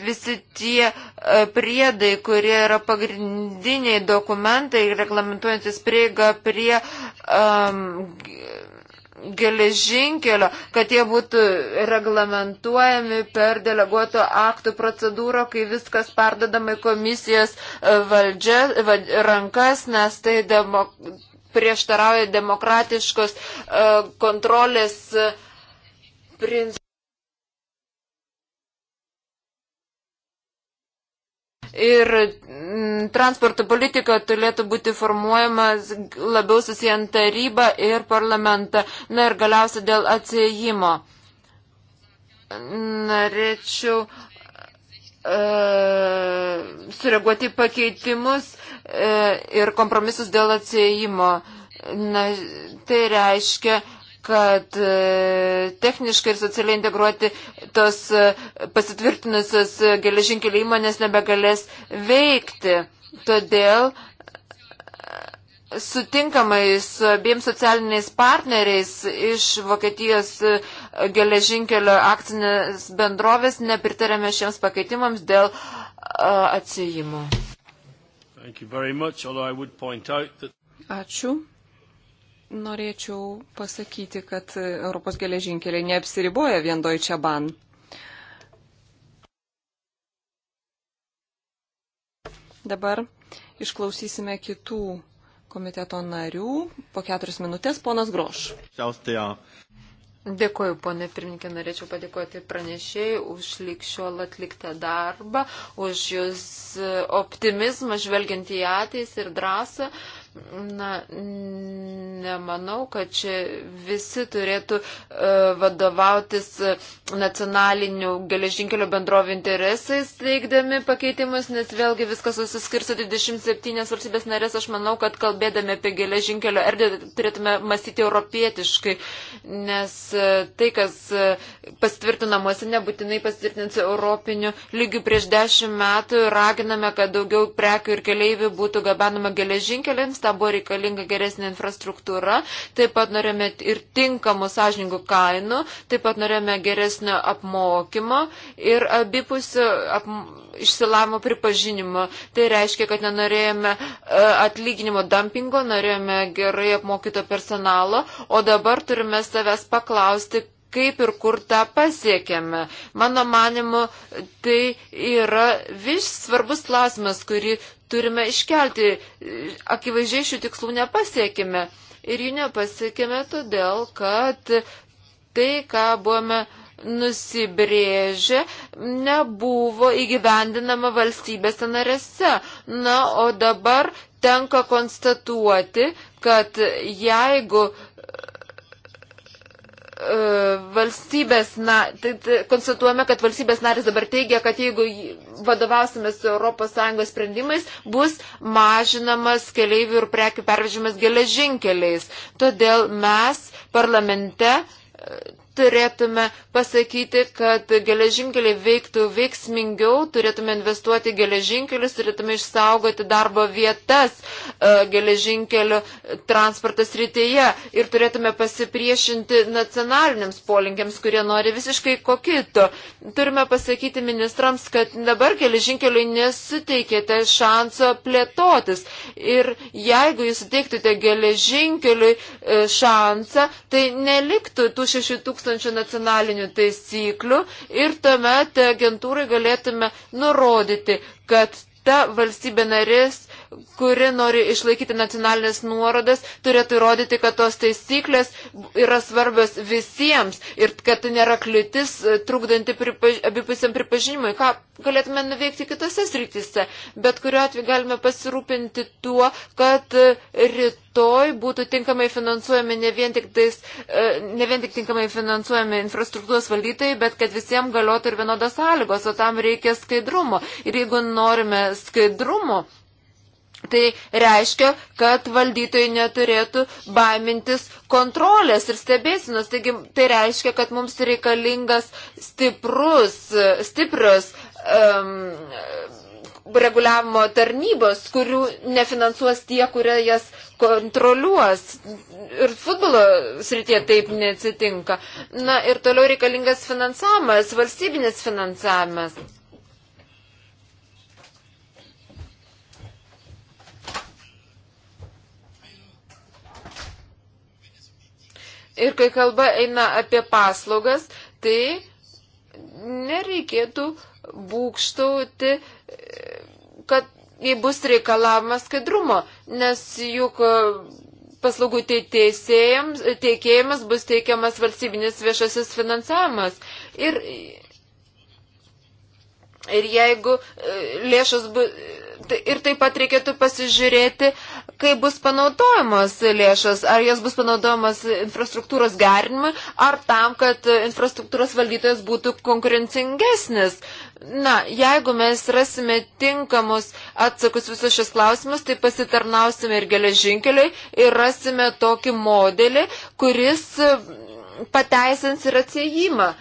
visi tie priedai, kurie yra pagrindiniai dokumentai reglamentuojantis prieigą prie um, geležinkelio, kad jie būtų reglamentuojami per deleguoto aktų procedūrą, kai viskas perdodama į komisijos e, valdžia, vald, rankas, nes tai demok, prieštarauja demokratiškos e, kontrolės e, principų. Ir mm, transporto politika turėtų būti formuojama labiau susijant tarybą ir parlamentą. Na ir galiausiai dėl atsiejimo. Norėčiau e, sureaguoti pakeitimus e, ir kompromisus dėl atsiejimo. Na, tai reiškia, e, kad e, techniškai ir socialiai integruoti tos e, pasitvirtinusios e, geležinkelių įmonės nebegalės veikti. Todėl sutinkamai su abiem socialiniais partneriais iš Vokietijos geležinkelio akcinės bendrovės nepritarėme šiems pakeitimams dėl atsijimų. That... Ačiū norėčiau pasakyti, kad Europos geležinkeliai neapsiriboja vien Deutsche Bahn. Dabar išklausysime kitų komiteto narių. Po keturis minutės ponas Groš. Dėkuoju, ponė pirmininkė, norėčiau padėkoti pranešėjai už likščiol atliktą darbą, už jūs optimizmą žvelgiant į ateitį ir drąsą. Uh, Na, nemanau, kad čia visi turėtų e, vadovautis e, nacionalinių geležinkelio bendrovų interesais teikdami pakeitimus, nes vėlgi viskas susiskirsto 27 valstybės narės. Aš manau, kad kalbėdami apie geležinkelio erdvę turėtume mąstyti europietiškai, nes e, tai, kas pasitvirtinamuose, nebūtinai pasitvirtinsi europiniu lygiu. Prieš dešimt metų raginame, kad daugiau prekių ir keleivių būtų gabenama geležinkeliams tam buvo reikalinga geresnė infrastruktūra, taip pat norėjome ir tinkamų sąžininkų kainų, taip pat norėjome geresnio apmokymo ir abipusio ap, išsilavimo pripažinimo. Tai reiškia, kad nenorėjome e, atlyginimo dumpingo, norėjome gerai apmokyto personalo, o dabar turime savęs paklausti, kaip ir kur tą pasiekėme. Mano manimu, tai yra vis svarbus klausimas, kurį turime iškelti. Akivaizdžiai šių tikslų nepasiekime. Ir jų nepasiekime todėl, kad tai, ką buvome nusibrėžė, nebuvo įgyvendinama valstybėse narėse. Na, o dabar tenka konstatuoti, kad jeigu uh, E, valstybės, na, tai, tai konstatuojame, kad valstybės narės dabar teigia, kad jeigu vadovausime su ES sprendimais, bus mažinamas keleivių ir prekių pervežimas geležinkeliais. Todėl mes parlamente turėtume pasakyti, kad geležinkeliai veiktų veiksmingiau, turėtume investuoti geležinkelius, turėtume išsaugoti darbo vietas e, geležinkelių transportas rytyje ir turėtume pasipriešinti nacionaliniams polinkiams, kurie nori visiškai kokito. Turime pasakyti ministrams, kad dabar geležinkeliui nesuteikėte šanso plėtotis ir jeigu jūs suteiktumėte geležinkeliui e, šansą, tai neliktų tų 6000 esančių nacionalinių taisyklių ir tuomet agentūrai galėtume nurodyti, kad ta valstybė narės kuri nori išlaikyti nacionalinės nuorodas, turėtų įrodyti, kad tos taisyklės yra svarbios visiems ir kad tai nėra kliūtis e, trukdanti pripaž... abipusiam pripažinimui. Ką galėtume nuveikti kitose srityse, bet kuriuo atveju galime pasirūpinti tuo, kad e, rytoj būtų tinkamai finansuojami ne vien tik, tais, e, ne vien tik tinkamai finansuojami infrastruktūros valdytojai, bet kad visiems galiotų ir vienodas sąlygos, o tam reikia skaidrumo. Ir jeigu norime skaidrumo, Tai reiškia, kad valdytojai neturėtų baimintis kontrolės ir stebėsinos. Taigi, tai reiškia, kad mums reikalingas stiprus, stiprios um, reguliavimo tarnybos, kurių nefinansuos tie, kurie jas kontroliuos. Ir futbolo srityje taip neatsitinka. Na ir toliau reikalingas finansavimas, valstybinis finansavimas. Ir kai kalba eina apie paslaugas, tai nereikėtų būkštauti, kad jei bus reikalavimas skaidrumo, nes juk e, paslaugų teikėjams bus teikiamas valstybinis viešasis finansavimas. Ir, ir jeigu e, lėšos bus Tai ir taip pat reikėtų pasižiūrėti, kaip bus panaudojamos lėšos, ar jos bus panaudojamos infrastruktūros gerinimui, ar tam, kad infrastruktūros valdytojas būtų konkurencingesnis. Na, jeigu mes rasime tinkamus atsakus visus šis klausimus, tai pasitarnausime ir geležinkeliai ir rasime tokį modelį, kuris pateisins ir atsiejimą.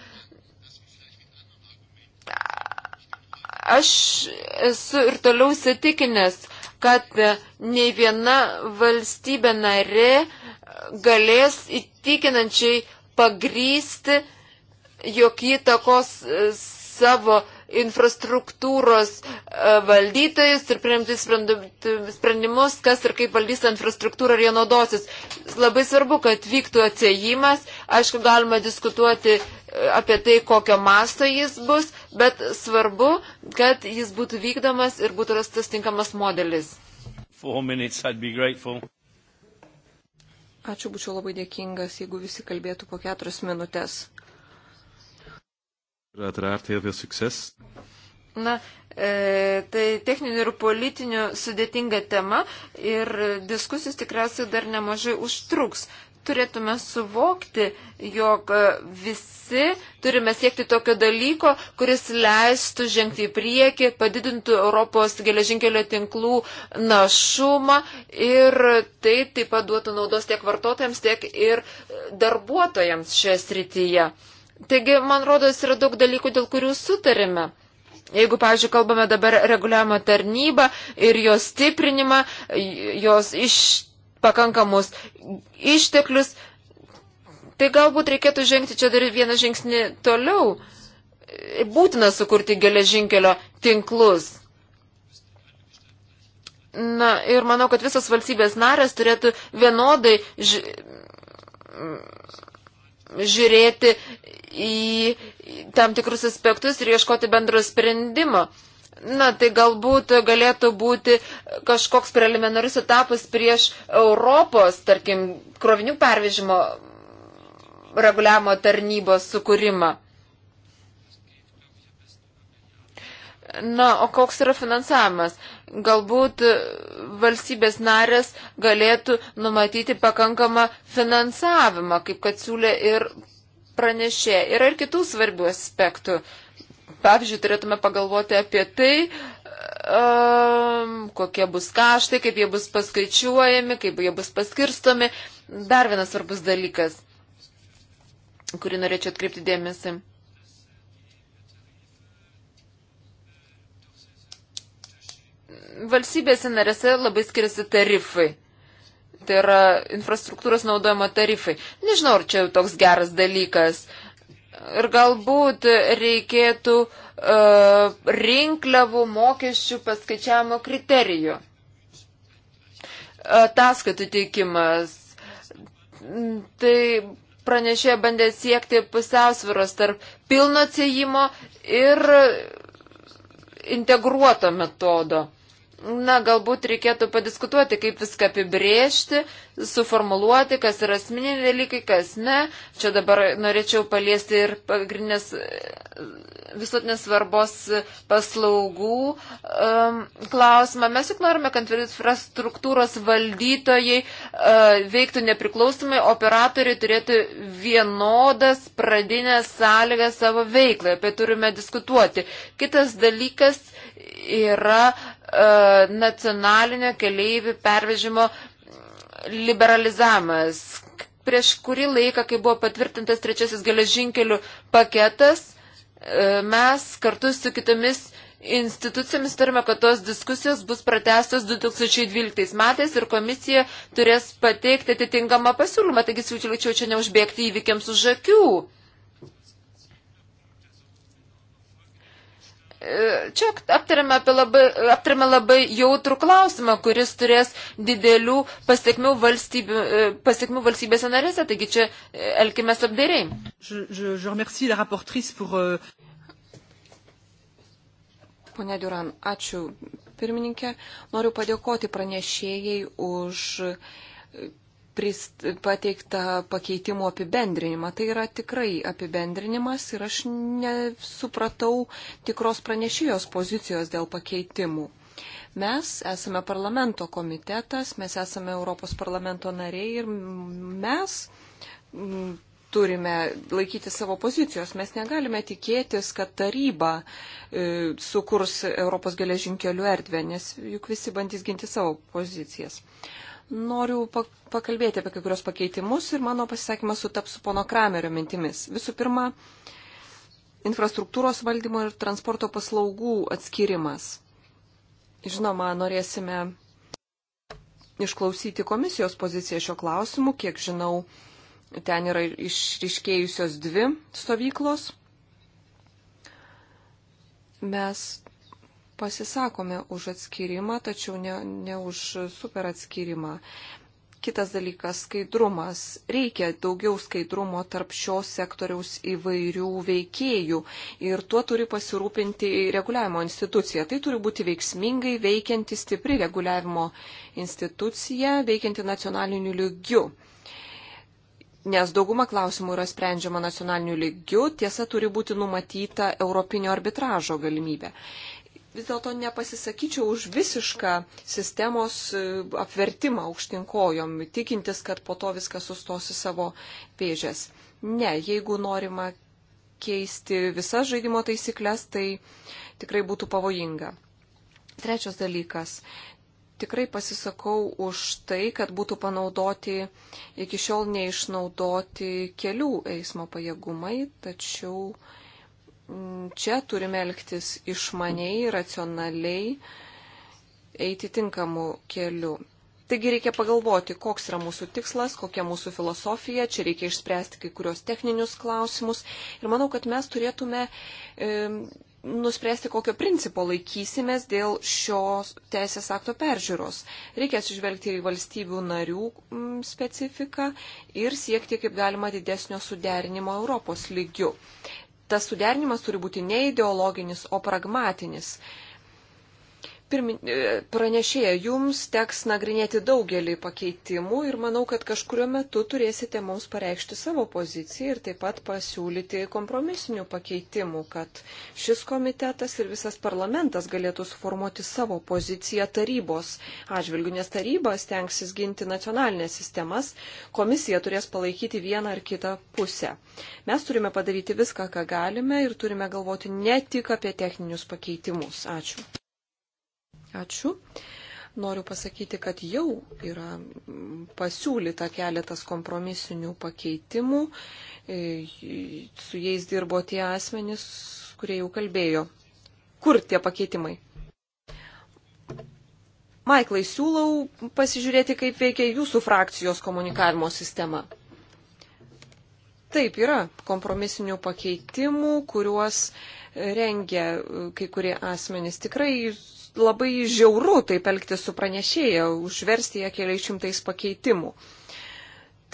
Aš esu ir toliau sitikinęs, kad nei viena valstybė narė galės įtikinančiai pagrysti, jog įtakos savo uh, infrastruktūros e, valdytojus ir priimti sprendimus, kas ir kaip valdys infrastruktūrą ir jie naudosis. Labai svarbu, kad vyktų atsiejimas. Aišku, galima diskutuoti e, apie tai, kokio masto jis bus, bet svarbu, kad jis būtų vykdomas ir būtų rastas tinkamas modelis. Ačiū, būčiau labai dėkingas, jeigu visi kalbėtų po keturias minutės. Ir atrart tai heel veel succes. Na, e, tai techninių ir politinių sudėtinga tema ir diskusijos tikriausiai dar nemažai užtruks. Turėtume suvokti, jog e, visi turime siekti tokio dalyko, kuris leistų žengti į priekį, padidintų Europos geležinkelio tinklų našumą ir tai taip pat duotų naudos tiek vartotojams, tiek ir darbuotojams šioje srityje. Taigi, man rodos, yra daug dalykų, dėl kurių sutarime. Jeigu, pavyzdžiui, kalbame dabar reguliavimo tarnybą ir jos stiprinimą, jos iš pakankamus išteklius, tai galbūt reikėtų žengti čia dar vieną žingsnį toliau. Būtina sukurti geležinkelio tinklus. Na ir manau, kad visas valstybės narės turėtų vienodai ži žiūrėti į tam tikrus aspektus ir ieškoti bendro sprendimo. Na, tai galbūt galėtų būti kažkoks preliminarus etapas prieš Europos, tarkim, krovinių pervežimo reguliavimo tarnybos sukūrimą. Na, o koks yra finansavimas? Galbūt valstybės narės galėtų numatyti pakankamą finansavimą, kaip kad siūlė ir pranešė. Yra ir kitų svarbių aspektų. Pavyzdžiui, turėtume pagalvoti apie tai, um, kokie bus kaštai, kaip jie bus paskaičiuojami, kaip jie bus paskirstomi. Dar vienas svarbus dalykas, kurį norėčiau atkreipti dėmesį. Valstybėse narėse labai skiriasi tarifai tai yra infrastruktūros naudojimo tarifai. Nežinau, ar čia toks geras dalykas. Ir galbūt reikėtų uh, rinkliavų mokesčių paskaičiavimo kriterijų. Ataskaitų teikimas. Tai pranešė bandė siekti pusiausviros tarp pilno atsijimo ir integruoto metodo. Na, galbūt reikėtų padiskutuoti, kaip viską apibrėžti, suformuluoti, kas yra asmeniniai dalykai, kas ne. Čia dabar norėčiau paliesti ir pagrindinės e, visuotinės svarbos paslaugų um, klausimą. Mes juk norime, kad infrastruktūros valdytojai uh, veiktų nepriklausomai, operatoriai turėtų vienodas pradinės sąlygas savo veiklai. Apie tai turime diskutuoti. Kitas dalykas yra E, nacionalinio keleivių pervežimo liberalizavimas. Prieš kurį laiką, kai buvo patvirtintas trečiasis geležinkelių paketas, e, mes kartu su kitomis institucijomis turime, kad tos diskusijos bus pratestos 2012 metais ir komisija turės pateikti atitinkamą pasiūlymą, taigi siūlyčiau čia neužbėgti įvykiams už akių. Čia aptarėme, labai, aptarėme labai jautrų klausimą, kuris turės didelių pasiekmių, e, pasiekmių valstybėse narėse, taigi čia e, elkime apdėriai. Pour... Euh, Pone Duran, ačiū pirmininkė. Noriu padėkoti pranešėjai už prist, pateiktą pakeitimų apibendrinimą. Tai yra tikrai apibendrinimas ir aš nesupratau tikros pranešėjos pozicijos dėl pakeitimų. Mes esame parlamento komitetas, mes esame Europos parlamento nariai ir mes mm, turime laikyti savo pozicijos. Mes negalime tikėtis, kad taryba e, sukurs Europos geležinkelių erdvę, nes juk visi bandys ginti savo pozicijas. E, Noriu pakalbėti apie kai kurios pakeitimus ir mano pasisakymas sutaps su pono Kramerio mintimis. Visų pirma, infrastruktūros valdymo ir transporto paslaugų atskirimas. Žinoma, norėsime išklausyti komisijos poziciją šio klausimu. Kiek žinau, ten yra išriškėjusios dvi stovyklos. Mes pasisakome už atskirimą, tačiau ne, ne už super atskirimą. Kitas dalykas - skaidrumas. Reikia daugiau skaidrumo tarp šios sektoriaus įvairių veikėjų ir tuo turi pasirūpinti reguliavimo institucija. Tai turi būti veiksmingai veikianti stipri reguliavimo institucija, veikianti nacionaliniu lygiu nes dauguma klausimų yra sprendžiama nacionaliniu lygiu, tiesa turi būti numatyta europinio arbitražo galimybė vis dėlto nepasisakyčiau už visišką sistemos e, apvertimą aukštinkojom, tikintis, kad po to viskas sustosi savo vėžės. Ne, jeigu norima keisti visas žaidimo taisyklės, tai tikrai būtų pavojinga. Trečias dalykas tikrai pasisakau už tai, kad būtų panaudoti iki šiol neišnaudoti kelių eismo pajėgumai, tačiau čia turime elgtis išmaniai, racionaliai, eiti tinkamu keliu. Taigi reikia pagalvoti, koks yra mūsų tikslas, kokia mūsų filosofija, čia reikia išspręsti kai kurios techninius klausimus. Ir manau, kad mes turėtume e, nuspręsti, kokio principo laikysimės dėl šios teisės akto peržiūros. Reikia atsižvelgti ir į valstybių narių m, specifiką ir siekti kaip galima didesnio suderinimo Europos lygiu tas suderinimas turi būti ne ideologinis, o pragmatinis. Pirmin, e, pranešėja, jums teks nagrinėti daugelį pakeitimų ir manau, kad kažkurio metu turėsite mums pareikšti savo poziciją ir taip pat pasiūlyti kompromisinių pakeitimų, kad šis komitetas ir visas parlamentas galėtų suformuoti savo poziciją tarybos atžvilgių, nes tarybas tenksis ginti nacionalinės sistemas, komisija turės palaikyti vieną ar kitą pusę. Mes turime padaryti viską, ką galime ir turime galvoti ne tik apie techninius pakeitimus. Ačiū. Ačiū. Noriu pasakyti, kad jau yra pasiūlyta keletas kompromisinių pakeitimų. E, su jais dirbo tie asmenys, kurie jau kalbėjo. Kur tie pakeitimai? Maiklai, siūlau pasižiūrėti, kaip veikia jūsų frakcijos komunikavimo sistema. Taip, yra kompromisinių pakeitimų, kuriuos rengia e, kai kurie asmenys. Tikrai labai žiauru taip elgtis su pranešėja, užversti ją keliais šimtais pakeitimų.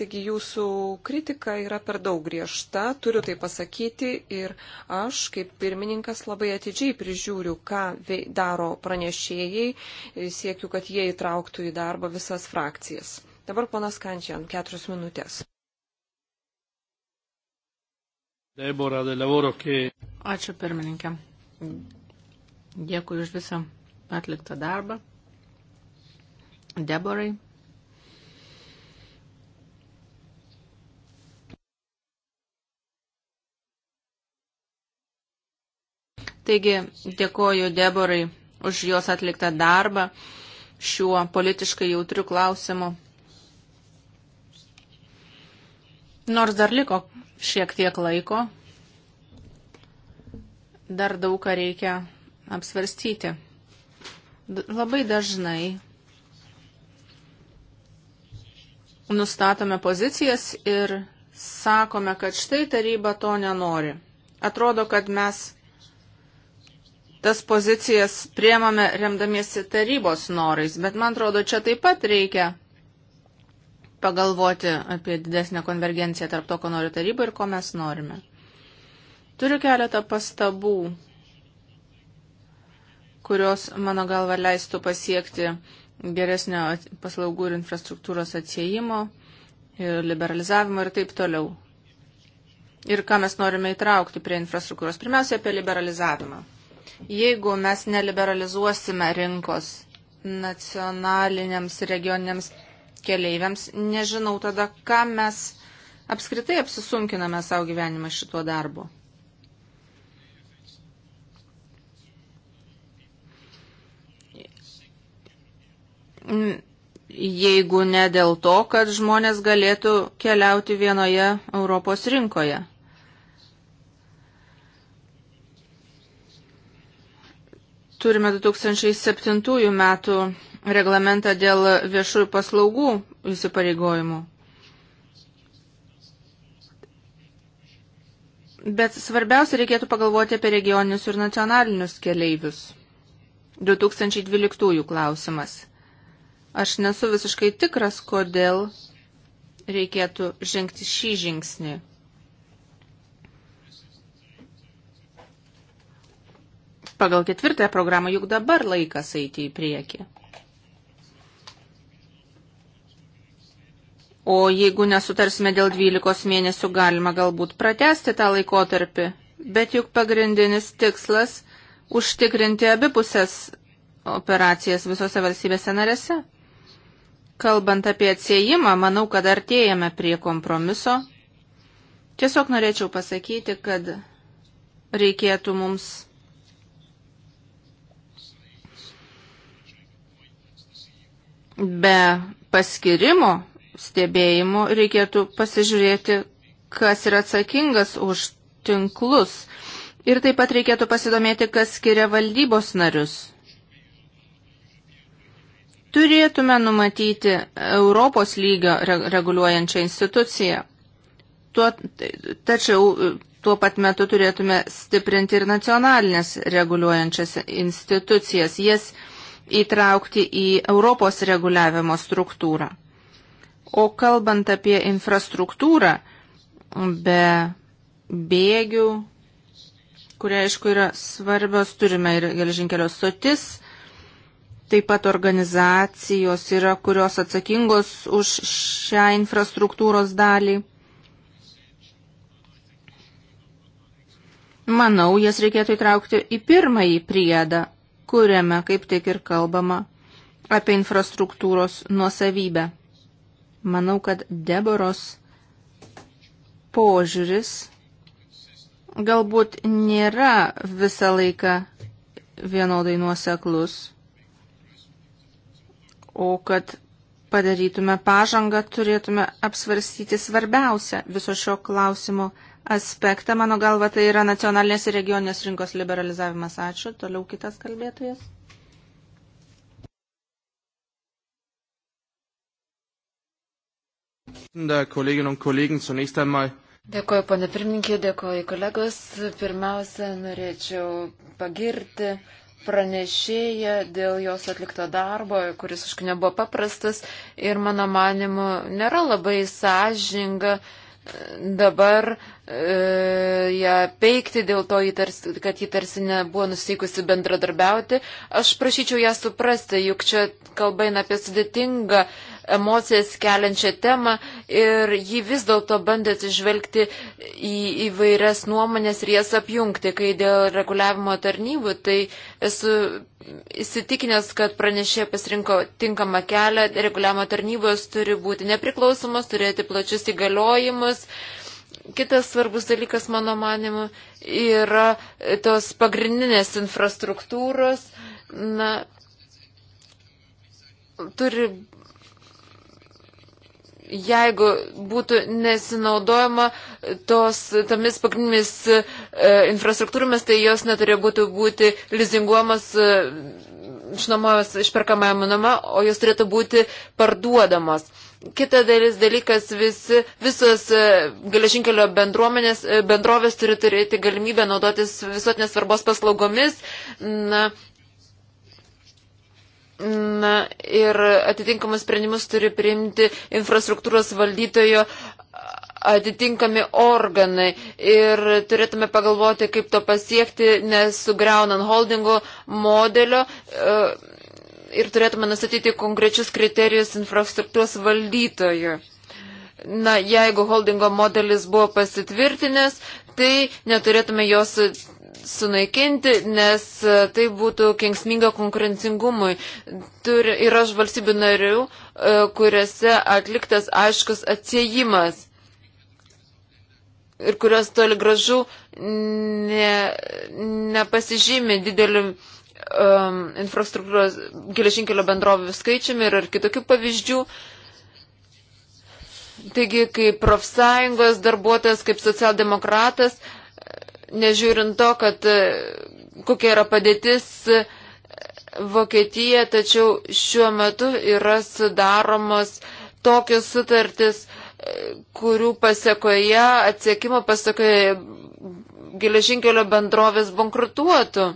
Taigi jūsų kritika yra per daug griežta, turiu tai pasakyti ir aš kaip pirmininkas labai atidžiai prižiūriu, ką daro pranešėjai, siekiu, kad jie įtrauktų į darbą visas frakcijas. Dabar ponas Kančian, keturios minutės. Ačiū pirmininkė. Dėkui už visą atliktą darbą. Deborai. Taigi dėkoju Deborai už jos atliktą darbą šiuo politiškai jautriu klausimu. Nors dar liko šiek tiek laiko, dar daug ką reikia apsvarstyti. Labai dažnai nustatome pozicijas ir sakome, kad štai taryba to nenori. Atrodo, kad mes tas pozicijas priemame remdamiesi tarybos norais, bet man atrodo, čia taip pat reikia pagalvoti apie didesnę konvergenciją tarp to, ko nori taryba ir ko mes norime. Turiu keletą pastabų kurios, mano galva, leistų pasiekti geresnio paslaugų ir infrastruktūros atsiejimo, ir liberalizavimo ir taip toliau. Ir ką mes norime įtraukti prie infrastruktūros. Pirmiausia, apie liberalizavimą. Jeigu mes neliberalizuosime rinkos nacionaliniams regioniniams keleiviams, nežinau tada, ką mes apskritai apsisunkiname savo gyvenimą šituo darbu. Mm, jeigu ne dėl to, kad žmonės galėtų keliauti vienoje Europos rinkoje. Turime 2007 metų reglamentą dėl viešųjų paslaugų įsipareigojimų. Bet svarbiausia reikėtų pagalvoti apie regioninius ir nacionalinius keleivius. 2012 klausimas. Aš nesu visiškai tikras, kodėl reikėtų žengti šį žingsnį. Pagal ketvirtąją programą juk dabar laikas eiti į priekį. O jeigu nesutarsime dėl 12 mėnesių, galima galbūt pratesti tą laikotarpį, bet juk pagrindinis tikslas – užtikrinti abipusės operacijas visose valstybėse narėse. Kalbant apie atsiejimą, manau, kad artėjame prie kompromiso. Tiesiog norėčiau pasakyti, kad reikėtų mums be paskirimo stebėjimo reikėtų pasižiūrėti, kas yra atsakingas už tinklus. Ir taip pat reikėtų pasidomėti, kas skiria valdybos narius turėtume numatyti Europos lygio reguliuojančią instituciją. Tuo, tačiau tuo pat metu turėtume stiprinti ir nacionalinės reguliuojančias institucijas, jas įtraukti į Europos reguliavimo struktūrą. O kalbant apie infrastruktūrą, be bėgių, kurie aišku yra svarbios, turime ir gelžinkelio sotis, Taip pat organizacijos yra, kurios atsakingos už šią infrastruktūros dalį. Manau, jas reikėtų įtraukti į pirmąjį priedą, kuriame kaip tik ir kalbama apie infrastruktūros nuosavybę. Manau, kad Deboros požiūris galbūt nėra visą laiką vienodai nuoseklus. O kad padarytume pažangą, turėtume apsvarstyti svarbiausią viso šio klausimo aspektą. Mano galva, tai yra nacionalinės ir regioninės rinkos liberalizavimas. Ačiū. Toliau kitas kalbėtojas. Dėkuoju, ponė pirmininkė, dėkuoju kolegos. Pirmiausia, norėčiau pagirti pranešėja dėl jos atlikto darbo, kuris, aišku, nebuvo paprastas ir, mano manimu, nėra labai sąžinga e, dabar e, ją peikti dėl to, tarsi, kad ji tarsi nebuvo nusikusi bendradarbiauti. Aš prašyčiau ją suprasti, juk čia kalba eina apie sudėtingą e, emocijas keliančią temą ir ji vis dėlto bandė atsižvelgti į įvairias nuomonės ir jas apjungti. Kai dėl reguliavimo tarnybų, tai esu įsitikinęs, kad pranešė pasirinko tinkamą kelią. Reguliavimo tarnybos turi būti nepriklausomos, turėti plačius įgaliojimus. Kitas svarbus dalykas, mano manimu, yra tos pagrindinės infrastruktūros. Na, turi jeigu būtų nesinaudojama tos, tomis pagrindinėmis e, infrastruktūromis, tai jos neturėjo būti, būti lizinguomas, e, išnuomojamas išperkamajama nama, o jos turėtų būti parduodamas. Kita dalis dalykas, visi, visos e, geležinkelio e, bendrovės turi turėti galimybę naudotis visuotinės svarbos paslaugomis. Na, Na ir atitinkamus sprendimus turi priimti infrastruktūros valdytojo atitinkami organai ir turėtume pagalvoti, kaip to pasiekti, nesugriaunant holdingo modelio e, ir turėtume nustatyti konkrečius kriterijus infrastruktūros valdytojų. Na, jeigu holdingo modelis buvo pasitvirtinęs, tai neturėtume jos sunaikinti, nes e, tai būtų kengsminga konkurencingumui. Turi, yra valstybių narių, e, kuriuose atliktas aiškus atsiejimas ir kurios toli gražu ne, nepasižymė dideliu um, infrastruktūros geležinkelio bendrovių skaičiumi ir, ir kitokių pavyzdžių. Taigi, kaip profsąjungos darbuotojas, kaip socialdemokratas, uh, nežiūrint to, kad e, kokia yra padėtis e, Vokietija, tačiau šiuo metu yra sudaromos tokios sutartis, e, kurių pasiekoje, atsiekimo pasiekoje geležinkelio bendrovės bankrutuotų.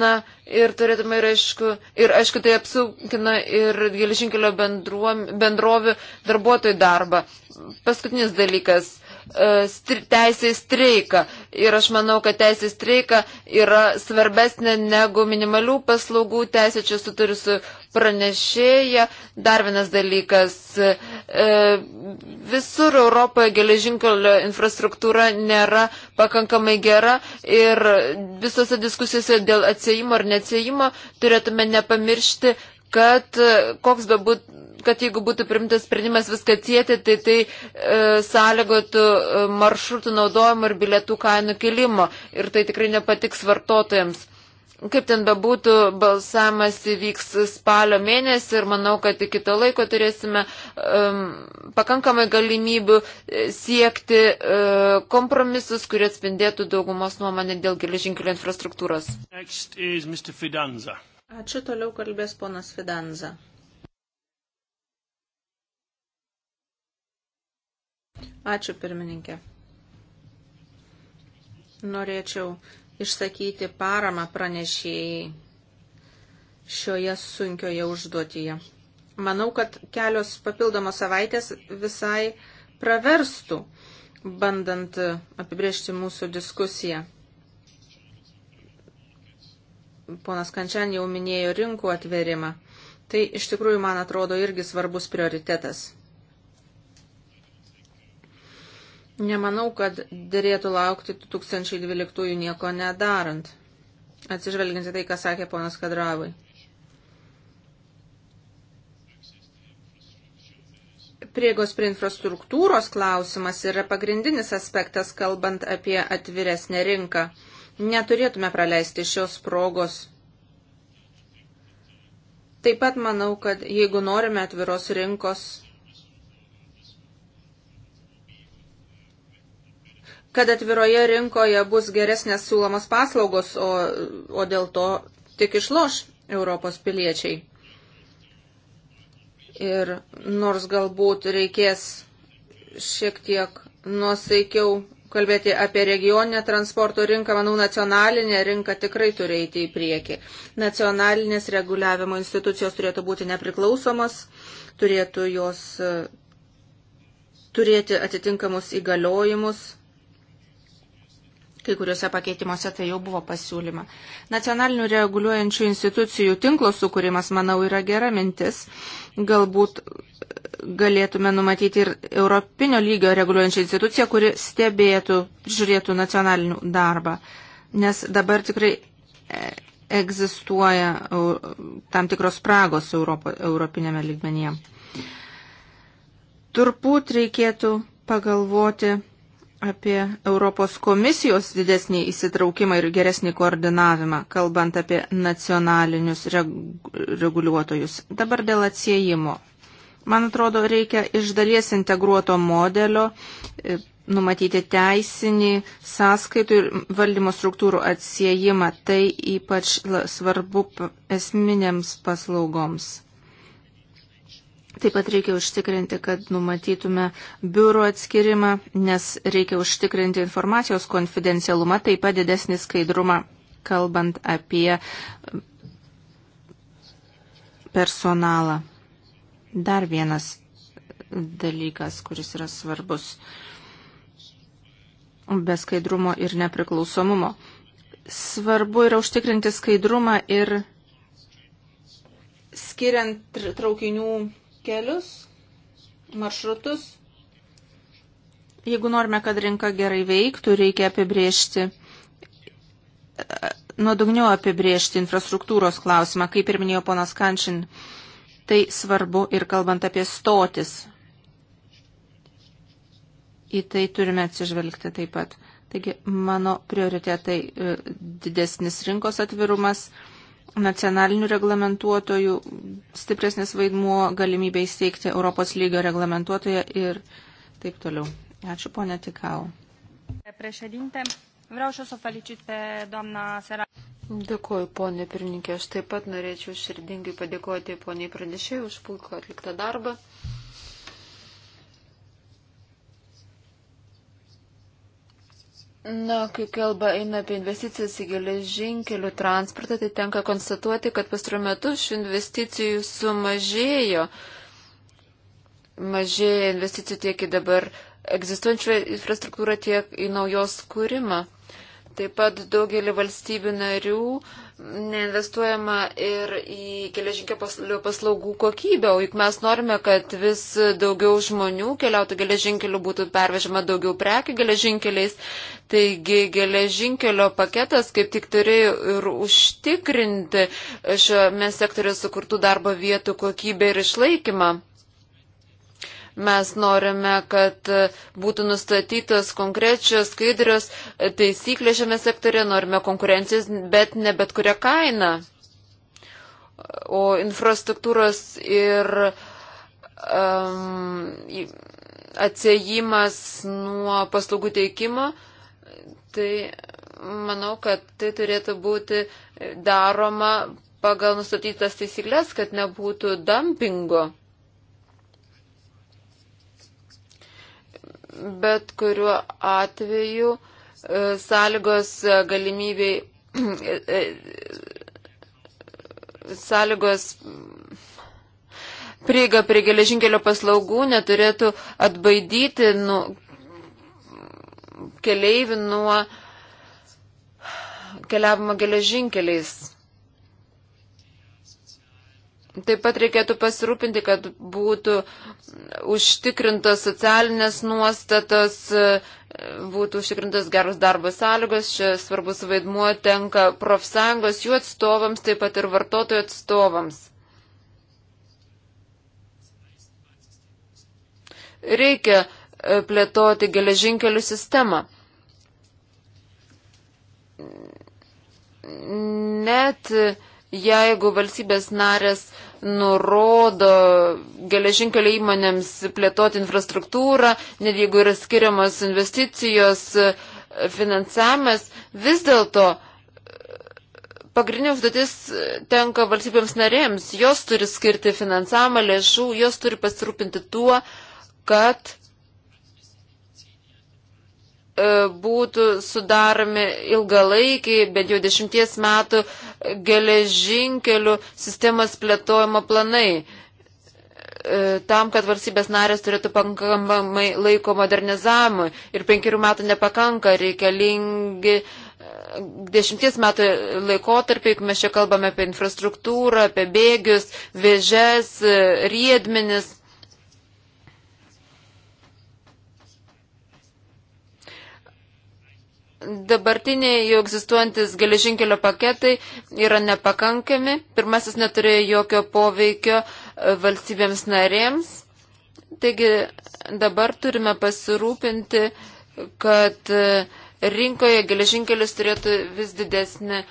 Na, Ir turėtume ir aišku, ir aišku tai apsunkina ir geležinkelio bendrovių darbuotojų darbą. Paskutinis dalykas E, teisė į streiką. Ir aš manau, kad teisė į streiką yra svarbesnė negu minimalių paslaugų teisė. Čia suturiu su pranešėja. Dar vienas dalykas. E, visur Europoje geležinkelio infrastruktūra nėra pakankamai gera ir visose diskusijose dėl atsėjimo ar neatsėjimo turėtume nepamiršti, kad e, koks be būtų kad jeigu būtų primtas sprendimas viską atsijėti, tai tai e, sąlygotų e, maršrutų naudojimo ir bilietų kainų kilimo. Ir tai tikrai nepatiks vartotojams. Kaip ten bebūtų, balsamas įvyks spalio mėnesį ir manau, kad iki to laiko turėsime um, pakankamai galimybių e, siekti uh, kompromisus, kurie atspindėtų daugumos nuomonę dėl geležinkelio infrastruktūros. Ačiū, toliau kalbės ponas Fidanza. Ačiū pirmininkė. Norėčiau išsakyti paramą pranešėjai šioje sunkioje užduotyje. Manau, kad kelios papildomos savaitės visai praverstų, bandant apibriežti mūsų diskusiją. Ponas Kančian jau minėjo rinkų atverimą. Tai iš tikrųjų, man atrodo, irgi svarbus prioritetas. Nemanau, kad dėrėtų laukti 2012 nieko nedarant, atsižvelginti tai, ką sakė ponas Kadravai. Priegos prie infrastruktūros klausimas yra pagrindinis aspektas, kalbant apie atviresnę rinką. Neturėtume praleisti šios progos. Taip pat manau, kad jeigu norime atviros rinkos, kad atviroje rinkoje bus geresnės siūlomos paslaugos, o, o dėl to tik išloš Europos piliečiai. Ir nors galbūt reikės šiek tiek nusaikiau kalbėti apie regioninę transporto rinką, manau, nacionalinė rinka tikrai turi eiti į priekį. Nacionalinės reguliavimo institucijos turėtų būti nepriklausomos, turėtų jos e, turėti atitinkamus įgaliojimus Kai kuriuose pakeitimuose tai jau buvo pasiūlyma. Nacionalinių reguliuojančių institucijų tinklo sukūrimas, manau, yra gera mintis. Galbūt galėtume numatyti ir Europinio lygio reguliuojančią instituciją, kuri stebėtų, žiūrėtų nacionalinių darbą. Nes dabar tikrai e, egzistuoja tam tikros spragos Europo, europinėme lygmenyje. Turbūt reikėtų pagalvoti apie Europos komisijos didesnį įsitraukimą ir geresnį koordinavimą, kalbant apie nacionalinius reguliuotojus. Dabar dėl atsiejimo. Man atrodo, reikia iš dalies integruoto modelio e, numatyti teisinį sąskaitų ir valdymo struktūrų atsiejimą. Tai ypač svarbu esminėms paslaugoms. Taip pat reikia užtikrinti, kad numatytume biuro atskirimą, nes reikia užtikrinti informacijos konfidencialumą, taip pat didesnį skaidrumą, kalbant apie personalą. Dar vienas dalykas, kuris yra svarbus be skaidrumo ir nepriklausomumo. Svarbu yra užtikrinti skaidrumą ir skiriant traukinių kelius, maršrutus. Jeigu norime, kad rinka gerai veiktų, reikia apibriežti, nuodugniau apibriežti infrastruktūros klausimą, kaip ir minėjo ponas Kančin. Tai svarbu ir kalbant apie stotis. Į tai turime atsižvelgti taip pat. Taigi mano prioritetai e, didesnis rinkos atvirumas nacionalinių reglamentuotojų stipresnis vaidmuo, galimybė įsteigti Europos lygio reglamentuotoją ir taip toliau. Ačiū, ponė Tikau. Dėkuoju, ponė pirmininkė. Aš taip pat norėčiau širdingai padėkoti poniai pranešėjai už puikų atliktą darbą. Na, kai kalba eina apie investicijas į geležinkelių transportą, tai tenka konstatuoti, kad pastaruoju metu šių investicijų sumažėjo. Mažėja investicijų tiek į dabar egzistuojančią infrastruktūrą, tiek į naujos kūrimą. Taip pat daugelį valstybių narių uh, neinvestuojama ir į geležinkelio paslaugų kokybę, o juk mes norime, kad vis daugiau žmonių keliautų geležinkeliu, būtų pervežama daugiau prekių geležinkeliais. Taigi geležinkelio paketas kaip tik turėjo ir užtikrinti šiame sektorė sukurtų darbo vietų kokybę ir išlaikymą. Mes norime, kad būtų nustatytos konkrečios, skaidrios taisyklės šiame sektorė, norime konkurencijos, bet ne bet kurią kainą. O infrastruktūros ir um, atsiejimas nuo paslaugų teikimo, tai manau, kad tai turėtų būti daroma pagal nustatytas taisyklės, kad nebūtų dumpingo. bet kuriuo atveju e, sąlygos e, galimybei e, sąlygos prieiga prie geležinkelio paslaugų neturėtų atbaidyti nu, keleivių nuo keliavimo geležinkeliais. Taip pat reikėtų pasirūpinti, kad būtų užtikrintos socialinės nuostatos, būtų užtikrintos geros darbo sąlygos, čia svarbus vaidmuo tenka profsąjungos, jų atstovams, taip pat ir vartotojų atstovams. Reikia e, plėtoti geležinkelių sistemą. Net e, jeigu valstybės narės uh, nurodo geležinkelio įmonėms plėtoti infrastruktūrą, net jeigu yra skiriamos investicijos, finansavimas, vis dėlto e, pagrindinė užduotis tenka valstybėms narėms. Jos turi skirti finansavimą, lėšų, jos turi pasirūpinti tuo, kad E, būtų sudaromi ilgalaikiai, bent jau dešimties metų geležinkelių sistemas plėtojimo planai, e, tam, kad valstybės narės turėtų pakankamai laiko modernizavimui ir penkerių metų nepakanka, reikalingi e, dešimties metų laikotarpiai, mes čia kalbame apie infrastruktūrą, apie bėgius, vėžes, riedmenis dabartiniai jau egzistuojantis geležinkelio paketai yra nepakankami. Pirmasis neturėjo jokio poveikio e, valstybėms narėms. Taigi dabar turime pasirūpinti, kad e, rinkoje geležinkelis turėtų vis didesnį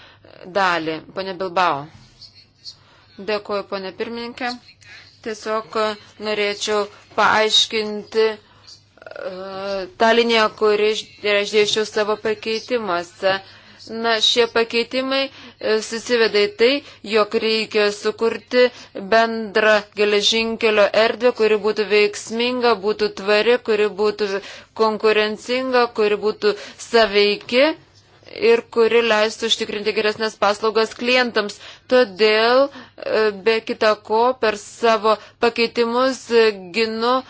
dalį. Pone Bilbao. Dėkuoju, pone pirmininkė. Tiesiog norėčiau paaiškinti ta linija, kuri aš dėšiau savo pakeitimuose. Na, šie pakeitimai e, susiveda į tai, jog reikia sukurti bendrą geležinkelio erdvę, kuri būtų veiksminga, būtų tvari, kuri būtų konkurencinga, kuri būtų saveiki ir kuri leistų užtikrinti geresnės paslaugas klientams. Todėl, e, be kita ko, per savo pakeitimus e, ginu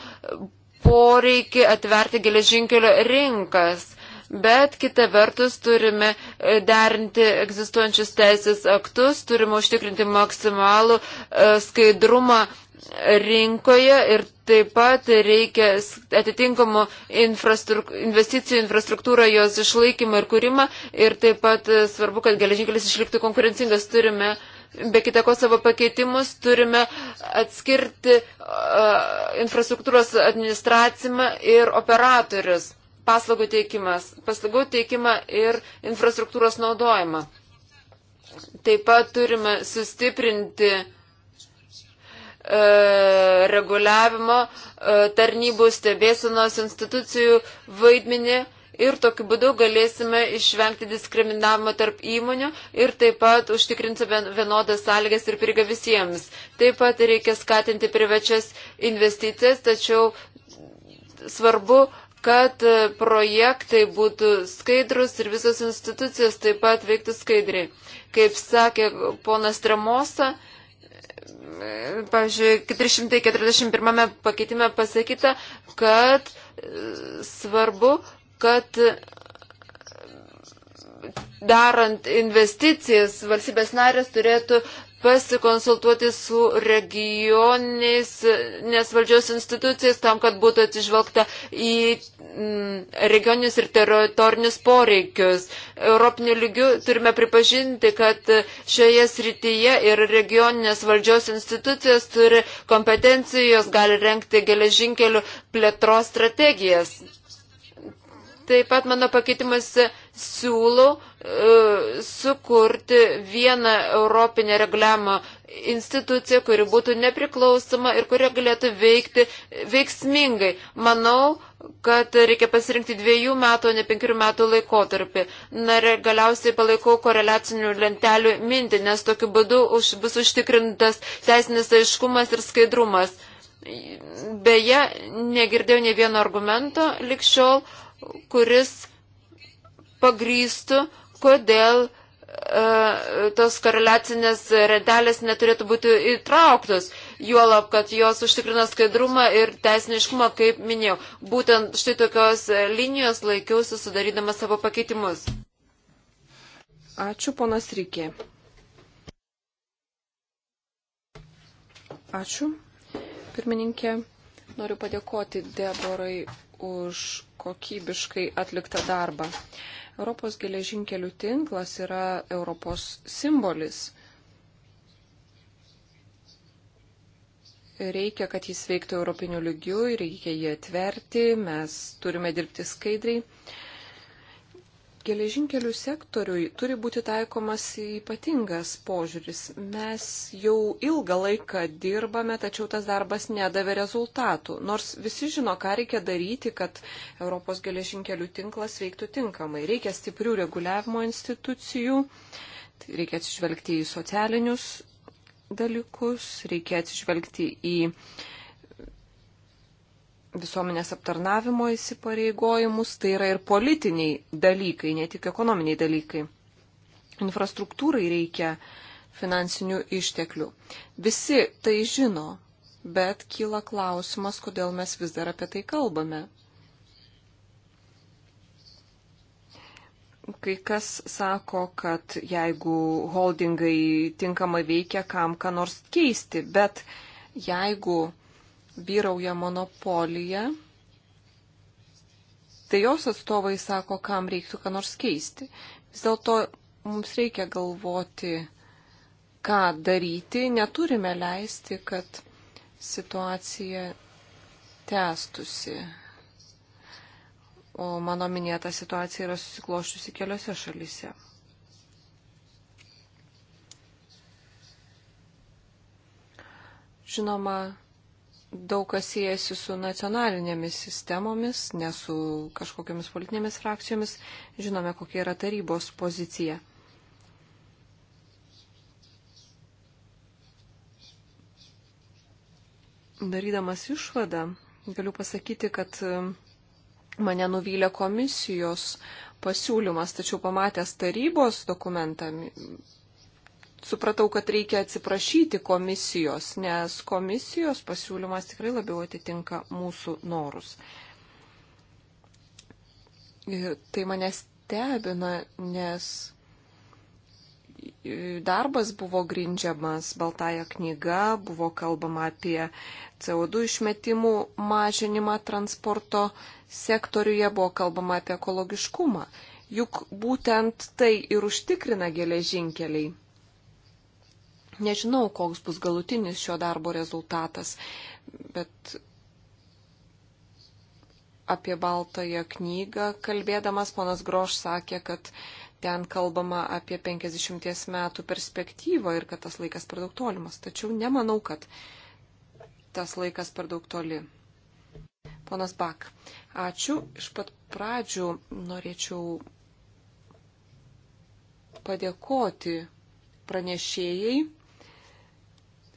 poreikį atverti geležinkelio rinkas. Bet kita vertus turime e, derinti egzistuojančius teisės aktus, turime užtikrinti maksimalų e, skaidrumą rinkoje ir taip pat reikia atitinkamų infrastruk investicijų infrastruktūrą, jos išlaikymą ir kūrimą ir taip pat e, svarbu, kad geležinkelis išliktų konkurencingas. Turime uh, be kitako savo pakeitimus turime atskirti uh, infrastruktūros administracimą ir operatorius, paslaugų teikimas, paslaugų teikimą ir infrastruktūros naudojimą. Taip pat turime sustiprinti reguliavimo tarnybų stebėsinos institucijų vaidmenį ir tokiu būdu galėsime išvengti diskriminavimo tarp įmonių ir taip pat užtikrinsime vienodas sąlygas ir prieigą visiems. Taip pat reikia skatinti privačias investicijas, tačiau svarbu kad projektai būtų skaidrus ir visos institucijos taip pat veiktų skaidriai. Kaip sakė ponas Tremosa, pavyzdžiui, 441 pakeitime pasakyta, kad svarbu, kad darant investicijas valstybės narės turėtų pasikonsultuoti su regioniais, nes valdžios institucijas tam, kad būtų atsižvelgta į mm, regioninius ir teritorinius poreikius. Europinių lygių turime pripažinti, kad šioje srityje ir regioninės valdžios institucijos turi kompetencijos, gali renkti geležinkelių plėtros strategijas. Taip pat mano pakeitimuose siūlau e, sukurti vieną Europinę reglamą instituciją, kuri būtų nepriklausoma ir kurie galėtų veikti veiksmingai. Manau, kad reikia pasirinkti dviejų metų, ne penkerių metų laikotarpį. Na ir galiausiai palaikau koreliacinių lentelių mintį, nes tokiu būdu už, bus užtikrintas teisinis aiškumas ir skaidrumas. Beje, negirdėjau ne vieno argumento likščiol, šiol kuris pagrystų, kodėl e, tos koreliacinės rentelės neturėtų būti įtrauktos, juolab, kad jos užtikrina skaidrumą ir teisiniškumą, kaip minėjau. Būtent štai tokios linijos laikiausi sudarydama savo pakeitimus. Ačiū, ponas Rykė. Ačiū, pirmininkė. Noriu padėkoti Deborai už kokybiškai atliktą darbą. Europos geležinkelių tinklas yra Europos simbolis. Reikia, kad jis veiktų europiniu lygiu ir reikia jį atverti, mes turime dirbti skaidriai geležinkelių sektoriui turi būti taikomas ypatingas požiūris. Mes jau ilgą laiką dirbame, tačiau tas darbas nedavė rezultatų. Nors visi žino, ką reikia daryti, kad Europos geležinkelių tinklas veiktų tinkamai. Reikia stiprių reguliavimo institucijų, reikia atsižvelgti į socialinius dalykus, reikia atsižvelgti į uh, visuomenės aptarnavimo įsipareigojimus, tai yra ir politiniai dalykai, ne tik ekonominiai dalykai. Infrastruktūrai reikia finansinių išteklių. Visi tai žino, bet kyla klausimas, kodėl mes vis dar apie tai kalbame. Kai kas sako, kad jeigu holdingai tinkamai veikia, kam ką nors keisti, bet jeigu vyrauja monopolija, tai jos atstovai sako, kam reiktų ką nors keisti. Vis dėlto mums reikia galvoti, ką daryti, neturime leisti, kad situacija tęstusi. O mano minėta situacija yra susikloščiusi keliose šalise. Žinoma, daug kas siejasi su nacionalinėmis sistemomis, ne su kažkokiamis politinėmis frakcijomis. Žinome, kokia yra tarybos pozicija. Darydamas išvadą, galiu pasakyti, kad e, mane nuvylė komisijos pasiūlymas, tačiau pamatęs tarybos dokumentą, supratau, kad reikia atsiprašyti komisijos, nes komisijos pasiūlymas tikrai labiau atitinka mūsų norus. Ir tai mane stebina, nes darbas buvo grindžiamas baltaja knyga, buvo kalbama apie CO2 išmetimų mažinimą transporto sektoriuje, buvo kalbama apie ekologiškumą. Juk būtent tai ir užtikrina geležinkeliai. Nežinau, koks bus galutinis šio darbo rezultatas, bet apie Baltąją knygą kalbėdamas ponas Groš sakė, kad ten kalbama apie 50 metų perspektyvą ir kad tas laikas per daug tolimas. Tačiau nemanau, kad tas laikas per daug toli. Ponas Bak, ačiū. Iš pat pradžių norėčiau padėkoti pranešėjai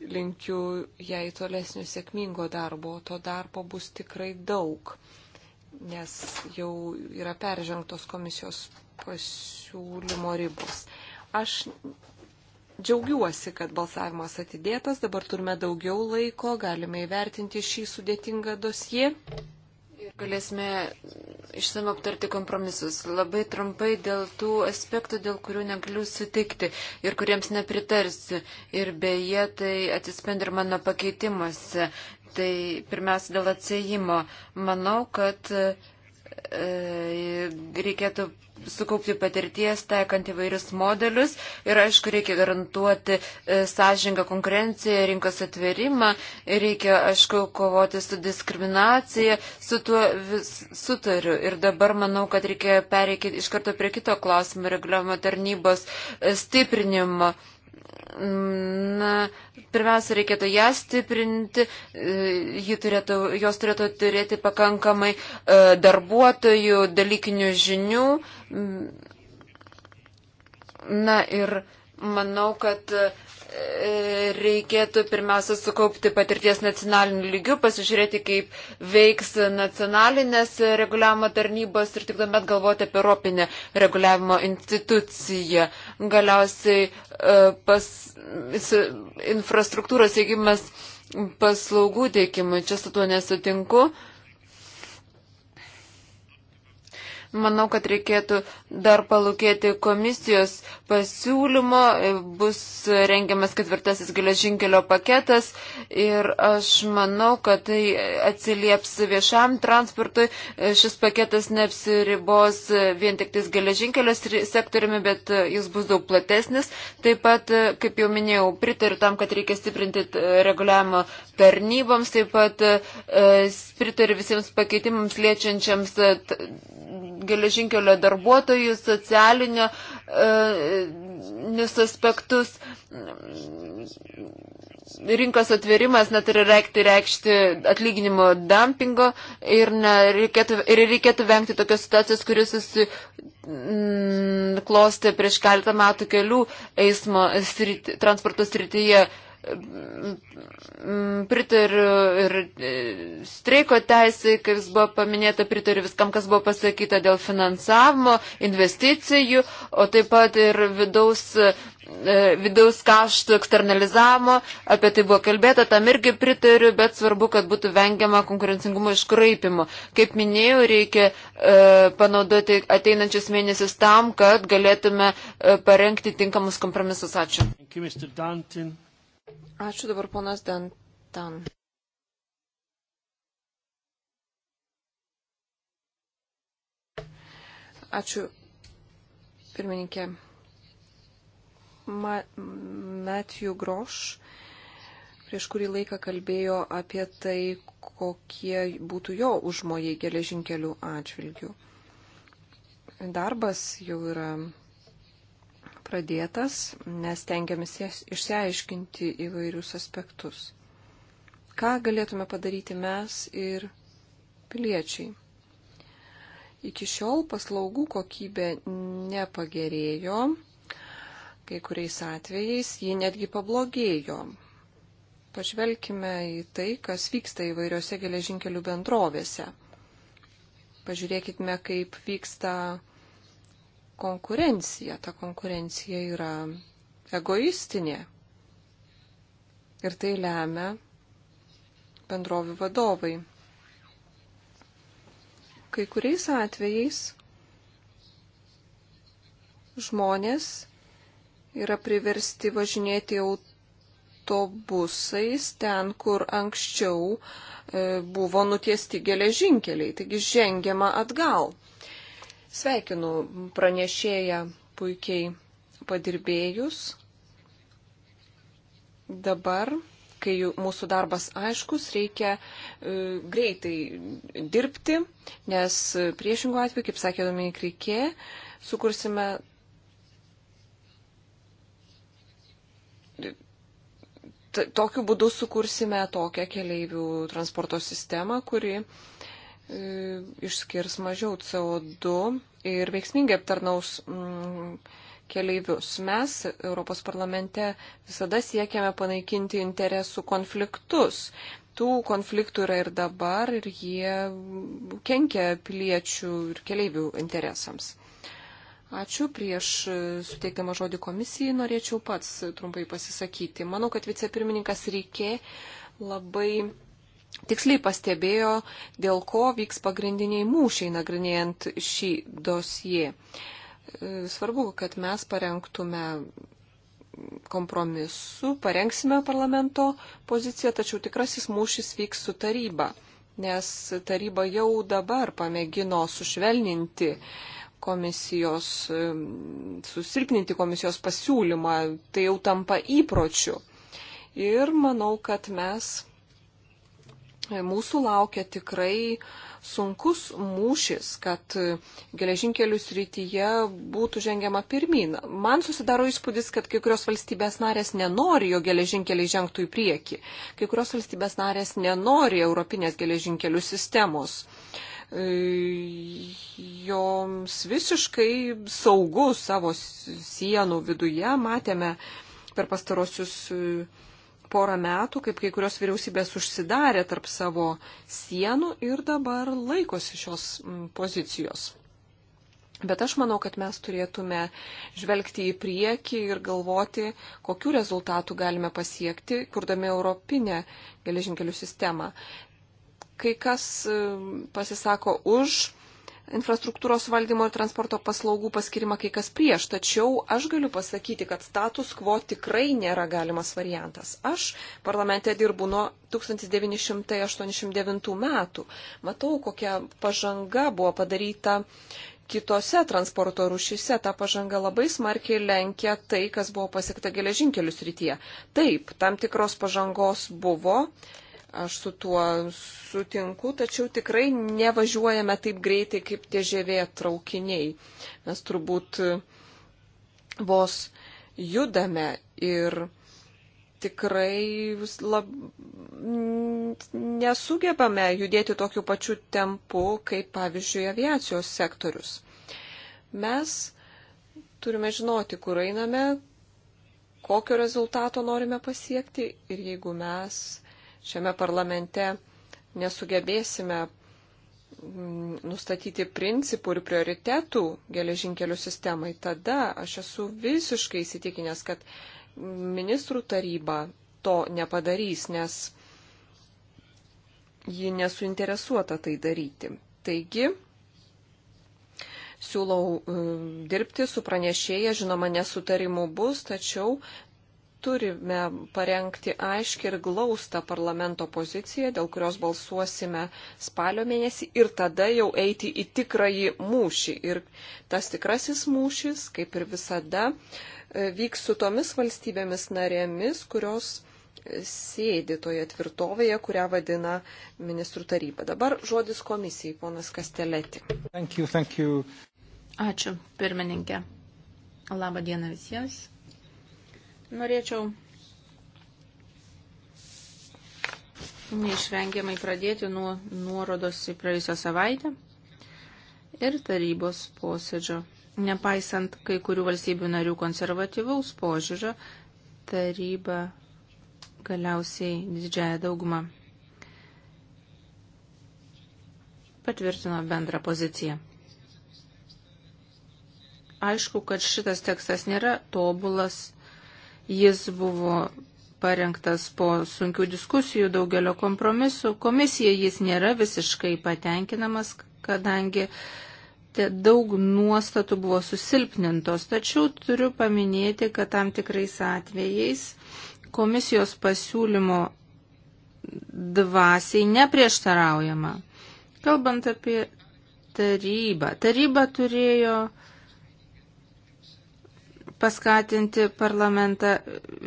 linkiu jai tolesnio sėkmingo darbo. To darbo bus tikrai daug, nes jau yra peržengtos komisijos pasiūlymo ribos. Aš džiaugiuosi, kad balsavimas atidėtas, dabar turime daugiau laiko, galime įvertinti šį sudėtingą dosiją. Galėsime išsam aptarti kompromisus. Labai trumpai dėl tų aspektų, dėl kurių negaliu sutikti ir kuriems nepritarsiu. Ir beje, tai atsispend ir mano pakeitimuose. Tai pirmiausia dėl atsėjimo. Manau, kad uh, E, reikėtų sukaupti patirties, taikant įvairius modelius ir, aišku, reikia garantuoti e, sąžingą konkurenciją, rinkos atverimą, reikia, aišku, kovoti su diskriminacija, su tuo vis sutariu. Ir dabar manau, kad reikia pereikti iš karto prie kito klausimo reguliavimo tarnybos e, stiprinimo. Na, pirmiausia, reikėtų ją stiprinti, e, turėtų, jos turėtų turėti pakankamai e, darbuotojų, dalykinių žinių. Na ir manau, kad reikėtų pirmiausia sukaupti patirties nacionaliniu lygiu, pasižiūrėti, kaip veiks nacionalinės reguliavimo tarnybos ir tik tuomet galvoti apie Europinę reguliavimo instituciją. Galiausiai e, pas, infrastruktūros įgymas paslaugų teikimui, čia su tuo nesutinku. Uh, Manau, kad reikėtų dar palūkėti komisijos pasiūlymo, bus rengiamas ketvirtasis geležinkelio paketas ir aš manau, kad tai atsilieps viešam transportui. Šis paketas neapsiribos vien tik tais geležinkelio sektoriumi, bet jis bus daug platesnis. Taip pat, kaip jau minėjau, pritariu tam, kad reikia stiprinti reguliavimo tarnyboms, taip pat e, pritariu visiems pakeitimams liečiančiams geležinkelio darbuotojų, socialinio e, aspektus. Rinkos atverimas neturi reikti reikšti atlyginimo dumpingo ir, ne, reikėtų, ir reikėtų vengti tokios situacijos, kuris susiklosti mm, prieš keletą metų kelių eismo sriti, transporto srityje. Mm, pritariu ir e, streiko teisai, kas buvo paminėta, pritariu viskam, kas buvo pasakyta dėl finansavimo, investicijų, o taip pat ir vidaus, e, vidaus kaštų eksternalizavimo, apie tai buvo kalbėta, tam irgi pritariu, bet svarbu, kad būtų vengiama konkurencingumo iškraipimo. Kaip minėjau, reikia e, panaudoti ateinančius mėnesius tam, kad galėtume parengti tinkamus kompromisus. Ačiū. Thank you, Ačiū dabar ponas Dantan. Ačiū pirmininkė Ma Matthew Grosh prieš kurį laiką kalbėjo apie tai, kokie būtų jo užmojai geležinkelių atžvilgių. Darbas jau yra pradėtas, nes tengiamės išsiaiškinti įvairius aspektus. Ką galėtume padaryti mes ir piliečiai? Iki šiol paslaugų kokybė nepagerėjo, kai kuriais atvejais ji netgi pablogėjo. Pažvelkime į tai, kas vyksta įvairiose geležinkelių bendrovėse. Pažiūrėkime, kaip vyksta konkurencija. Ta konkurencija yra egoistinė. Ir tai lemia bendrovių vadovai. Kai kuriais atvejais žmonės yra priversti važinėti autobusais ten, kur anksčiau e, buvo nutiesti geležinkeliai, taigi žengiama atgal. Sveikinu pranešėją puikiai padirbėjus. Dabar, kai mūsų darbas aiškus, reikia e, greitai dirbti, nes priešingų atveju, kaip sakė Dominik Rikė, sukursime tokiu būdu sukursime tokią keleivių transporto sistemą, kuri išskirs mažiau CO2 ir veiksmingai aptarnaus mm, keleivius. Mes Europos parlamente visada siekiame panaikinti interesų konfliktus. Tų konfliktų yra ir dabar ir jie kenkia piliečių ir keleivių interesams. Ačiū. Prieš suteikdama žodį komisijai norėčiau pats trumpai pasisakyti. Manau, kad vicepirmininkas Rykė labai tiksliai pastebėjo, dėl ko vyks pagrindiniai mūšiai nagrinėjant šį dosiją. E, svarbu, kad mes parengtume kompromisu, parengsime parlamento poziciją, tačiau tikrasis mūšis vyks su taryba, nes taryba jau dabar pamėgino sušvelninti komisijos, e, susilpninti komisijos pasiūlymą, tai jau tampa įpročiu. Ir manau, kad mes mūsų laukia tikrai sunkus mūšis, kad geležinkelių srityje būtų žengiama pirmin. Man susidaro įspūdis, kad kai kurios valstybės narės nenori, jo geležinkeliai žengtų į priekį. Kai kurios valstybės narės nenori Europinės geležinkelių sistemos e, joms visiškai saugu savo sienų viduje, matėme per pastarosius e, porą metų, kaip kai kurios vyriausybės užsidarė tarp savo sienų ir dabar laikosi šios mm, pozicijos. Bet aš manau, kad mes turėtume žvelgti į priekį ir galvoti, kokiu rezultatu galime pasiekti, kurdami europinę geležinkelių sistemą. Kai kas mm, pasisako už infrastruktūros valdymo ir transporto paslaugų paskirimą kai kas prieš, tačiau aš galiu pasakyti, kad status quo tikrai nėra galimas variantas. Aš parlamente dirbu nuo 1989 metų. Matau, kokia pažanga buvo padaryta kitose transporto rušyse. Ta pažanga labai smarkiai lenkia tai, kas buvo pasiekta geležinkelius rytyje. Taip, tam tikros pažangos buvo Aš su tuo sutinku, tačiau tikrai nevažiuojame taip greitai kaip tie žėvė traukiniai. Mes turbūt vos judame ir tikrai lab... nesugebame judėti tokiu pačiu tempu, kaip pavyzdžiui aviacijos sektorius. Mes turime žinoti, kur einame, kokio rezultato norime pasiekti ir jeigu mes šiame parlamente nesugebėsime mm, nustatyti principų ir prioritetų geležinkelių sistemai, tada aš esu visiškai įsitikinęs, kad ministrų taryba to nepadarys, nes ji nesuinteresuota tai daryti. Taigi, siūlau mm, dirbti su pranešėja, žinoma, nesutarimų bus, tačiau turime parengti aiškį ir glaustą parlamento poziciją, dėl kurios balsuosime spalio mėnesį ir tada jau eiti į tikrąjį mūšį. Ir tas tikrasis mūšis, kaip ir visada, e, vyks su tomis valstybėmis narėmis, kurios sėdi toje tvirtovėje, kurią vadina ministrų taryba. Dabar žodis komisijai, ponas Kasteleti. Thank you, thank you. Ačiū, pirmininkė. Labą dieną visiems. Norėčiau neišvengiamai pradėti nuo nuorodos į praėjusią savaitę ir tarybos posėdžio. Nepaisant kai kurių valstybių narių konservatyvaus požiūrio, taryba galiausiai didžiąją daugumą patvirtino bendrą poziciją. Aišku, kad šitas tekstas nėra tobulas Jis buvo parengtas po sunkių diskusijų daugelio kompromisų. Komisija jis nėra visiškai patenkinamas, kadangi daug nuostatų buvo susilpnintos. Tačiau turiu paminėti, kad tam tikrais atvejais komisijos pasiūlymo dvasiai neprieštaraujama. Kalbant apie tarybą. Taryba turėjo paskatinti parlamentą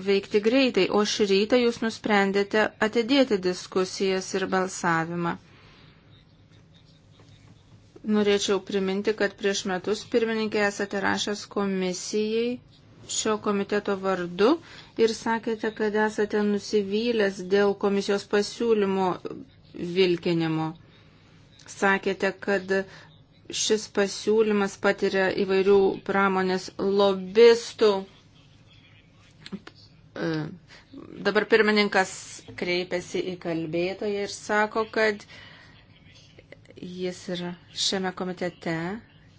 veikti greitai, o šį rytą jūs nusprendėte atidėti diskusijas ir balsavimą. Norėčiau priminti, kad prieš metus pirmininkė esate rašęs komisijai šio komiteto vardu ir sakėte, kad esate nusivylęs dėl komisijos pasiūlymo vilkinimo. Sakėte, kad šis pasiūlymas patiria įvairių pramonės lobistų. E, dabar pirmininkas kreipiasi į kalbėtoją ir sako, kad jis yra šiame komitete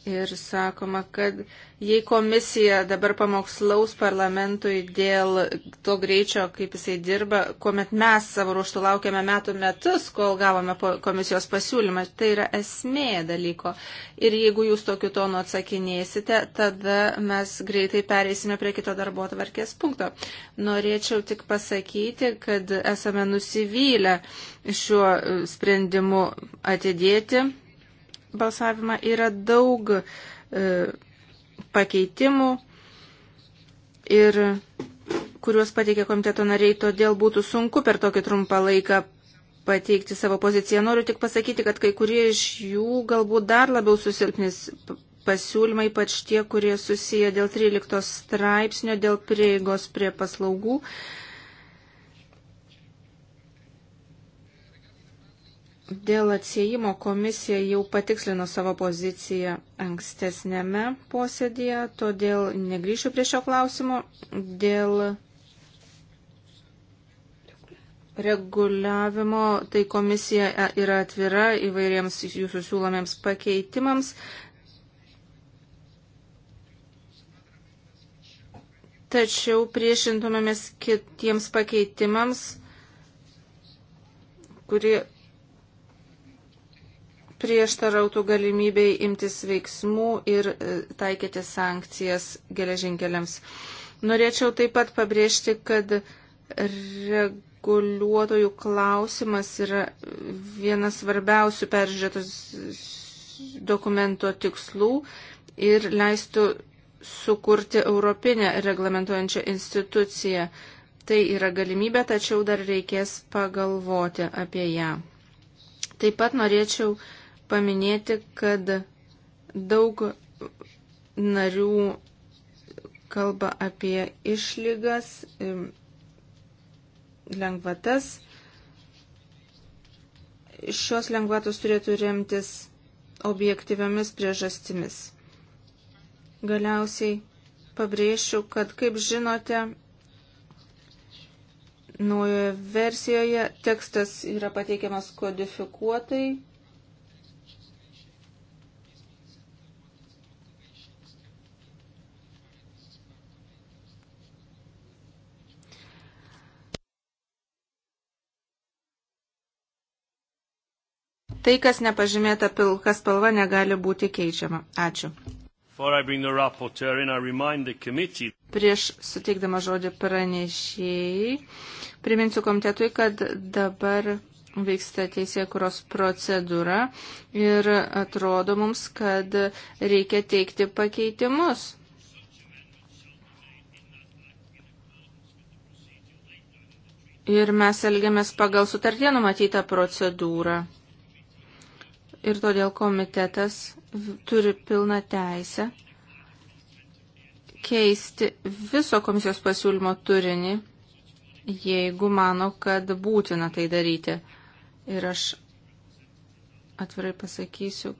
Ir sakoma, kad jei komisija dabar pamokslaus parlamentui dėl to greičio, kaip jisai dirba, kuomet mes savo ruoštų laukiame metų metus, kol gavome komisijos pasiūlymą, tai yra esmė dalyko. Ir jeigu jūs tokiu tonu atsakinėsite, tada mes greitai pereisime prie kito darbo atvarkės punkto. Norėčiau tik pasakyti, kad esame nusivylę šiuo sprendimu atidėti balsavimą yra daug e, pakeitimų ir kuriuos pateikė komiteto nariai, todėl būtų sunku per tokį trumpą laiką pateikti savo poziciją. Noriu tik pasakyti, kad kai kurie iš jų galbūt dar labiau susilpnis pasiūlymai, ypač tie, kurie susiję dėl 13 straipsnio, dėl prieigos prie paslaugų. E, Dėl atsiejimo komisija jau patikslino savo poziciją ankstesnėme posėdėje, todėl negryšiu prie šio klausimo. Dėl reguliavimo tai komisija e, yra atvira įvairiems jūsų siūlomiems pakeitimams. Tačiau priešintumėmės kitiems pakeitimams, kurie prieštarautų galimybei imtis veiksmų ir e, taikyti sankcijas geležinkeliams. Norėčiau taip pat pabrėžti, kad reguliuotojų klausimas yra vienas svarbiausių peržiūrėtos dokumento tikslų ir leistų sukurti Europinę reglamentuojančią instituciją. Tai yra galimybė, tačiau dar reikės pagalvoti apie ją. Taip pat norėčiau uh, paminėti, kad daug narių kalba apie išlygas, lengvatas. Šios lengvatos turėtų remtis objektyviamis priežastimis. Galiausiai pabrėšiu, kad, kaip žinote, naujoje versijoje tekstas yra pateikiamas kodifikuotai Tai, kas nepažymėta pilka spalva, negali būti keičiama. Ačiū. Prieš suteikdama žodį pranešėjai, priminsiu komitetui, kad dabar vyksta teisėkuros procedūra ir atrodo mums, kad reikia teikti pakeitimus. Ir mes elgiamės pagal sutartie numatytą procedūrą ir todėl komitetas turi pilną teisę keisti viso komisijos pasiūlymo turinį, jeigu mano, kad būtina tai daryti. Ir aš atvirai pasakysiu,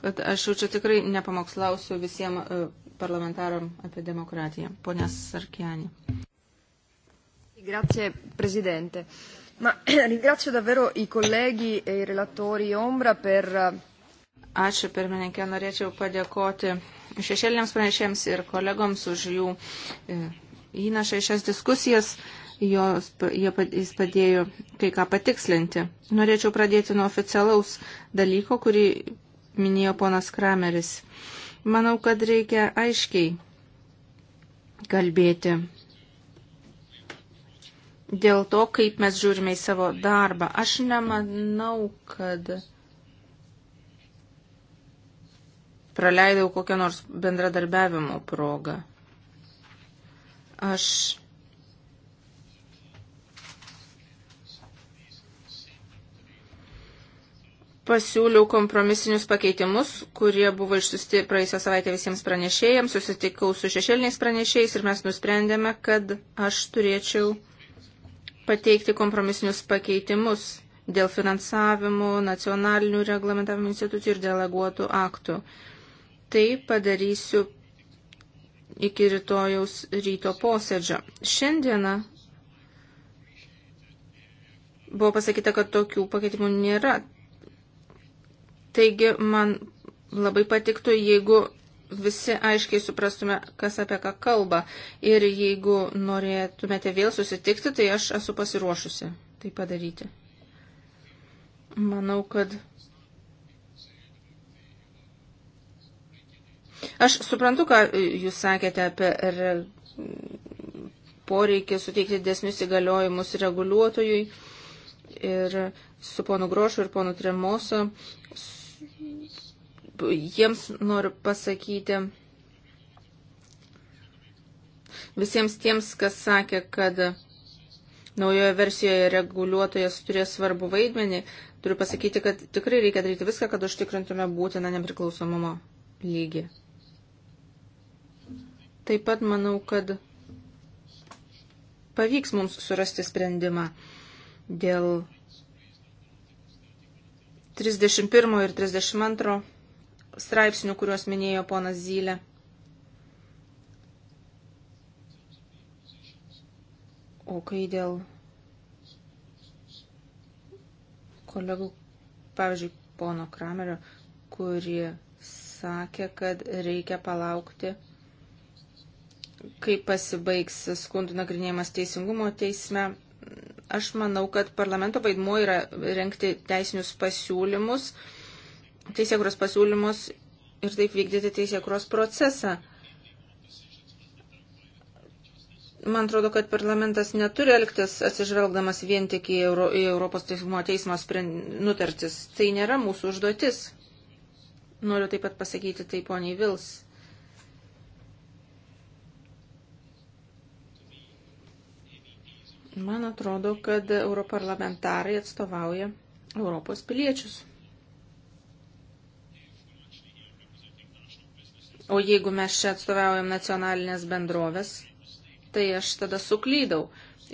kad aš jau čia tikrai nepamokslausiu visiems e, parlamentaram apie demokratiją. Ponės Sarkianį. Grazie, prezidente. Uh, Ma ringrazio davvero i colleghi e i relatori Ombra per. Eh, Ačiū pirmininkė, norėčiau padėkoti šešėliniams pranešėjams ir kolegoms už jų e, įnašą į šias diskusijas. Jos, jie, jis padėjo kai ką patikslinti. Norėčiau pradėti nuo oficialaus dalyko, kurį minėjo ponas Krameris. Manau, kad reikia aiškiai kalbėti dėl to, kaip mes žiūrime į savo darbą. Aš nemanau, kad praleidau kokią nors bendradarbiavimo progą. Aš pasiūliau kompromisinius pakeitimus, kurie buvo išsiusti praėjusią savaitę visiems pranešėjams, susitikau su šešėliniais pranešėjais ir mes nusprendėme, kad aš turėčiau pateikti kompromisinius pakeitimus dėl finansavimų, nacionalinių reglamentavimo institucijų ir deleguotų aktų. Tai padarysiu iki rytojaus ryto posėdžio. Šiandieną buvo pasakyta, kad tokių pakeitimų nėra. Taigi man labai patiktų, jeigu visi aiškiai suprastume, kas apie ką kalba. Ir jeigu norėtumėte vėl susitikti, tai aš esu pasiruošusi tai padaryti. Manau, kad. Aš suprantu, ką jūs sakėte apie re... poreikį suteikti desnius įgaliojimus reguliuotojui. Ir su ponu Grošu ir ponu Tremoso jiems noriu pasakyti, visiems tiems, kas sakė, kad naujoje versijoje reguliuotojas turės svarbu vaidmenį, turiu pasakyti, kad tikrai reikia daryti viską, kad užtikrintume būtiną nepriklausomumo lygį. Taip pat manau, kad pavyks mums surasti sprendimą dėl 31 ir 32 straipsnių, kuriuos minėjo ponas Zylė. O kai dėl kolegų, pavyzdžiui, pono Kramerio, kurie sakė, kad reikia palaukti, kai pasibaigs skundų nagrinėjimas teisingumo teisme. Aš manau, kad parlamento vaidmuo yra renkti teisinius pasiūlymus, uh, teisėkuros pasiūlymus ir taip vykdyti teisėkuros procesą. Man atrodo, kad parlamentas neturi elgtis atsižvelgdamas vien tik į, Euro, į Europos teismo teismo nutartis. Tai nėra mūsų užduotis. Noriu taip pat pasakyti tai poniai Vils. Man atrodo, kad europarlamentarai atstovauja Europos piliečius. O jeigu mes čia atstovaujam nacionalinės bendrovės, tai aš tada suklydau.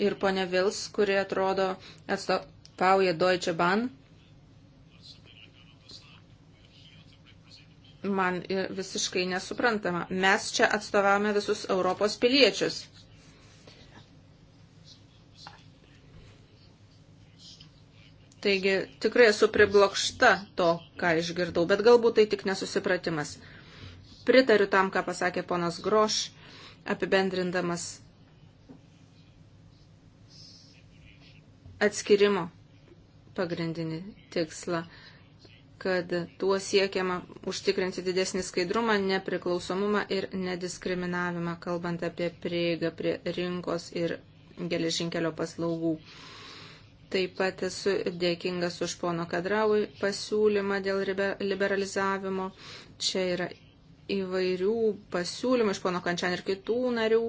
Ir ponia Vils, kuri atrodo atstovauja Deutsche Bahn, man visiškai nesuprantama. Mes čia atstovavome visus Europos piliečius. Taigi tikrai esu priblokšta to, ką išgirdau, bet galbūt tai tik nesusipratimas pritariu tam, ką pasakė ponas Groš, apibendrindamas atskirimo pagrindinį tikslą, kad tuo siekiama užtikrinti didesnį skaidrumą, nepriklausomumą ir nediskriminavimą, kalbant apie prieigą prie rinkos ir geležinkelio paslaugų. Taip pat esu dėkingas už pono Kadraui pasiūlymą dėl liberalizavimo. Čia yra įvairių pasiūlymų iš pono Kančian ir kitų narių.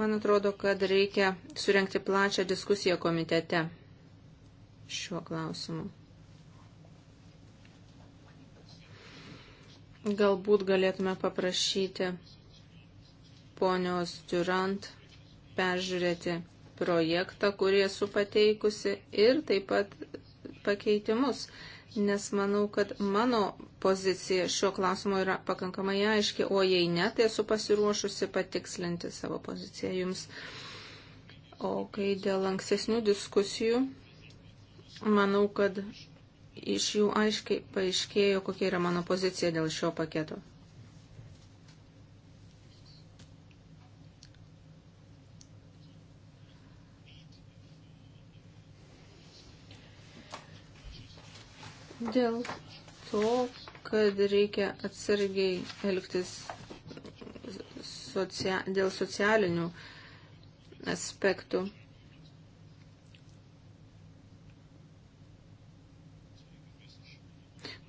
Man atrodo, kad reikia surenkti plačią diskusiją komitete šiuo klausimu. Galbūt galėtume paprašyti ponios Durant peržiūrėti projektą, kurį esu pateikusi ir taip pat pakeitimus nes manau, kad mano pozicija šiuo klausimu yra pakankamai aiški, o jei ne, tai esu pasiruošusi patikslinti savo poziciją jums. O kai dėl ankstesnių diskusijų, manau, kad iš jų aiškiai paaiškėjo, kokia yra mano pozicija dėl šio paketo. dėl to, kad reikia atsargiai elgtis socia dėl socialinių aspektų.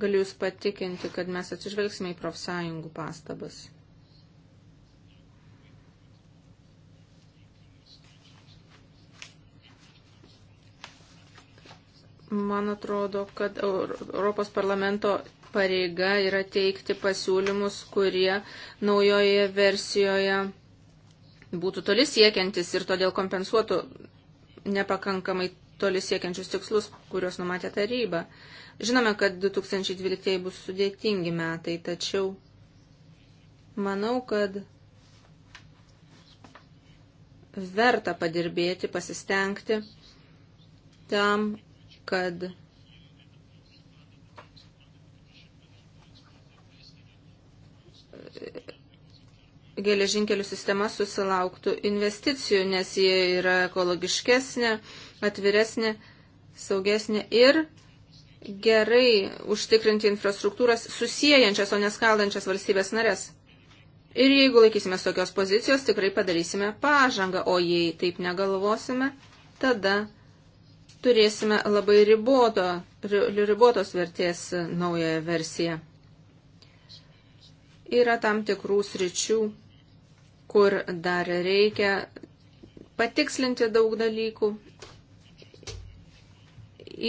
Galiu Jūs patikinti, kad mes atsižvelgsime į profsąjungų pastabas. Man atrodo, kad Europos parlamento pareiga yra teikti pasiūlymus, kurie naujoje versijoje būtų toli siekiantis ir todėl kompensuotų nepakankamai toli siekiančius tikslus, kuriuos numatė taryba. Žinome, kad 2012 bus sudėtingi metai, tačiau manau, kad verta padirbėti, pasistengti tam, kad geležinkelių sistema susilauktų investicijų, nes jie yra ekologiškesnė, atviresnė, saugesnė ir gerai užtikrinti infrastruktūras susijęjančias, o neskaldančias valstybės narės. Ir jeigu laikysime tokios pozicijos, tikrai padarysime pažangą, o jei taip negalvosime, tada turėsime labai riboto, ribotos vertės naują versiją. Yra tam tikrų sričių, kur dar reikia patikslinti daug dalykų,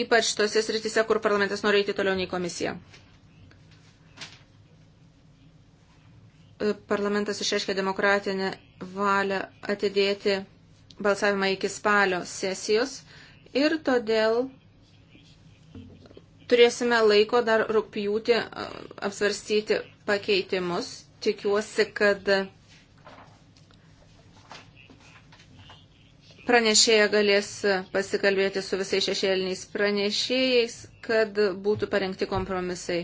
ypač tose sritise, kur parlamentas nori eiti toliau nei komisija. Parlamentas išreiškė demokratinę valią atidėti balsavimą iki spalio sesijos ir todėl turėsime laiko dar rūpjūti apsvarstyti pakeitimus. Tikiuosi, kad pranešėja galės pasikalbėti su visais šešėliniais pranešėjais, kad būtų parengti kompromisai.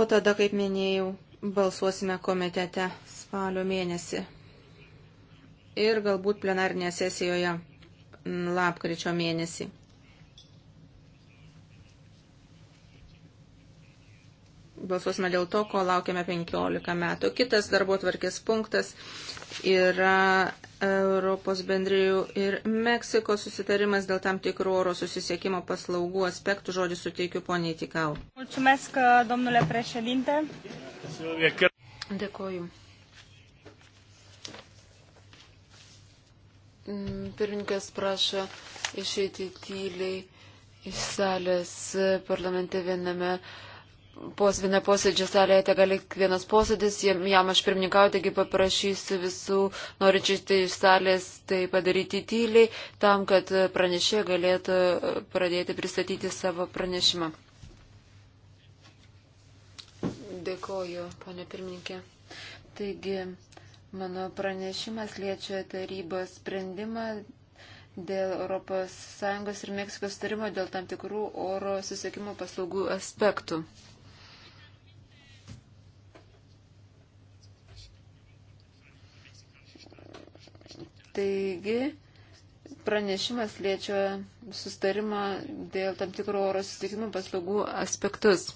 O tada, kaip minėjau, balsuosime komitete spalio mėnesį ir galbūt plenarinėje sesijoje lapkričio mėnesį. Balsuosime dėl to, ko laukiame 15 metų. Kitas darbo tvarkės punktas yra Europos bendrijų ir Meksikos susitarimas dėl tam tikrų oro susisiekimo paslaugų aspektų. Žodį suteikiu poniai Tikau. Mulțumesc, domnule președinte. Dėkoju. Pirmininkas prašo išeiti tyliai iš salės parlamente viename. Pos, viena posėdžio salėje te gali vienas posėdis, jam aš pirmininkauju, taigi paprašysiu visų norinčių tai iš salės tai padaryti tyliai, tam, kad pranešė galėtų pradėti pristatyti savo pranešimą. Dėkoju, ponė pirmininkė. Taigi, Mano pranešimas liečia tarybos sprendimą dėl ES ir Meksikos tarimo dėl tam tikrų oro susiekimo paslaugų aspektų. Taigi, pranešimas liečia sustarimą dėl tam tikro oro susitikimų paslaugų aspektus.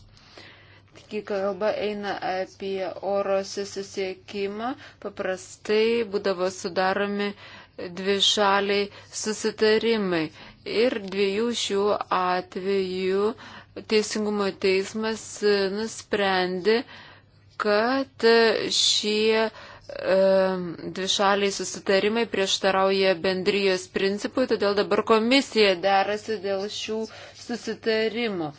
Kai kalba eina apie oro susisiekimą, paprastai būdavo sudaromi dvi šaliai susitarimai. Ir dviejų šių atvejų Teisingumo teismas e, nusprendė, kad šie e, dvišaliai susitarimai prieštarauja bendrijos principui, todėl dabar komisija derasi dėl šių susitarimų.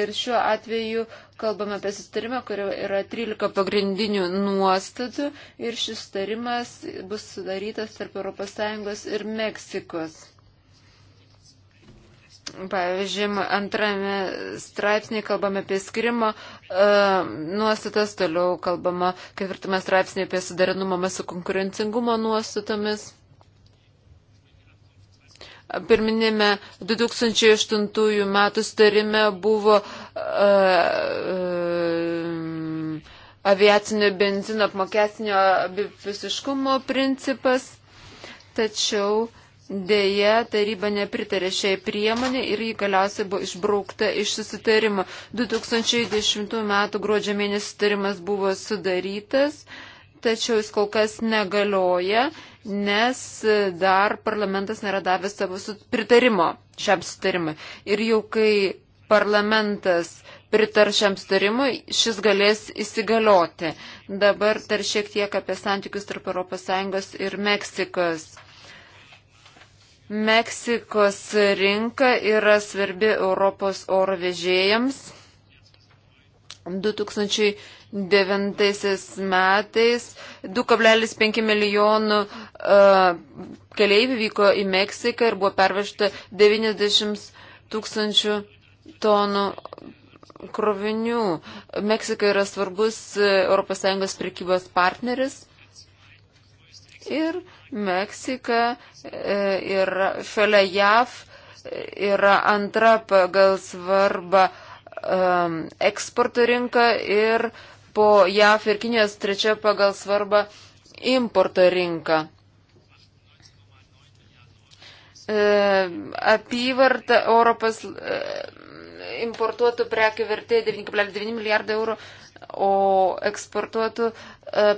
Ir šiuo atveju Kalbame apie sustarimą, kurio yra 13 pagrindinių nuostatų ir šis sustarimas bus sudarytas tarp ES ir Meksikos. Pavyzdžiui, antrame straipsnėje kalbame apie skirimo uh, nuostatas, toliau kalbama ketvirtame straipsnėje apie sudarinumą su konkurencingumo nuostatomis pirminėme 2008 metų starime buvo uh, uh, aviacinio benzino apmokestinio abipisiškumo principas, tačiau Deja, taryba nepritarė šiai priemonė ir jį galiausiai buvo išbraukta iš susitarimo. 2010 m. gruodžio mėnesį sutarimas buvo sudarytas. Uh, tačiau jis kol kas negalioja, nes dar parlamentas nėra davęs savo pritarimo šiam sutarimui. Ir jau kai parlamentas pritar šiam sutarimui, šis galės įsigalioti. Dabar dar šiek tiek apie santykius tarp ES ir Meksikos. Meksikos rinka yra svarbi Europos oro vežėjams. 2000 2009 metais 2,5 milijonų uh, keleivių vyko į Meksiką ir buvo pervežta 90 tūkstančių tonų krovinių. Meksika yra svarbus ES prekybos partneris. Ir Meksika ir e, šalia JAV e, yra antra pagal svarbą um, eksporto rinka ir uh, po JAF ir Kinijos trečia pagal svarbą importo rinka. E, apyvarta Europos e, importuotų prekių vertė 9,9 milijardai eurų, o eksportuotų e,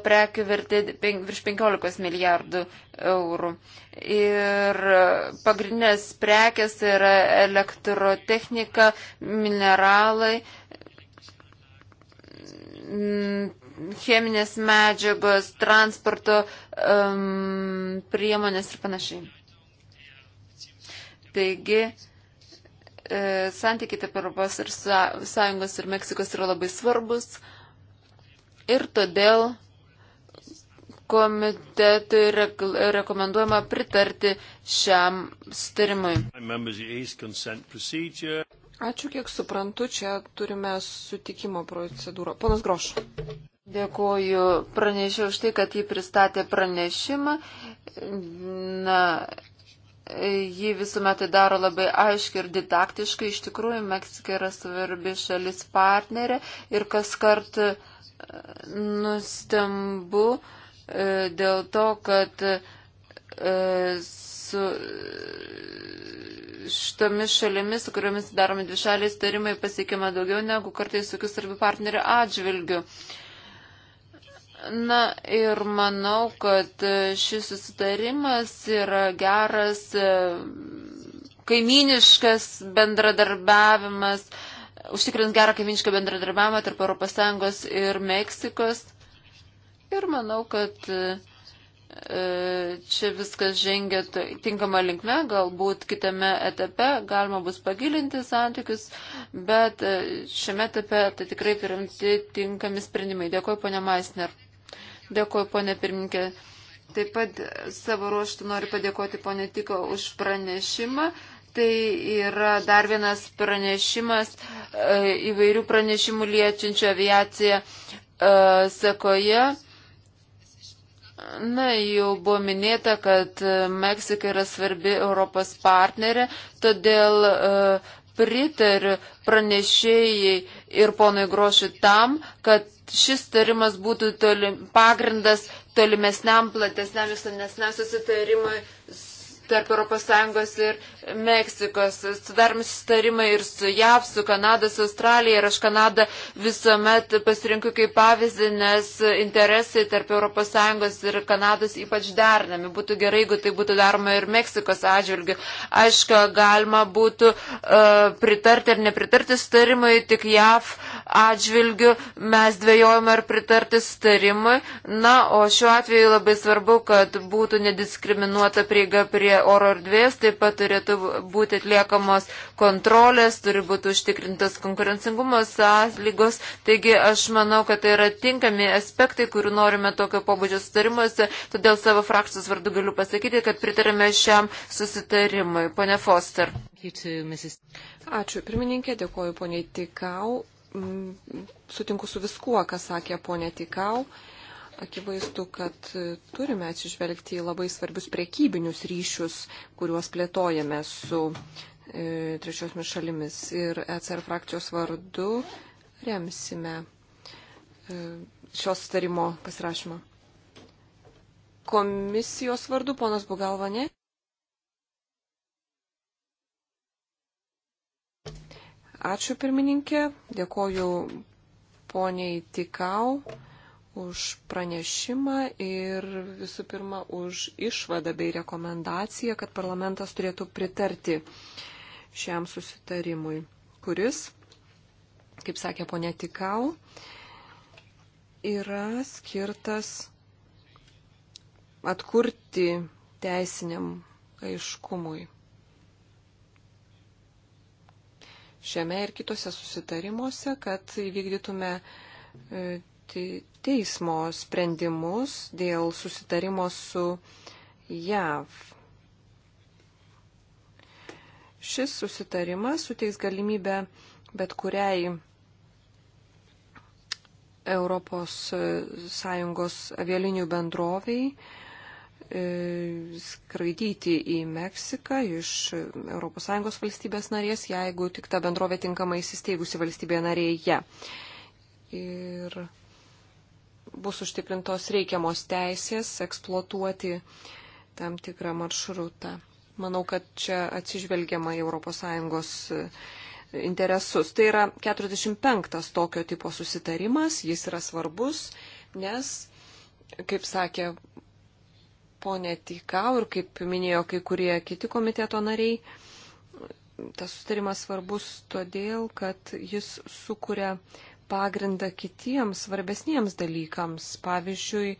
prekių vertė pen, virš 15 milijardų eurų. Ir pagrindinės prekės yra elektrotechnika, mineralai, e, Mm, cheminės medžiagos, transporto um, priemonės ir panašiai. Taigi, e, santykiai tarp Europos ir Sąjungos ir Meksikos yra labai svarbus ir todėl komitetui rekomenduojama pritarti šiam sutarimui. Ačiū, kiek suprantu, čia turime sutikimo procedūrą. Ponas Groš. Dėkuoju pranešiu už tai, kad jį pristatė pranešimą. Na, jį visuomet tai daro labai aiškiai ir didaktiškai. Iš tikrųjų, Meksika yra svarbi šalis partnerė ir kas kart e, nustembu e, dėl to, kad e, su šitomis šalimis, su kuriomis daromi dvišaliai sutarimai, pasiekima daugiau negu kartais tokių svarbių partnerių atžvilgių. Na ir manau, kad šis susitarimas yra geras kaiminiškas bendradarbiavimas, užtikrins gerą kaiminišką bendradarbiavimą tarp ES ir Meksikos. Ir manau, kad uh, E, čia viskas žengia tinkama linkme, galbūt kitame etape galima bus pagilinti santykius, bet e, šiame etape tai tikrai priimti tinkami sprendimai. Dėkuoju, ponė Maisner. Dėkuoju, ponė pirminkė. Taip pat savo ruoštų noriu padėkoti ponė Tiko už pranešimą. Tai yra dar vienas pranešimas e, įvairių pranešimų liečiančių aviaciją sekoje. Na, jau buvo minėta, kad e, Meksika yra svarbi Europos partnerė, todėl e, pritariu pranešėjai ir ponui Grošui tam, kad šis tarimas būtų toli, pagrindas tolimesniam, platesniam, visuomesniam susitarimui tarp ES ir Meksikos. Sudarom sustarimą ir su JAV, su Kanada, su Australija ir aš Kanadą visuomet pasirinku kaip pavyzdį, nes interesai tarp ES ir Kanados ypač dernami. Būtų gerai, jeigu tai būtų daroma ir Meksikos atžvilgiu. Aišku, galima būtų uh, pritarti ar nepritarti sustarimui, tik JAV atžvilgiu mes dvėjojame ar pritarti sustarimui. Na, o šiuo atveju labai svarbu, kad būtų nediskriminuota prieiga prie oro erdvės, taip pat turėtų būti atliekamos kontrolės, turi būti užtikrintas konkurencingumo sąlygos. Taigi aš manau, kad tai yra tinkami aspektai, kurių norime tokio pobūdžio sutarimuose, todėl savo frakcijos vardu galiu pasakyti, kad pritarėme šiam susitarimui. Pone Foster. Ačiū pirmininkė, dėkoju ponė Tikau. Mm, sutinku su viskuo, ką sakė ponė Tikau akivaizdu, kad turime atsižvelgti į labai svarbius priekybinius ryšius, kuriuos plėtojame su e, trečiosiomis šalimis. Ir ECR frakcijos vardu remsime e, šios starimo pasirašymą. Komisijos vardu ponas Bugalvanė. Ačiū pirmininkė, dėkoju poniai Tikau už pranešimą ir visų pirma už išvadą bei rekomendaciją, kad parlamentas turėtų pritarti šiam susitarimui, kuris, kaip sakė ponė Tikau, yra skirtas atkurti teisiniam aiškumui. Šiame ir kitose susitarimuose, kad įvykdytume e, teismo sprendimus dėl susitarimo su JAV. Šis susitarimas suteiks galimybę bet kuriai ES avialinių bendroviai e, skraidyti į Meksiką iš ES valstybės narės, jeigu tik ta bendrovė tinkamai įsisteigusi valstybėje narėje. Ir bus užtikrintos reikiamos teisės eksploatuoti tam tikrą maršrutą. Manau, kad čia atsižvelgiama į ES interesus. Tai yra 45 tokio tipo susitarimas, jis yra svarbus, nes, kaip sakė ponė Tikau ir kaip minėjo kai kurie kiti komiteto nariai, tas susitarimas svarbus todėl, kad jis sukuria pagrindą kitiems svarbesniems dalykams, pavyzdžiui,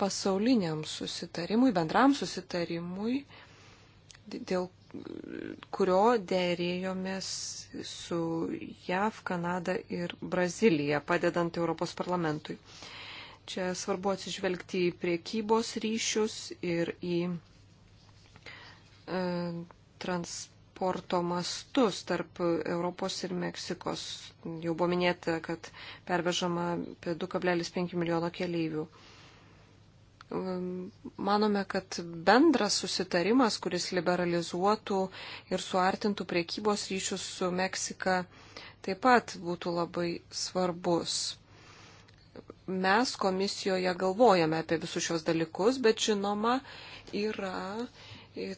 pasauliniam susitarimui, bendram susitarimui, dėl kurio dėrėjomės su JAV, Kanada ir Brazilija, padedant Europos parlamentui. Čia svarbu atsižvelgti į priekybos ryšius ir į e, transportą eksporto mastus tarp Europos ir Meksikos. Jau buvo minėta, kad pervežama apie 2,5 milijono keleivių. Um, manome, kad bendras susitarimas, kuris liberalizuotų ir suartintų priekybos ryšius su Meksika, taip pat būtų labai svarbus mes komisijoje galvojame apie visus šios dalykus, bet žinoma, yra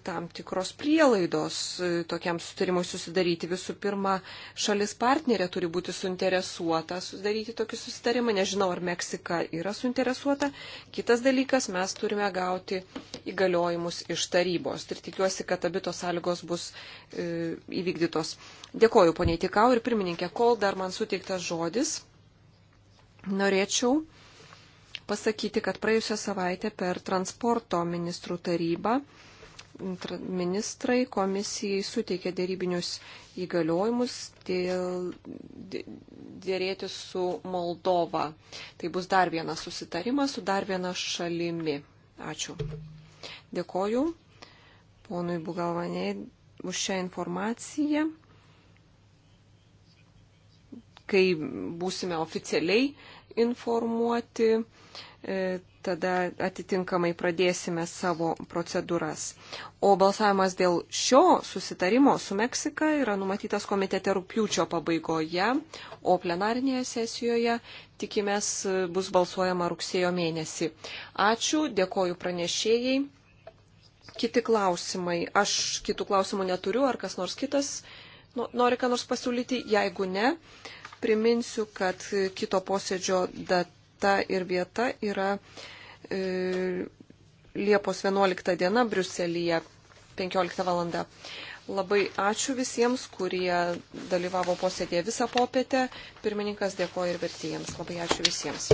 tam tikros prielaidos e, tokiam sutarimui susidaryti. Visų pirma, šalis partnerė turi būti suinteresuota sudaryti tokį susitarimą. Nežinau, ar Meksika yra suinteresuota. Kitas dalykas, mes turime gauti įgaliojimus iš tarybos. Ir tikiuosi, kad abi tos sąlygos bus e, įvykdytos. Dėkoju, poniai Tikau ir pirmininkė, kol dar man suteiktas žodis, norėčiau pasakyti, kad praėjusią savaitę per transporto ministrų tarybą ministrai komisijai suteikė dėrybinius įgaliojimus dėl dėrėti su Moldova. Tai bus dar vienas susitarimas su dar viena šalimi. Ačiū. Dėkoju ponui Bugalvanė už šią informaciją. Kai būsime oficialiai informuoti, E, tada atitinkamai pradėsime savo procedūras. O balsavimas dėl šio susitarimo su Meksika yra numatytas komitete rūpiučio pabaigoje, o plenarinėje sesijoje tikimės bus balsuojama rugsėjo mėnesį. Ačiū, dėkoju pranešėjai. Kiti klausimai. Aš kitų klausimų neturiu, ar kas nors kitas nori ką nors pasiūlyti. Jeigu ne, priminsiu, kad kito posėdžio data data ir vieta yra e, Liepos 11 diena Briuselyje 15 val. Labai ačiū visiems, kurie dalyvavo posėdėje visą popietę. Pirmininkas dėkoja ir vertėjams. Labai ačiū visiems.